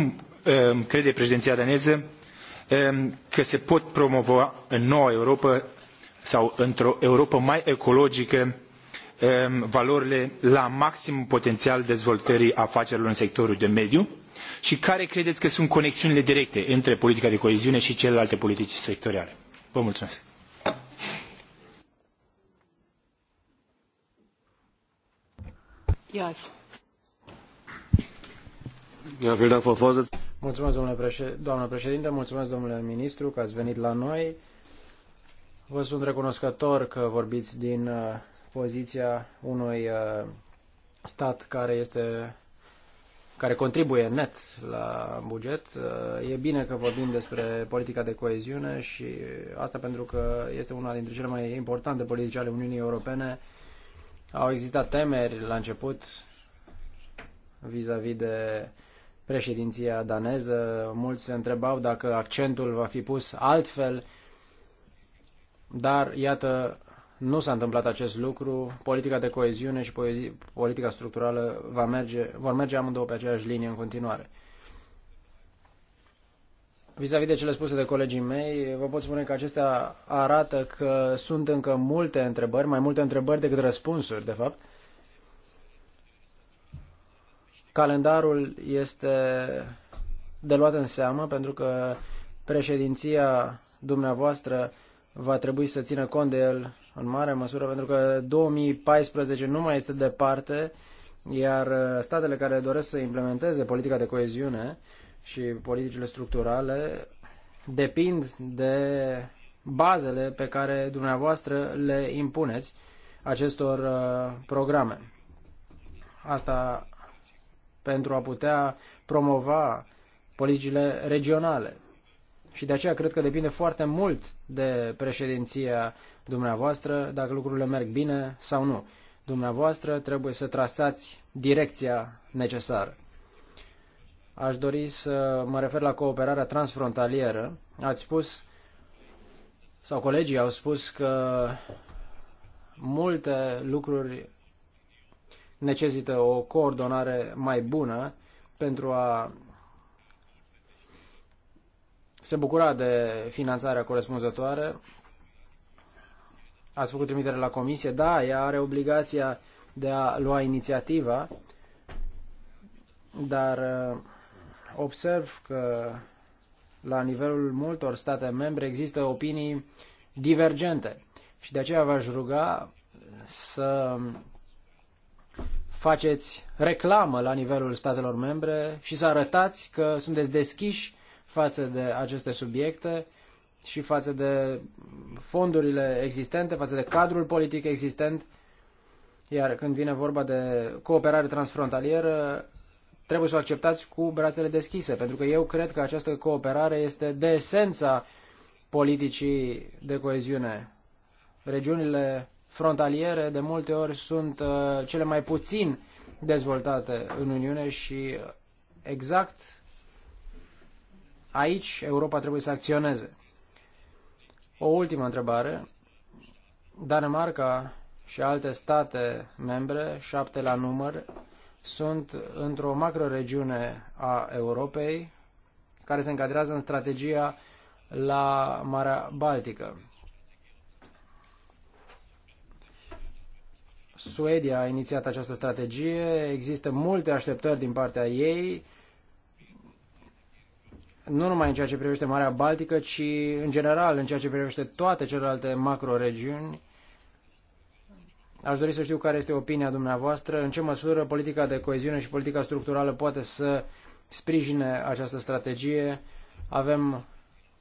S5: um, crede președinția daneză um, că se pot promova în noua Europa sau într-o Europă mai ecologică valorile la maxim potențial dezvoltării afacerilor în sectorul de mediu și care credeți că sunt conexiunile directe între politica de coeziune și celelalte politici sectoriale? Vă mulțumesc!
S6: Iar.
S2: Mulțumesc, domnule președinte, mulțumesc, domnule ministru, că ați venit la noi. Vă sunt recunoscător că vorbiți din uh, poziția unui uh, stat care este care contribuie net la buget. Uh, e bine că vorbim despre politica de coeziune și asta pentru că este una dintre cele mai importante politici ale Uniunii Europene. Au existat temeri la început vis-a-vis -vis de președinția daneză. Mulți se întrebau dacă accentul va fi pus altfel dar, iată, nu s-a întâmplat acest lucru. Politica de coeziune și politica structurală va merge, vor merge amândouă pe aceeași linie în continuare. Vis-a-vis -vis de cele spuse de colegii mei, vă pot spune că acestea arată că sunt încă multe întrebări, mai multe întrebări decât răspunsuri, de fapt. Calendarul este de luat în seamă pentru că președinția dumneavoastră va trebui să țină cont de el în mare măsură, pentru că 2014 nu mai este departe, iar uh, statele care doresc să implementeze politica de coeziune și politicile structurale depind de bazele pe care dumneavoastră le impuneți acestor uh, programe. Asta pentru a putea promova politicile regionale și de aceea cred că depinde foarte mult de președinția dumneavoastră dacă lucrurile merg bine sau nu. Dumneavoastră trebuie să trasați direcția necesară. Aș dori să mă refer la cooperarea transfrontalieră. Ați spus, sau colegii au spus că multe lucruri necesită o coordonare mai bună pentru a se bucura de finanțarea corespunzătoare. Ați făcut trimitere la comisie. Da, ea are obligația de a lua inițiativa, dar uh, observ că la nivelul multor state membre există opinii divergente și de aceea v-aș ruga să faceți reclamă la nivelul statelor membre și să arătați că sunteți deschiși față de aceste subiecte și față de fondurile existente, față de cadrul politic existent, iar când vine vorba de cooperare transfrontalieră, trebuie să o acceptați cu brațele deschise, pentru că eu cred că această cooperare este de esența politicii de coeziune. Regiunile frontaliere de multe ori sunt uh, cele mai puțin dezvoltate în Uniune și uh, exact Aici Europa trebuie să acționeze. O ultimă întrebare. Danemarca și alte state membre, șapte la număr, sunt într-o macroregiune a Europei care se încadrează în strategia la Marea Baltică. Suedia a inițiat această strategie, există multe așteptări din partea ei, nu numai în ceea ce privește Marea Baltică, ci în general în ceea ce privește toate celelalte macroregiuni. Aș dori să știu care este opinia dumneavoastră, în ce măsură politica de coeziune și politica structurală poate să sprijine această strategie. Avem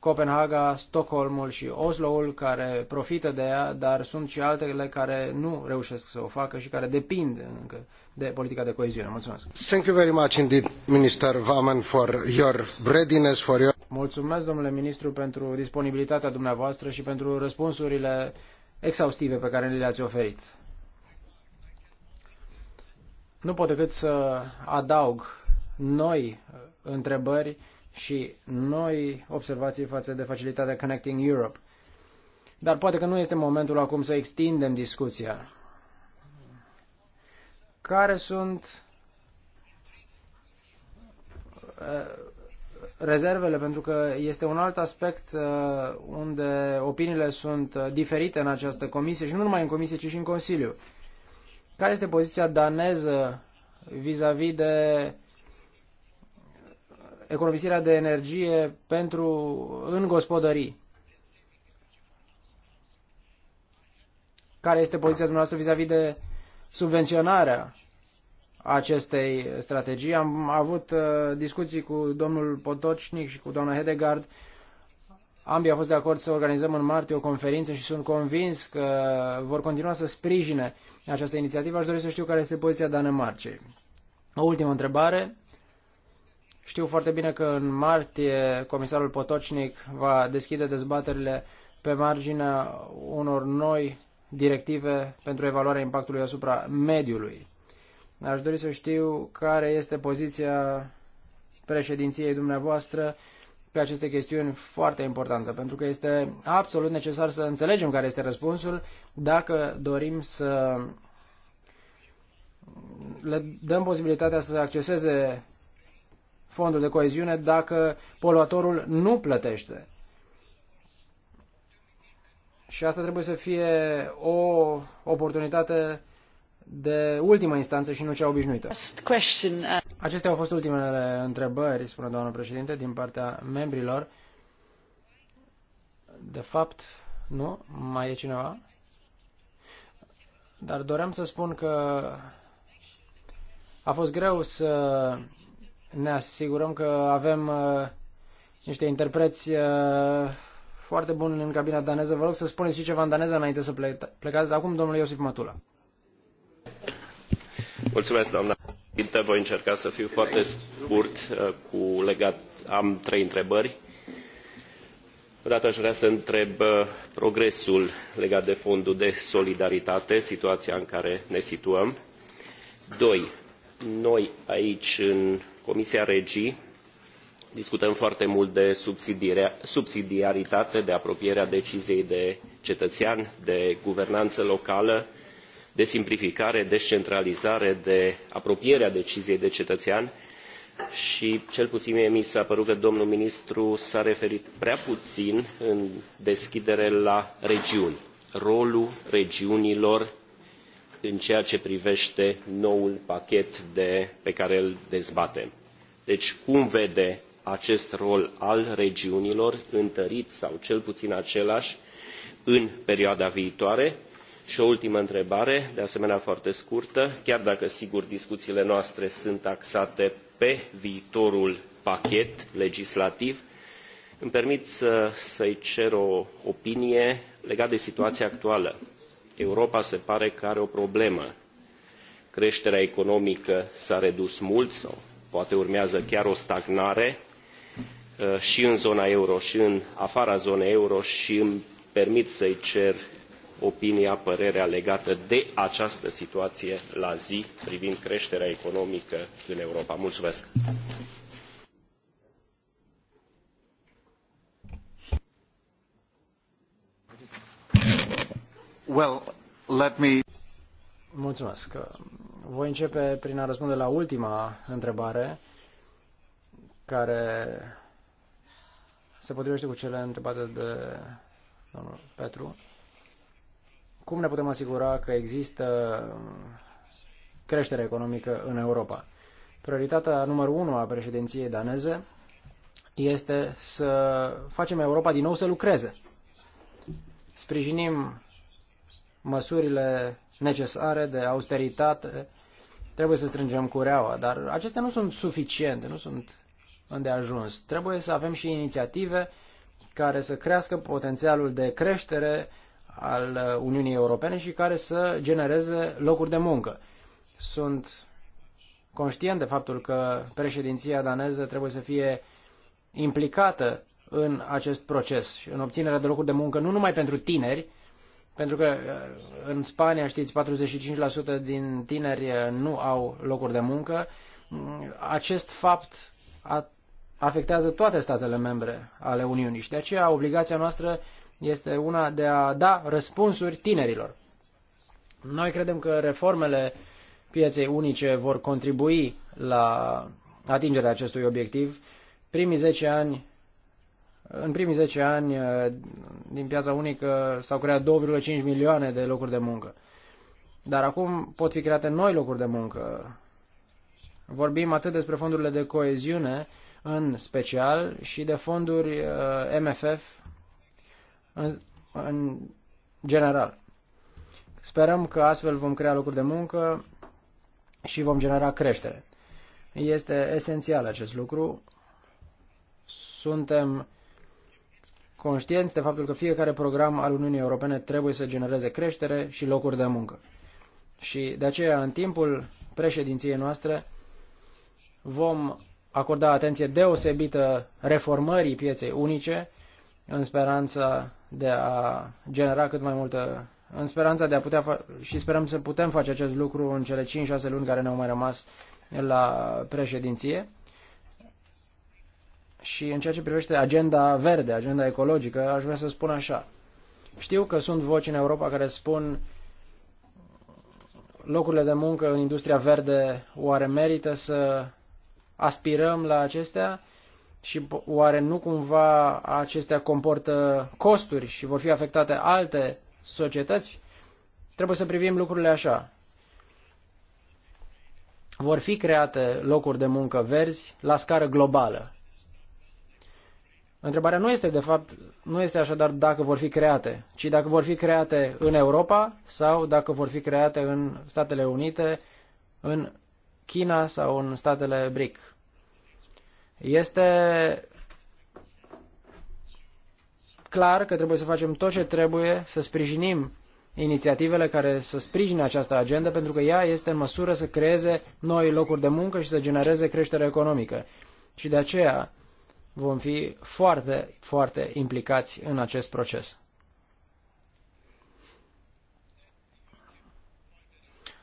S2: Copenhaga, Stockholmul și Osloul care profită de ea, dar sunt și altele care nu reușesc să o facă și care depind încă de politica de coeziune. Mulțumesc. Thank you very much indeed, Minister Vaman, for your readiness, for your... Mulțumesc, domnule ministru, pentru disponibilitatea dumneavoastră și pentru răspunsurile exhaustive pe care le-ați oferit. Nu pot decât să adaug noi întrebări și noi observații față de facilitatea Connecting Europe. Dar poate că nu este momentul acum să extindem discuția. Care sunt uh, rezervele, pentru că este un alt aspect uh, unde opiniile sunt uh, diferite în această comisie și nu numai în comisie, ci și în Consiliu. Care este poziția daneză vis-a-vis -vis de economisirea de energie pentru, în gospodării. Care este poziția dumneavoastră vis-a-vis -vis de subvenționarea acestei strategii? Am avut uh, discuții cu domnul Potocnic și cu doamna Hedegard. Ambii au fost de acord să organizăm în martie o conferință și sunt convins că vor continua să sprijine această inițiativă. Aș dori să știu care este poziția Danemarcei. O ultimă întrebare știu foarte bine că în martie comisarul Potocnic va deschide dezbaterile pe marginea unor noi directive pentru evaluarea impactului asupra mediului. Aș dori să știu care este poziția președinției dumneavoastră pe aceste chestiuni foarte importante, pentru că este absolut necesar să înțelegem care este răspunsul dacă dorim să le dăm posibilitatea să acceseze fondul de coeziune dacă poluatorul nu plătește. Și asta trebuie să fie o oportunitate de ultimă instanță și nu cea obișnuită. Uh, Acestea au fost ultimele întrebări, spune doamnă președinte, din partea membrilor. De fapt, nu? Mai e cineva? Dar doream să spun că a fost greu să ne asigurăm că avem uh, niște interpreți uh, foarte buni în cabina daneză. Vă rog să spuneți și ceva în daneză înainte să plecați. Acum, domnul Iosif Matula.
S6: Mulțumesc, doamna președinte. Voi încerca să fiu foarte scurt uh, cu legat. Am trei întrebări. Odată aș vrea să întreb uh, progresul legat de fondul de solidaritate, situația în care ne situăm. Doi, noi aici în Comisia regi discutăm foarte mult de subsidiaritate, de apropierea deciziei de cetățean, de guvernanță locală, de simplificare, de descentralizare, de apropierea deciziei de cetățean și cel puțin mie mi s-a părut că domnul ministru s-a referit prea puțin în deschidere la regiuni, rolul regiunilor în ceea ce privește noul pachet de, pe care îl dezbatem. Deci cum vede acest rol al regiunilor întărit sau cel puțin același în perioada viitoare? Și o ultimă întrebare, de asemenea foarte scurtă, chiar dacă sigur discuțiile noastre sunt axate pe viitorul pachet legislativ, îmi permit să, să-i cer o opinie legată de situația actuală Europa se pare că are o problemă. Creșterea economică s-a redus mult sau poate urmează chiar o stagnare uh, și în zona euro și în afara zonei euro și îmi permit să-i cer opinia, părerea legată de această situație la zi privind creșterea economică în Europa. Mulțumesc! Well, let me...
S2: Mulțumesc. Voi începe prin a răspunde la ultima întrebare care se potrivește cu cele întrebate de domnul Petru. Cum ne putem asigura că există creștere economică în Europa? Prioritatea numărul unu a președinției daneze este să facem Europa din nou să lucreze. Sprijinim măsurile necesare de austeritate, trebuie să strângem cureaua, dar acestea nu sunt suficiente, nu sunt îndeajuns. Trebuie să avem și inițiative care să crească potențialul de creștere al Uniunii Europene și care să genereze locuri de muncă. Sunt conștient de faptul că președinția daneză trebuie să fie implicată în acest proces și în obținerea de locuri de muncă, nu numai pentru tineri, pentru că uh, în Spania, știți, 45% din tineri uh, nu au locuri de muncă. Mm, acest fapt afectează toate statele membre ale Uniunii și de aceea obligația noastră este una de a da răspunsuri tinerilor. Noi credem că reformele pieței unice vor contribui la atingerea acestui obiectiv. Primii 10 ani în primii 10 ani eh, din piața unică s-au creat 2,5 milioane de locuri de muncă. Dar acum pot fi create noi locuri de muncă. Vorbim atât despre fondurile de coeziune, în special, și de fonduri eh, MFF în, în general. Sperăm că astfel vom crea locuri de muncă și vom genera creștere. Este esențial acest lucru. Suntem conștienți de faptul că fiecare program al Uniunii Europene trebuie să genereze creștere și locuri de muncă. Și de aceea, în timpul președinției noastre, vom acorda atenție deosebită reformării pieței unice, în speranța de a genera cât mai multă în speranța de a putea și sperăm să putem face acest lucru în cele 5-6 luni care ne-au mai rămas la președinție. Și în ceea ce privește agenda verde, agenda ecologică, aș vrea să spun așa. Știu că sunt voci în Europa care spun locurile de muncă în industria verde oare merită să aspirăm la acestea și oare nu cumva acestea comportă costuri și vor fi afectate alte societăți? Trebuie să privim lucrurile așa. Vor fi create locuri de muncă verzi la scară globală. Întrebarea nu este, de fapt, nu este așadar dacă vor fi create, ci dacă vor fi create în Europa sau dacă vor fi create în Statele Unite, în China sau în statele BRIC. Este clar că trebuie să facem tot ce trebuie să sprijinim inițiativele care să sprijine această agendă, pentru că ea este în măsură să creeze noi locuri de muncă și să genereze creștere economică. Și de aceea, vom fi foarte, foarte implicați în acest proces.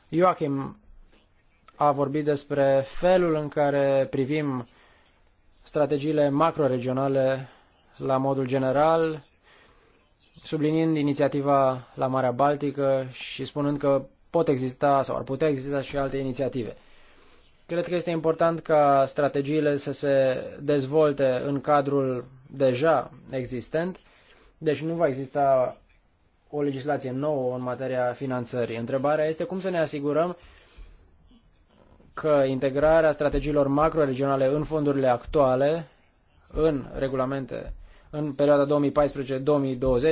S2: Joachim a vorbit despre felul în care privim strategiile macroregionale la modul general, subliniind inițiativa la Marea Baltică și spunând că pot exista sau ar putea exista și alte inițiative. Cred că este important ca strategiile să se dezvolte în cadrul deja existent, deci nu va exista o legislație nouă în materia finanțării. Întrebarea este cum să ne asigurăm că integrarea strategiilor macroregionale în fondurile actuale, în regulamente, în perioada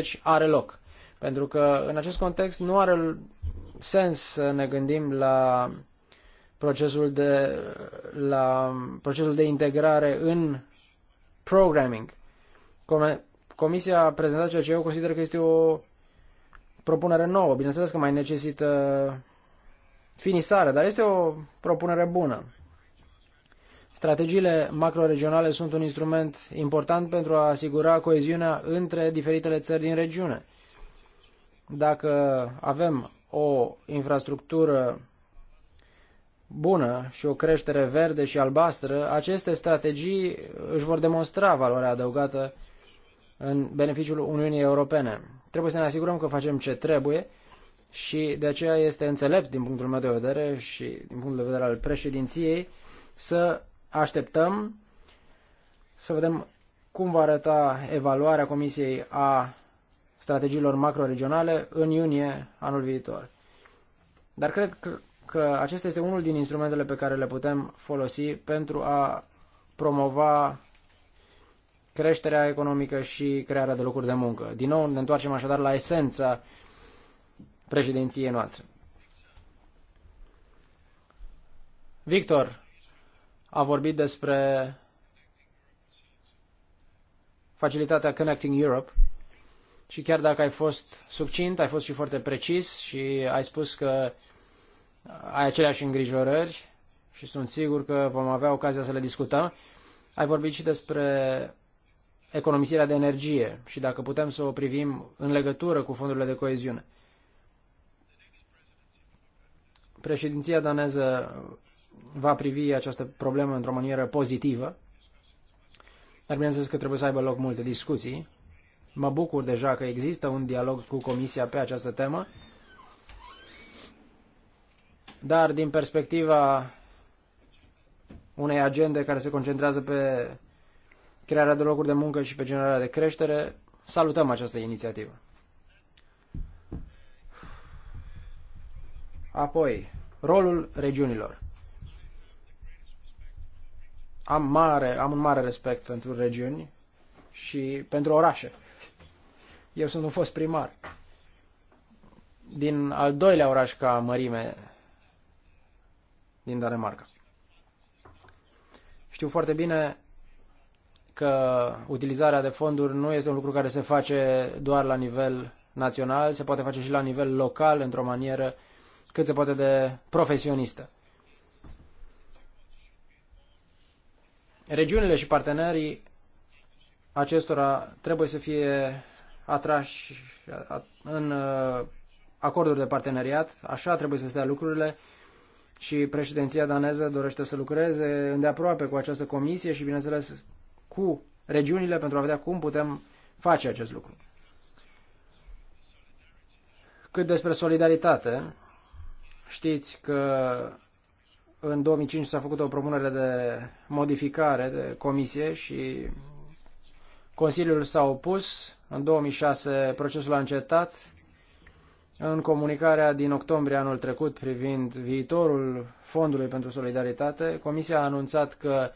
S2: 2014-2020, are loc. Pentru că în acest context nu are sens să ne gândim la procesul de, la procesul de integrare în programming. Comisia a prezentat ceea ce eu consider că este o propunere nouă. Bineînțeles că mai necesită finisare, dar este o propunere bună. Strategiile macroregionale sunt un instrument important pentru a asigura coeziunea între diferitele țări din regiune. Dacă avem o infrastructură bună și o creștere verde și albastră, aceste strategii își vor demonstra valoarea adăugată în beneficiul Uniunii Europene. Trebuie să ne asigurăm că facem ce trebuie și de aceea este înțelept din punctul meu de vedere și din punctul de vedere al președinției să așteptăm să vedem cum va arăta evaluarea Comisiei a strategiilor macroregionale în iunie anul viitor. Dar cred că că acesta este unul din instrumentele pe care le putem folosi pentru a promova creșterea economică și crearea de locuri de muncă. Din nou ne întoarcem așadar la esența președinției noastre. Victor a vorbit despre facilitatea Connecting Europe și chiar dacă ai fost succint, ai fost și foarte precis și ai spus că ai aceleași îngrijorări și sunt sigur că vom avea ocazia să le discutăm. Ai vorbit și despre economisirea de energie și dacă putem să o privim în legătură cu fondurile de coeziune. Președinția daneză va privi această problemă într-o manieră pozitivă, dar bineînțeles că trebuie să aibă loc multe discuții. Mă bucur deja că există un dialog cu Comisia pe această temă dar din perspectiva unei agende care se concentrează pe crearea de locuri de muncă și pe generarea de creștere, salutăm această inițiativă. Apoi, rolul regiunilor. Am, mare, am un mare respect pentru regiuni și pentru orașe. Eu sunt un fost primar. Din al doilea oraș ca mărime din Danemarca. Știu foarte bine că utilizarea de fonduri nu este un lucru care se face doar la nivel național, se poate face și la nivel local, într-o manieră cât se poate de profesionistă. Regiunile și partenerii acestora trebuie să fie atrași în uh, acorduri de parteneriat, așa trebuie să stea lucrurile, și președinția daneză dorește să lucreze îndeaproape cu această comisie și, bineînțeles, cu regiunile pentru a vedea cum putem face acest lucru. Cât despre solidaritate, știți că în 2005 s-a făcut o propunere de modificare de comisie și Consiliul s-a opus. În 2006 procesul a încetat în comunicarea din octombrie anul trecut privind viitorul Fondului pentru Solidaritate, Comisia a anunțat că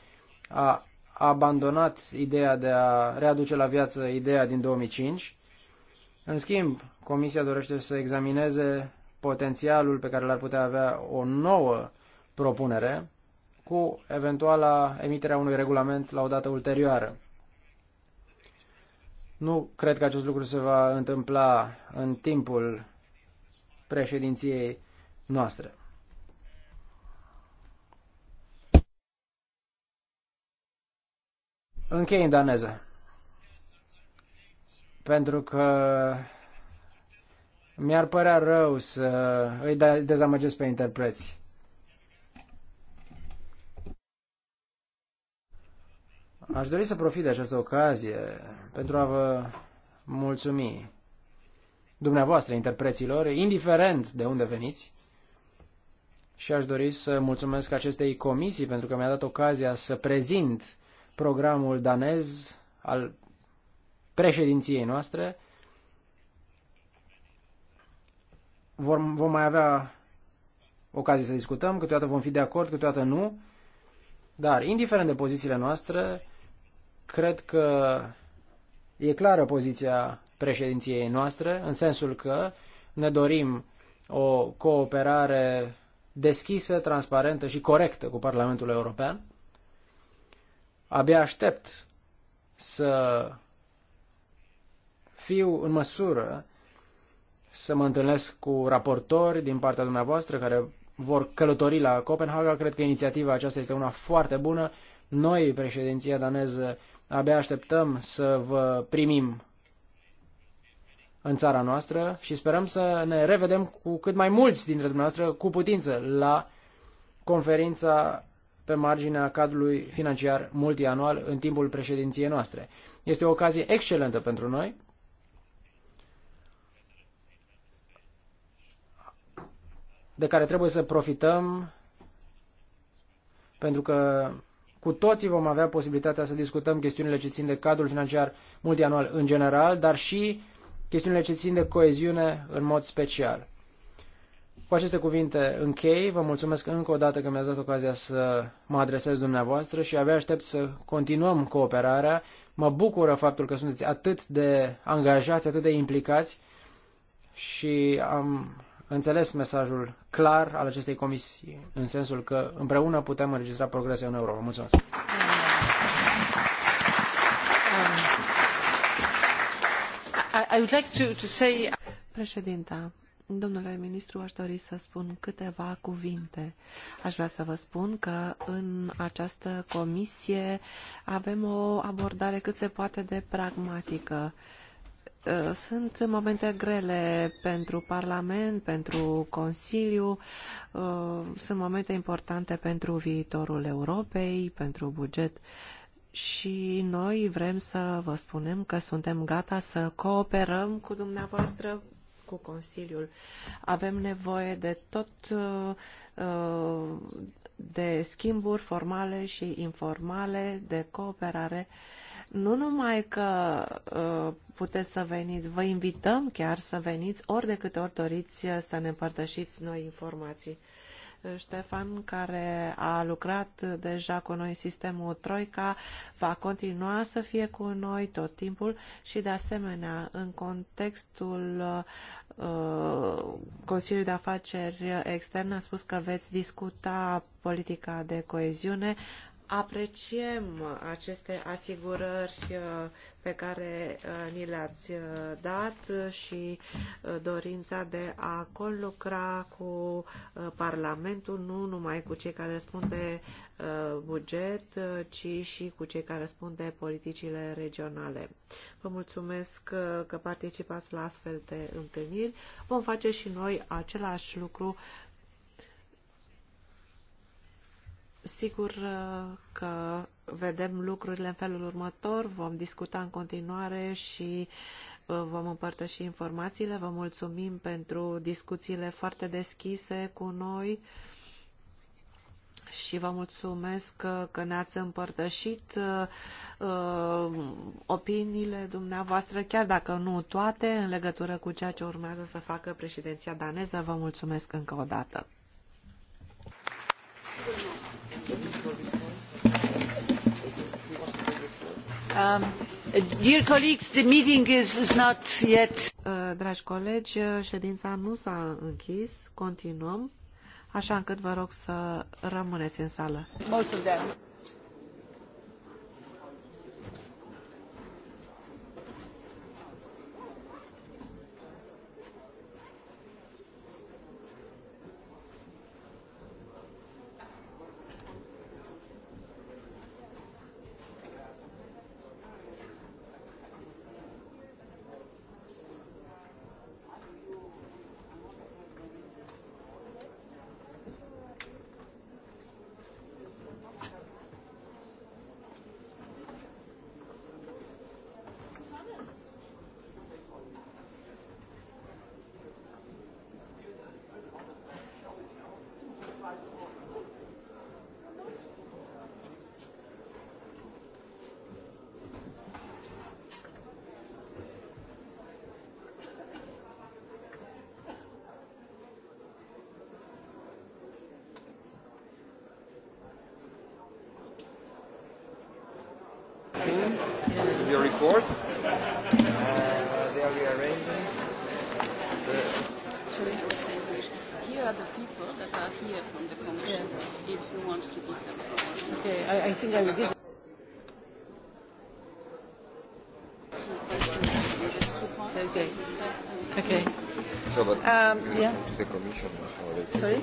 S2: a abandonat ideea de a readuce la viață ideea din 2005. În schimb, Comisia dorește să examineze potențialul pe care l-ar putea avea o nouă propunere cu eventuala emiterea unui regulament la o dată ulterioară. Nu cred că acest lucru se va întâmpla în timpul președinției noastre. Închei în daneză. Pentru că mi-ar părea rău să îi da- dezamăgesc pe interpreți. Aș dori să profit de această ocazie pentru a vă mulțumi dumneavoastră, interpreților, indiferent de unde veniți. Și aș dori să mulțumesc acestei comisii pentru că mi-a dat ocazia să prezint programul danez al președinției noastre. Vom, vom mai avea ocazie să discutăm, câteodată vom fi de acord, câteodată nu, dar indiferent de pozițiile noastre, cred că e clară poziția președinției noastre, în sensul că ne dorim o cooperare deschisă, transparentă și corectă cu Parlamentul European. Abia aștept să fiu în măsură să mă întâlnesc cu raportori din partea dumneavoastră care vor călători la Copenhaga. Cred că inițiativa aceasta este una foarte bună. Noi, președinția daneză, abia așteptăm să vă primim în țara noastră și sperăm să ne revedem cu cât mai mulți dintre dumneavoastră cu putință la conferința pe marginea cadrului financiar multianual în timpul președinției noastre. Este o ocazie excelentă pentru noi. de care trebuie să profităm pentru că cu toții vom avea posibilitatea să discutăm chestiunile ce țin de cadrul financiar multianual în general, dar și chestiunile ce țin de coeziune în mod special. Cu aceste cuvinte închei, vă mulțumesc încă o dată că mi-ați dat ocazia să mă adresez dumneavoastră și abia aștept să continuăm cooperarea. Mă bucură faptul că sunteți atât de angajați, atât de implicați și am înțeles mesajul clar al acestei comisii în sensul că împreună putem înregistra progrese în Europa. Mulțumesc!
S1: Domnule ministru, aș dori să spun câteva cuvinte. Aș vrea să vă spun că în această comisie avem o abordare cât se poate de pragmatică. Uh, sunt momente grele pentru Parlament, pentru Consiliu, uh, sunt momente importante pentru viitorul Europei, pentru buget și noi vrem să vă spunem că suntem gata să cooperăm cu dumneavoastră, cu Consiliul. Avem nevoie de tot uh, de schimburi formale și informale, de cooperare. Nu numai că uh, puteți să veniți, vă invităm chiar să veniți ori de câte ori doriți să ne împărtășiți noi informații. Ștefan, care a lucrat deja cu noi sistemul Troica, va continua să fie cu noi tot timpul și, de asemenea, în contextul uh, Consiliul de Afaceri Externe a spus că veți discuta politica de coeziune. Apreciem aceste asigurări uh, pe care uh, ni le-ați uh, dat și dorința de a conlucra cu Parlamentul, nu numai cu cei care răspund de buget, ci și cu cei care răspund de politicile regionale. Vă mulțumesc că participați la astfel de întâlniri. Vom face și noi același lucru Sigur uh, că vedem lucrurile în felul următor, vom discuta în continuare și uh, vom împărtăși informațiile. Vă mulțumim pentru discuțiile foarte deschise cu noi și vă mulțumesc că, uh, că ne-ați împărtășit uh, opiniile dumneavoastră, chiar dacă nu toate, în legătură cu ceea ce urmează să facă președinția daneză. Vă mulțumesc încă o dată. dragi colegi, uh, ședința nu s-a închis. Continuăm, așa încât vă rog să rămâneți în sală. Most of them.
S4: Um,
S5: Sorry.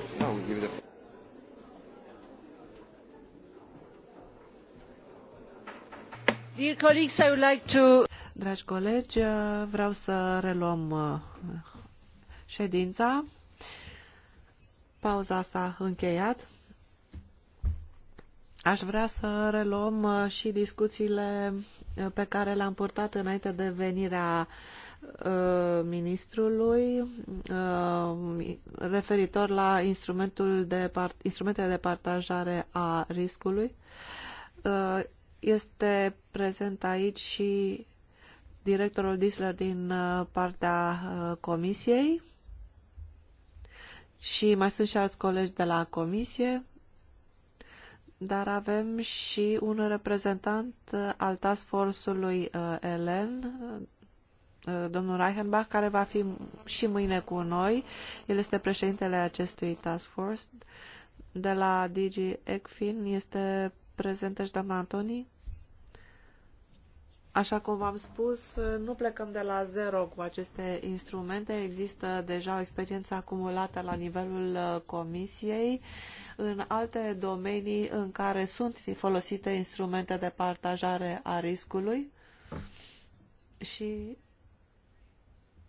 S1: Dear colleagues, I would like to. Dragi colegi, vreau să reluăm uh, ședința. Pauza s-a încheiat. Aș vrea să reluăm uh, și discuțiile uh, pe care le-am purtat înainte de venirea uh, ministrului referitor la instrumentul de instrumentele de partajare a riscului. Este prezent aici și directorul Disler din partea comisiei și mai sunt și alți colegi de la comisie dar avem și un reprezentant uh, al task force-ului uh, Elen, uh, domnul Reichenbach, care va fi și mâine cu noi. El este președintele acestui task force. De la DG ECFIN este prezentă și doamna Antoni. Așa cum v-am spus, nu plecăm de la zero cu aceste instrumente. Există deja o experiență acumulată la nivelul uh, comisiei în alte domenii în care sunt folosite instrumente de partajare a riscului și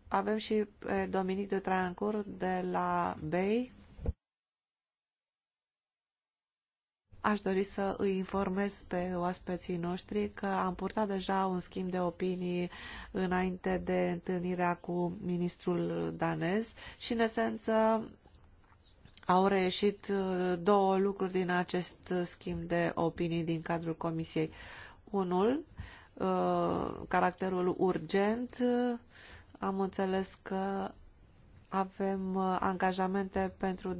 S1: avem și Dominic de Traiancur de la BEI Aș dori să îi informez pe oaspeții noștri că am purtat deja un schimb de opinii înainte de întâlnirea cu ministrul danez și, în esență, au reieșit uh, două lucruri din acest schimb de opinii din cadrul Comisiei. Unul, uh, caracterul urgent. Uh, am înțeles că avem angajamente pentru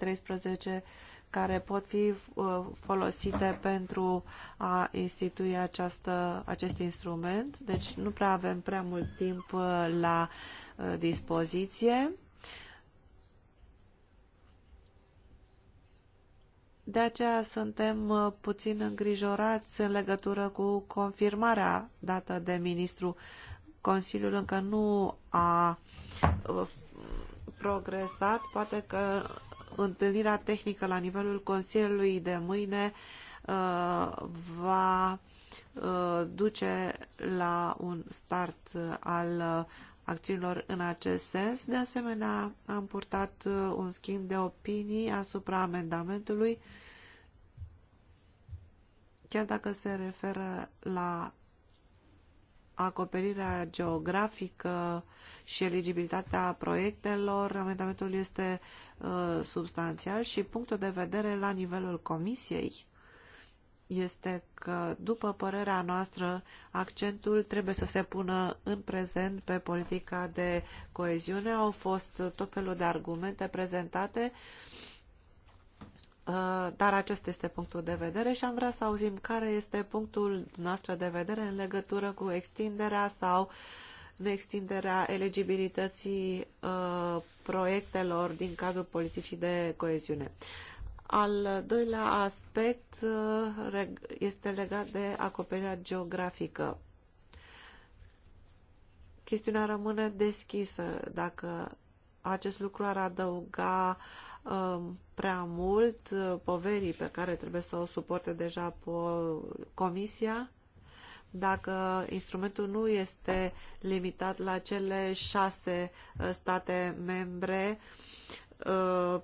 S1: 2012-2013 care pot fi uh, folosite pentru a institui această, acest instrument. Deci nu prea avem prea mult timp uh, la uh, dispoziție. De aceea suntem puțin îngrijorați în legătură cu confirmarea dată de ministru. Consiliul încă nu a progresat, poate că întâlnirea tehnică la nivelul Consiliului de mâine uh, va uh, duce la un start uh, al acțiunilor în acest sens. De asemenea, am purtat un schimb de opinii asupra amendamentului, chiar dacă se referă la acoperirea geografică și eligibilitatea proiectelor, amendamentul este uh, substanțial și punctul de vedere la nivelul comisiei este că, după părerea noastră, accentul trebuie să se pună în prezent pe politica de coeziune. Au fost tot felul de argumente prezentate uh, Uh, dar acesta este punctul de vedere și am vrea să auzim care este punctul noastră de vedere în legătură cu extinderea sau neextinderea eligibilității uh, proiectelor din cadrul politicii de coeziune. Al doilea aspect uh, este legat de acoperirea geografică. Chestiunea rămâne deschisă dacă acest lucru ar adăuga uh, Uh, prea mult uh, poverii pe care trebuie să o suporte deja comisia dacă instrumentul nu este limitat la cele șase uh, state membre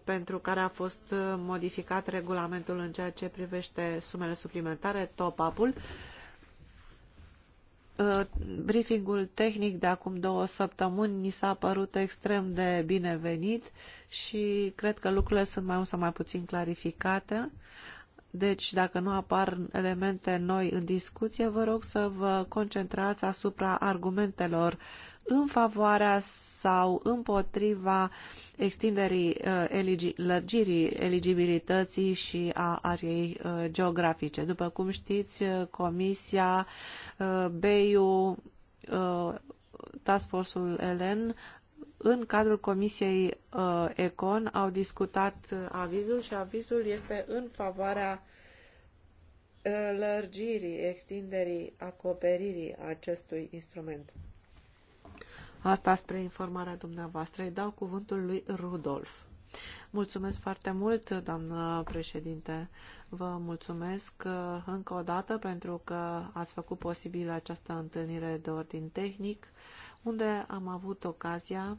S1: pentru care a fost modificat regulamentul în ceea ce privește sumele suplimentare, top-up-ul, briefingul tehnic de acum două săptămâni ni s-a părut extrem de binevenit și cred că lucrurile sunt mai mult sau mai puțin clarificate. Deci, dacă nu apar elemente noi în discuție, vă rog să vă concentrați asupra argumentelor în favoarea sau împotriva extinderii uh, lărgirii eligibilității și a ariei uh, geografice. După cum știți, uh, Comisia, BEIU, Task Force-ul ELEN în cadrul Comisiei uh, Econ au discutat uh, avizul și avizul este în favoarea uh, lărgirii, extinderii, acoperirii acestui instrument. Asta spre informarea dumneavoastră. Îi dau cuvântul lui Rudolf. Mulțumesc foarte mult, doamnă președinte. Vă mulțumesc încă o dată pentru că ați făcut posibil această întâlnire de ordin tehnic unde am avut ocazia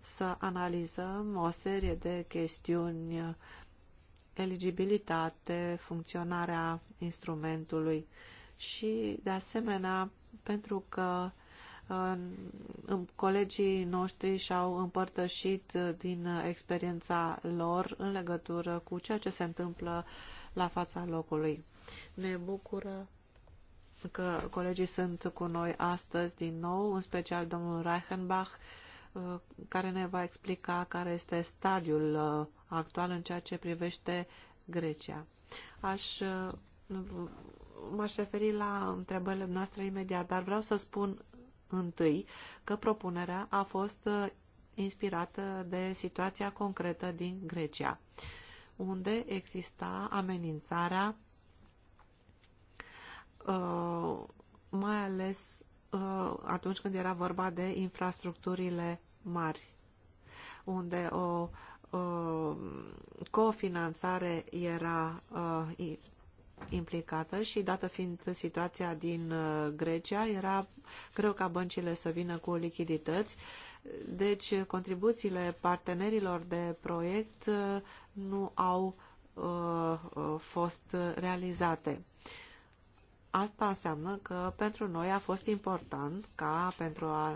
S1: să analizăm o serie de chestiuni eligibilitate, funcționarea instrumentului și, de asemenea, pentru că colegii noștri și-au împărtășit din experiența lor în legătură cu ceea ce se întâmplă la fața locului. Ne bucură că colegii sunt cu noi astăzi din nou, în special domnul Reichenbach, uh, care ne va explica care este stadiul uh, actual în ceea ce privește Grecia. Aș uh, m-aș referi la întrebările noastre imediat, dar vreau să spun întâi că propunerea a fost inspirată de situația concretă din Grecia, unde exista amenințarea Uh, mai ales uh, atunci când era vorba de infrastructurile mari, unde o uh, cofinanțare era implicată și dată fiind situația din Grecia, era greu ca băncile să vină cu lichidități, deci contribuțiile partenerilor de proiect nu au fost realizate. Asta înseamnă că pentru noi a fost important ca pentru a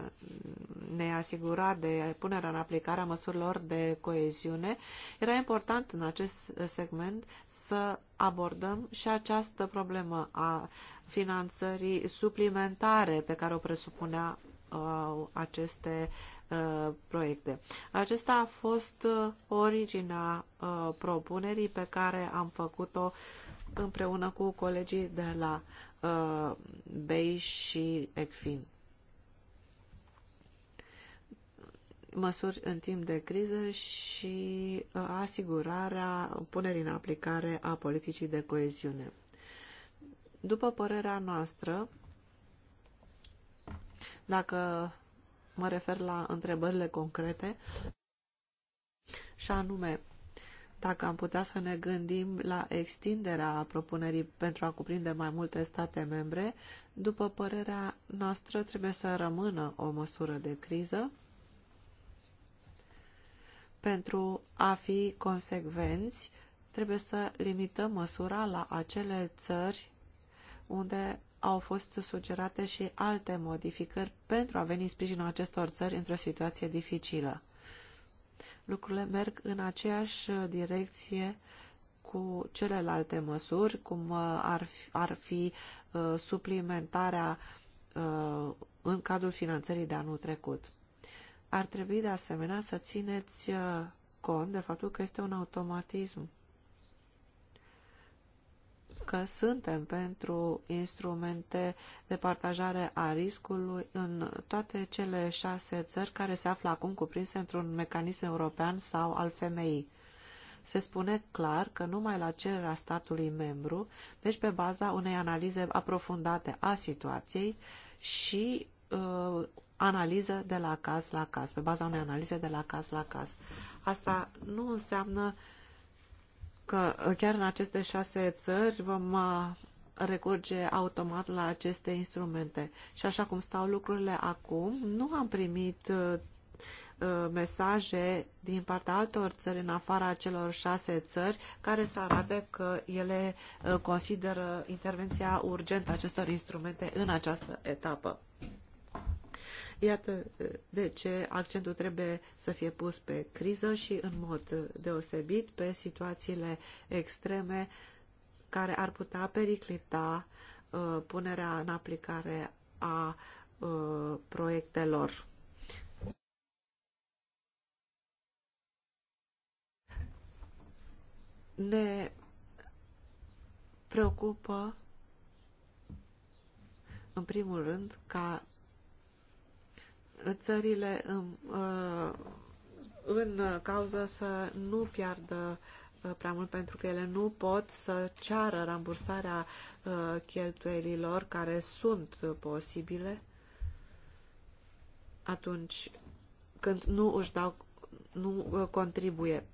S1: ne asigura de punerea în aplicare a măsurilor de coeziune, era important în acest segment să abordăm și această problemă a finanțării suplimentare pe care o presupunea uh, aceste uh, proiecte. Acesta a fost uh, originea uh, propunerii pe care am făcut-o uh, împreună cu colegii de la uh, BEI și ECFIN. Măsuri în timp de criză și uh, asigurarea punerii în aplicare a politicii de coeziune. După părerea noastră, dacă mă refer la întrebările concrete, și anume, dacă am putea să ne gândim la extinderea propunerii pentru a cuprinde mai multe state membre, după părerea noastră trebuie să rămână o măsură de criză pentru a fi consecvenți trebuie să limităm măsura la acele țări unde au fost sugerate și alte modificări pentru a veni în sprijinul acestor țări într-o situație dificilă lucrurile merg în aceeași direcție cu celelalte măsuri, cum uh, ar fi, ar fi uh, suplimentarea uh, în cadrul finanțării de anul trecut. Ar trebui de asemenea să țineți uh, cont de faptul că este un automatism că suntem pentru instrumente de partajare a riscului în toate cele șase țări care se află acum cuprinse într-un mecanism european sau al FMI. Se spune clar că numai la cererea statului membru, deci pe baza unei analize aprofundate a situației și uh, analiză de la caz la caz, pe baza unei analize de la caz la caz. Asta nu înseamnă uh, că uh, chiar în aceste șase țări vom uh, recurge automat la aceste instrumente. Și așa cum stau lucrurile acum, nu am primit uh, mesaje din partea altor țări în afara celor șase țări care să arate că ele consideră intervenția urgentă a acestor instrumente în această etapă. Iată uh, de ce accentul trebuie să fie pus pe criză și în mod uh, deosebit pe situațiile extreme care ar putea periclita uh, punerea în aplicare a proiectelor. Ne preocupă în primul rând ca țările în, uh, în cauză să nu piardă uh, prea mult pentru că ele nu pot să ceară rambursarea uh, cheltuielilor care sunt posibile atunci când nu își dau, nu contribuie.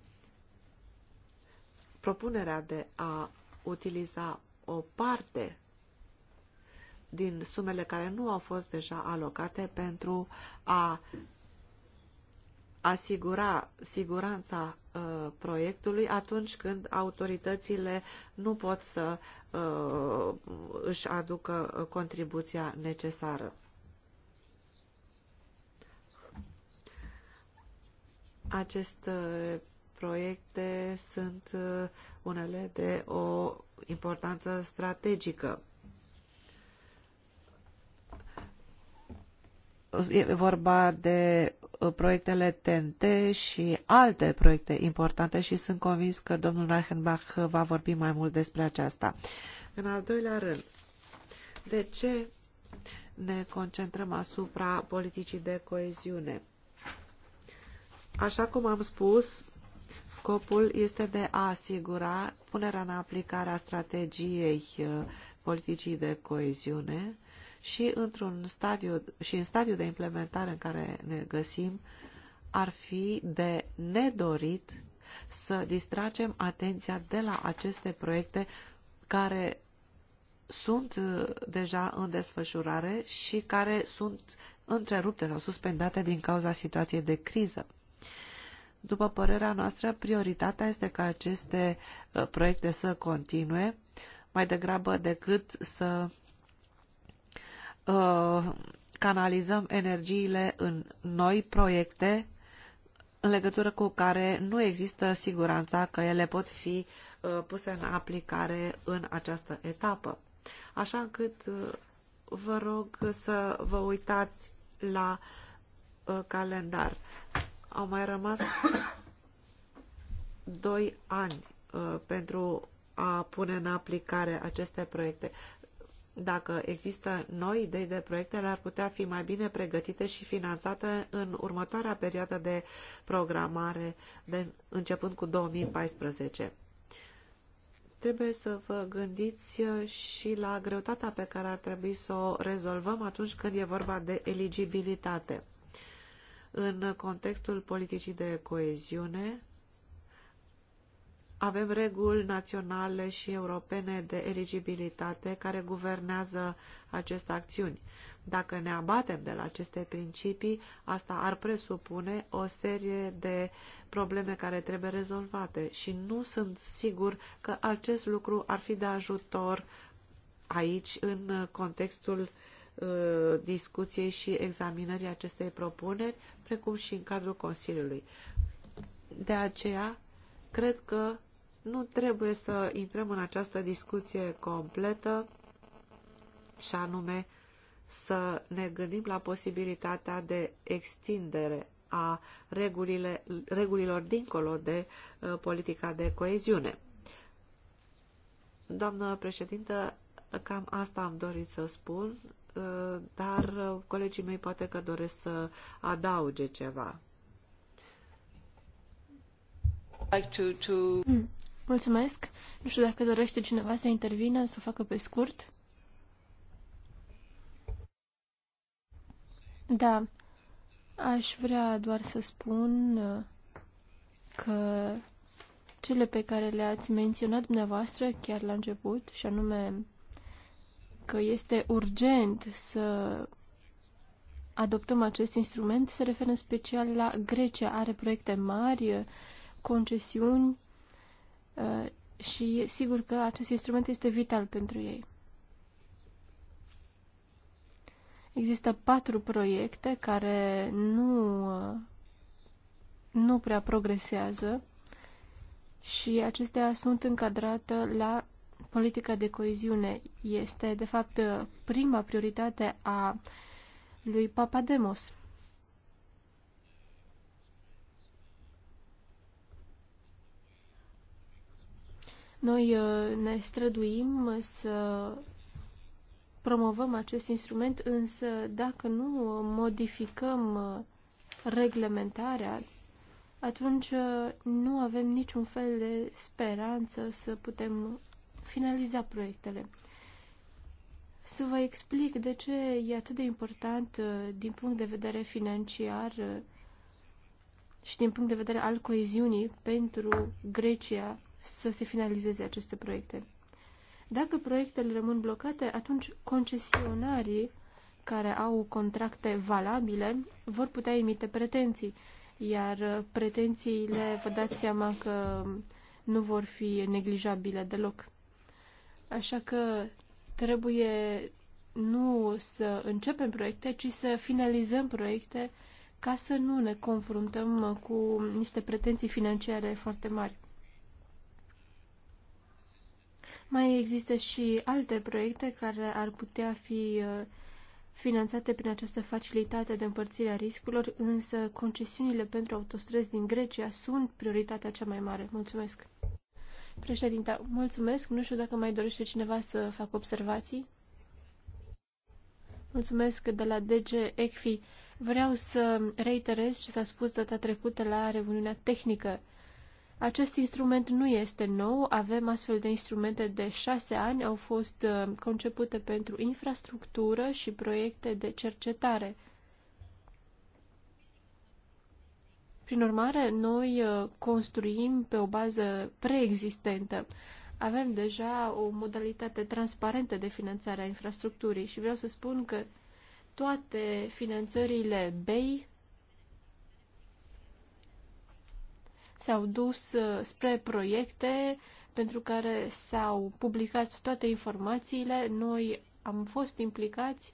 S1: Propunerea de a utiliza o parte din sumele care nu au fost deja alocate pentru a asigura siguranța uh, proiectului atunci când autoritățile nu pot să uh, își aducă uh, contribuția necesară. Aceste proiecte sunt uh, unele de o importanță strategică E vorba de uh, proiectele TNT și alte proiecte importante și sunt convins că domnul Reichenbach uh, va vorbi mai mult despre aceasta. În al doilea rând, de ce ne concentrăm asupra politicii de coeziune? Așa cum am spus, scopul este de a asigura punerea în aplicare a strategiei uh, politicii de coeziune și într-un stadiu și în stadiu de implementare în care ne găsim ar fi de nedorit să distragem atenția de la aceste proiecte care sunt uh, deja în desfășurare și care sunt întrerupte sau suspendate din cauza situației de criză. După părerea noastră, prioritatea este ca aceste uh, proiecte să continue mai degrabă decât să Uh, canalizăm energiile în noi proiecte în legătură cu care nu există siguranța că ele pot fi uh, puse în aplicare în această etapă. Așa încât uh, vă rog să vă uitați la uh, calendar. Au mai rămas doi ani uh, pentru a pune în aplicare aceste proiecte. Dacă există noi idei de proiecte, ar putea fi mai bine pregătite și finanțate în următoarea perioadă de programare, de, începând cu 2014 trebuie să vă gândiți și la greutatea pe care ar trebui să o rezolvăm atunci când e vorba de eligibilitate. În contextul politicii de coeziune, avem reguli naționale și europene de eligibilitate care guvernează aceste acțiuni. Dacă ne abatem de la aceste principii, asta ar presupune o serie de probleme care trebuie rezolvate și nu sunt sigur că acest lucru ar fi de ajutor aici în contextul uh, discuției și examinării acestei propuneri, precum și în cadrul Consiliului. De aceea, cred că nu trebuie să intrăm în această discuție completă și anume să ne gândim la posibilitatea de extindere a regulile, regulilor dincolo de uh, politica de coeziune. Doamnă președintă, cam asta am dorit să spun, uh, dar uh, colegii mei poate că doresc să adauge ceva.
S4: Hmm. Mulțumesc. Nu știu dacă dorește cineva să intervină, să o facă pe scurt. Da, aș vrea doar să spun uh, că cele pe care le-ați menționat dumneavoastră chiar la început, și anume că este urgent să adoptăm acest instrument, se referă în special la Grecia. Are proiecte mari, concesiuni Uh, și sigur că acest instrument este vital pentru ei. Există patru proiecte care nu, uh, nu prea progresează și acestea sunt încadrate la politica de coeziune. Este, de fapt, prima prioritate a lui Papademos. Noi uh, ne străduim să promovăm acest instrument, însă dacă nu modificăm uh, reglementarea, atunci uh, nu avem niciun fel de speranță să putem finaliza proiectele. Să vă explic de ce e atât de important din punct de vedere financiar și din punct de vedere al coeziunii pentru Grecia să se finalizeze aceste proiecte. Dacă proiectele rămân blocate, atunci concesionarii care au contracte valabile vor putea emite pretenții, iar pretențiile, vă dați seama că nu vor fi neglijabile deloc. Așa că trebuie nu să începem proiecte, ci să finalizăm proiecte ca să nu ne confruntăm cu niște pretenții financiare foarte mari. Mai există și alte proiecte care ar putea fi uh, finanțate prin această facilitate de împărțire a riscurilor, însă concesiunile pentru autostrăzi din Grecia sunt prioritatea cea mai mare. Mulțumesc! Președinta, mulțumesc. Nu știu dacă mai dorește cineva să facă observații. Mulțumesc de la DG ECFI. Vreau să reiterez ce s-a spus data trecută la reuniunea tehnică acest instrument nu este nou, avem astfel de instrumente de șase ani, au fost uh, concepute pentru infrastructură și proiecte de cercetare. Prin urmare, noi uh, construim pe o bază preexistentă. Avem deja o modalitate transparentă de finanțare a infrastructurii și vreau să spun că toate finanțările BEI s-au dus uh, spre proiecte pentru care s-au publicat toate informațiile. Noi am fost implicați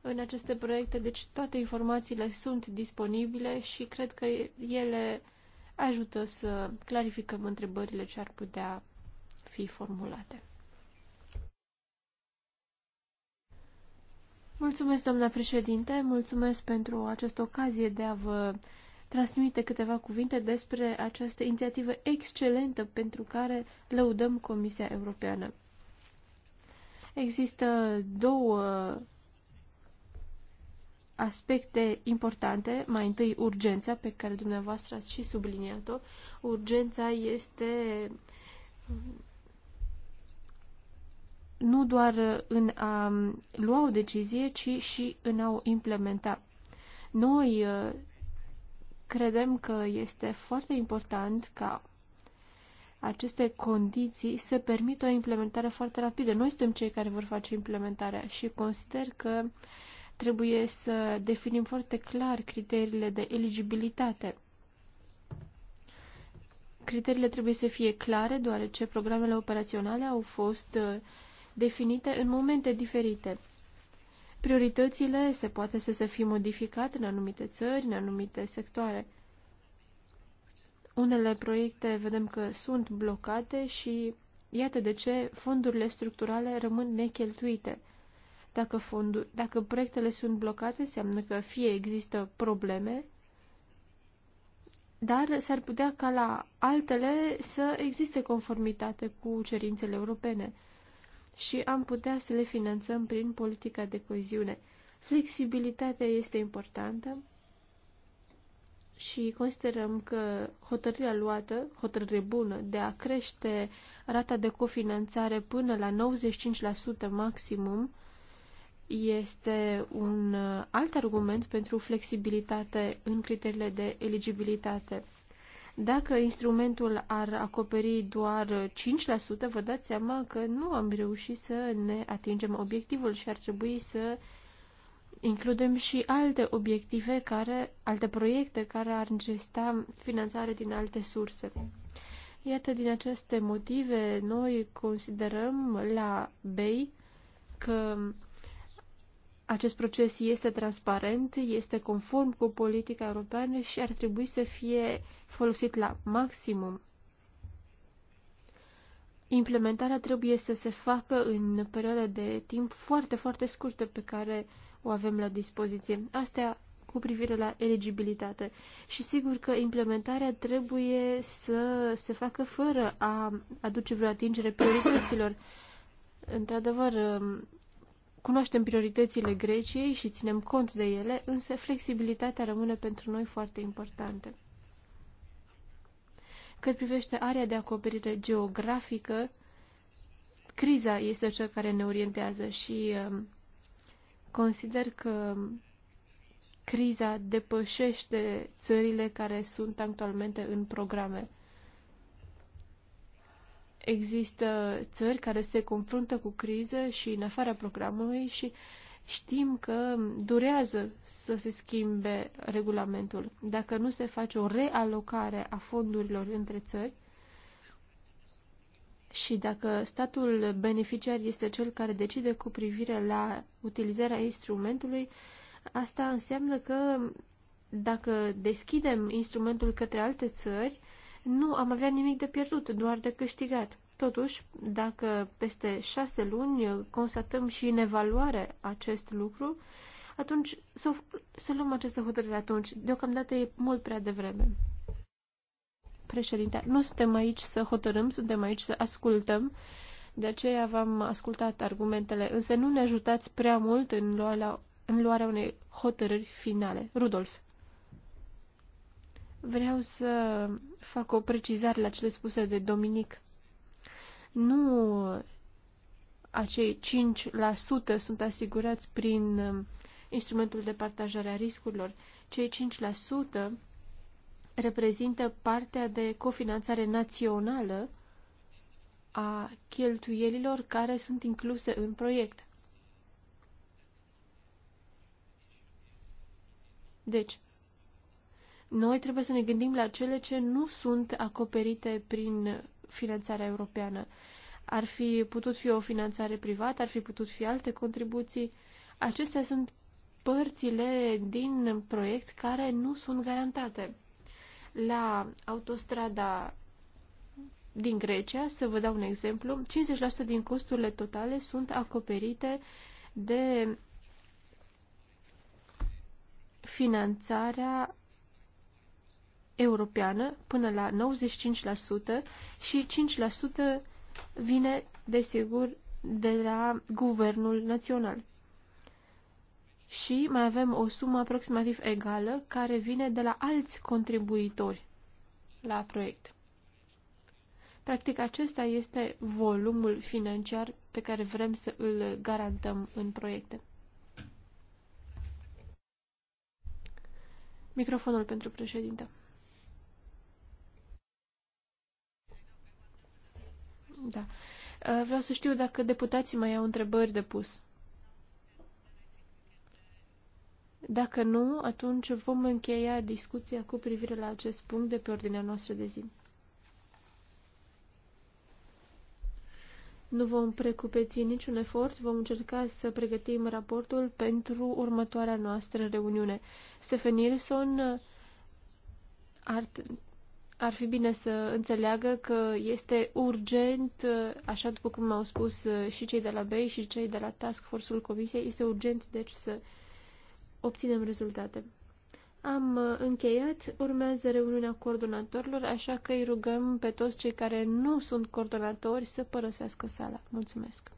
S4: în aceste proiecte, deci toate informațiile sunt disponibile și cred că ele ajută să clarificăm întrebările ce ar putea fi formulate. Mulțumesc, doamna președinte, mulțumesc pentru această ocazie de a vă transmite câteva cuvinte despre această inițiativă excelentă pentru care lăudăm Comisia Europeană. Există două aspecte importante. Mai întâi, urgența, pe care dumneavoastră ați și subliniat-o. Urgența este nu doar în a lua o decizie, ci și în a o implementa. Noi Credem că este foarte important ca aceste condiții să permită o implementare foarte rapidă. Noi suntem cei care vor face implementarea și consider că trebuie să definim foarte clar criteriile de eligibilitate. Criteriile trebuie să fie clare, deoarece programele operaționale au fost uh, definite în momente diferite prioritățile se poate să se fi modificat în anumite țări, în anumite sectoare. Unele proiecte vedem că sunt blocate și iată de ce fondurile structurale rămân necheltuite. Dacă, fonduri, dacă proiectele sunt blocate, înseamnă că fie există probleme, dar s-ar putea ca la altele să existe conformitate cu cerințele europene – și am putea să le finanțăm prin politica de coeziune. Flexibilitatea este importantă și considerăm că hotărârea luată, hotărâre bună, de a crește rata de cofinanțare până la 95% maximum, este un alt argument pentru flexibilitate în criteriile de eligibilitate. Dacă instrumentul ar acoperi doar 5%, vă dați seama că nu am reușit să ne atingem obiectivul și ar trebui să includem și alte obiective, care, alte proiecte care ar gesta finanțare din alte surse. Iată, din aceste motive, noi considerăm la BEI că acest proces este transparent, este conform cu politica europeană și ar trebui să fie folosit la maximum. Implementarea trebuie să se facă în perioada de timp foarte, foarte scurtă pe care o avem la dispoziție. Astea cu privire la eligibilitate. Și sigur că implementarea trebuie să se facă fără a aduce vreo atingere priorităților. Într-adevăr, Cunoaștem prioritățile Greciei și ținem cont de ele, însă flexibilitatea rămâne pentru noi foarte importantă. Cât privește area de acoperire geografică, criza este cea care ne orientează și um, consider că criza depășește țările care sunt actualmente în programe. Există țări care se confruntă cu criză și în afara programului și știm că durează să se schimbe regulamentul. Dacă nu se face o realocare a fondurilor între țări, și dacă statul beneficiar este cel care decide cu privire la utilizarea instrumentului, asta înseamnă că dacă deschidem instrumentul către alte țări, nu am avea nimic de pierdut, doar de câștigat. Totuși, dacă peste șase luni constatăm și în evaluare acest lucru, atunci să, să luăm această hotărâre atunci. Deocamdată e mult prea devreme. Președinte, nu suntem aici să hotărâm, suntem aici să ascultăm. De aceea v-am ascultat argumentele, însă nu ne ajutați prea mult în luarea, în luarea unei hotărâri finale. Rudolf. Vreau să fac o precizare la cele spuse de Dominic. Nu acei 5% sunt asigurați prin um, instrumentul de partajare a riscurilor. Cei 5% reprezintă partea de cofinanțare națională a cheltuielilor care sunt incluse în proiect. Deci, noi trebuie să ne gândim la cele ce nu sunt acoperite prin finanțarea europeană. Ar fi putut fi o finanțare privată, ar fi putut fi alte contribuții. Acestea sunt părțile din proiect care nu sunt garantate. La autostrada din Grecia, să vă dau un exemplu, 50% din costurile totale sunt acoperite de finanțarea europeană până la 95% și 5% vine, desigur, de la guvernul național. Și mai avem o sumă aproximativ egală care vine de la alți contribuitori la proiect. Practic, acesta este volumul financiar pe care vrem să îl garantăm în proiecte. Microfonul pentru președinte. Da. Uh, vreau să știu dacă deputații mai au întrebări de pus. Dacă nu, atunci vom încheia discuția cu privire la acest punct de pe ordinea noastră de zi. Nu vom precupeți niciun efort, vom încerca să pregătim raportul pentru următoarea noastră reuniune. Stephen Nilsson uh, art ar fi bine să înțeleagă că este urgent, așa după cum au spus uh, și cei de la BEI și cei de la Task Force-ul Comisiei, este urgent deci să obținem rezultate. Am uh, încheiat, urmează reuniunea coordonatorilor, așa că îi rugăm pe toți cei care nu sunt coordonatori să părăsească sala. Mulțumesc!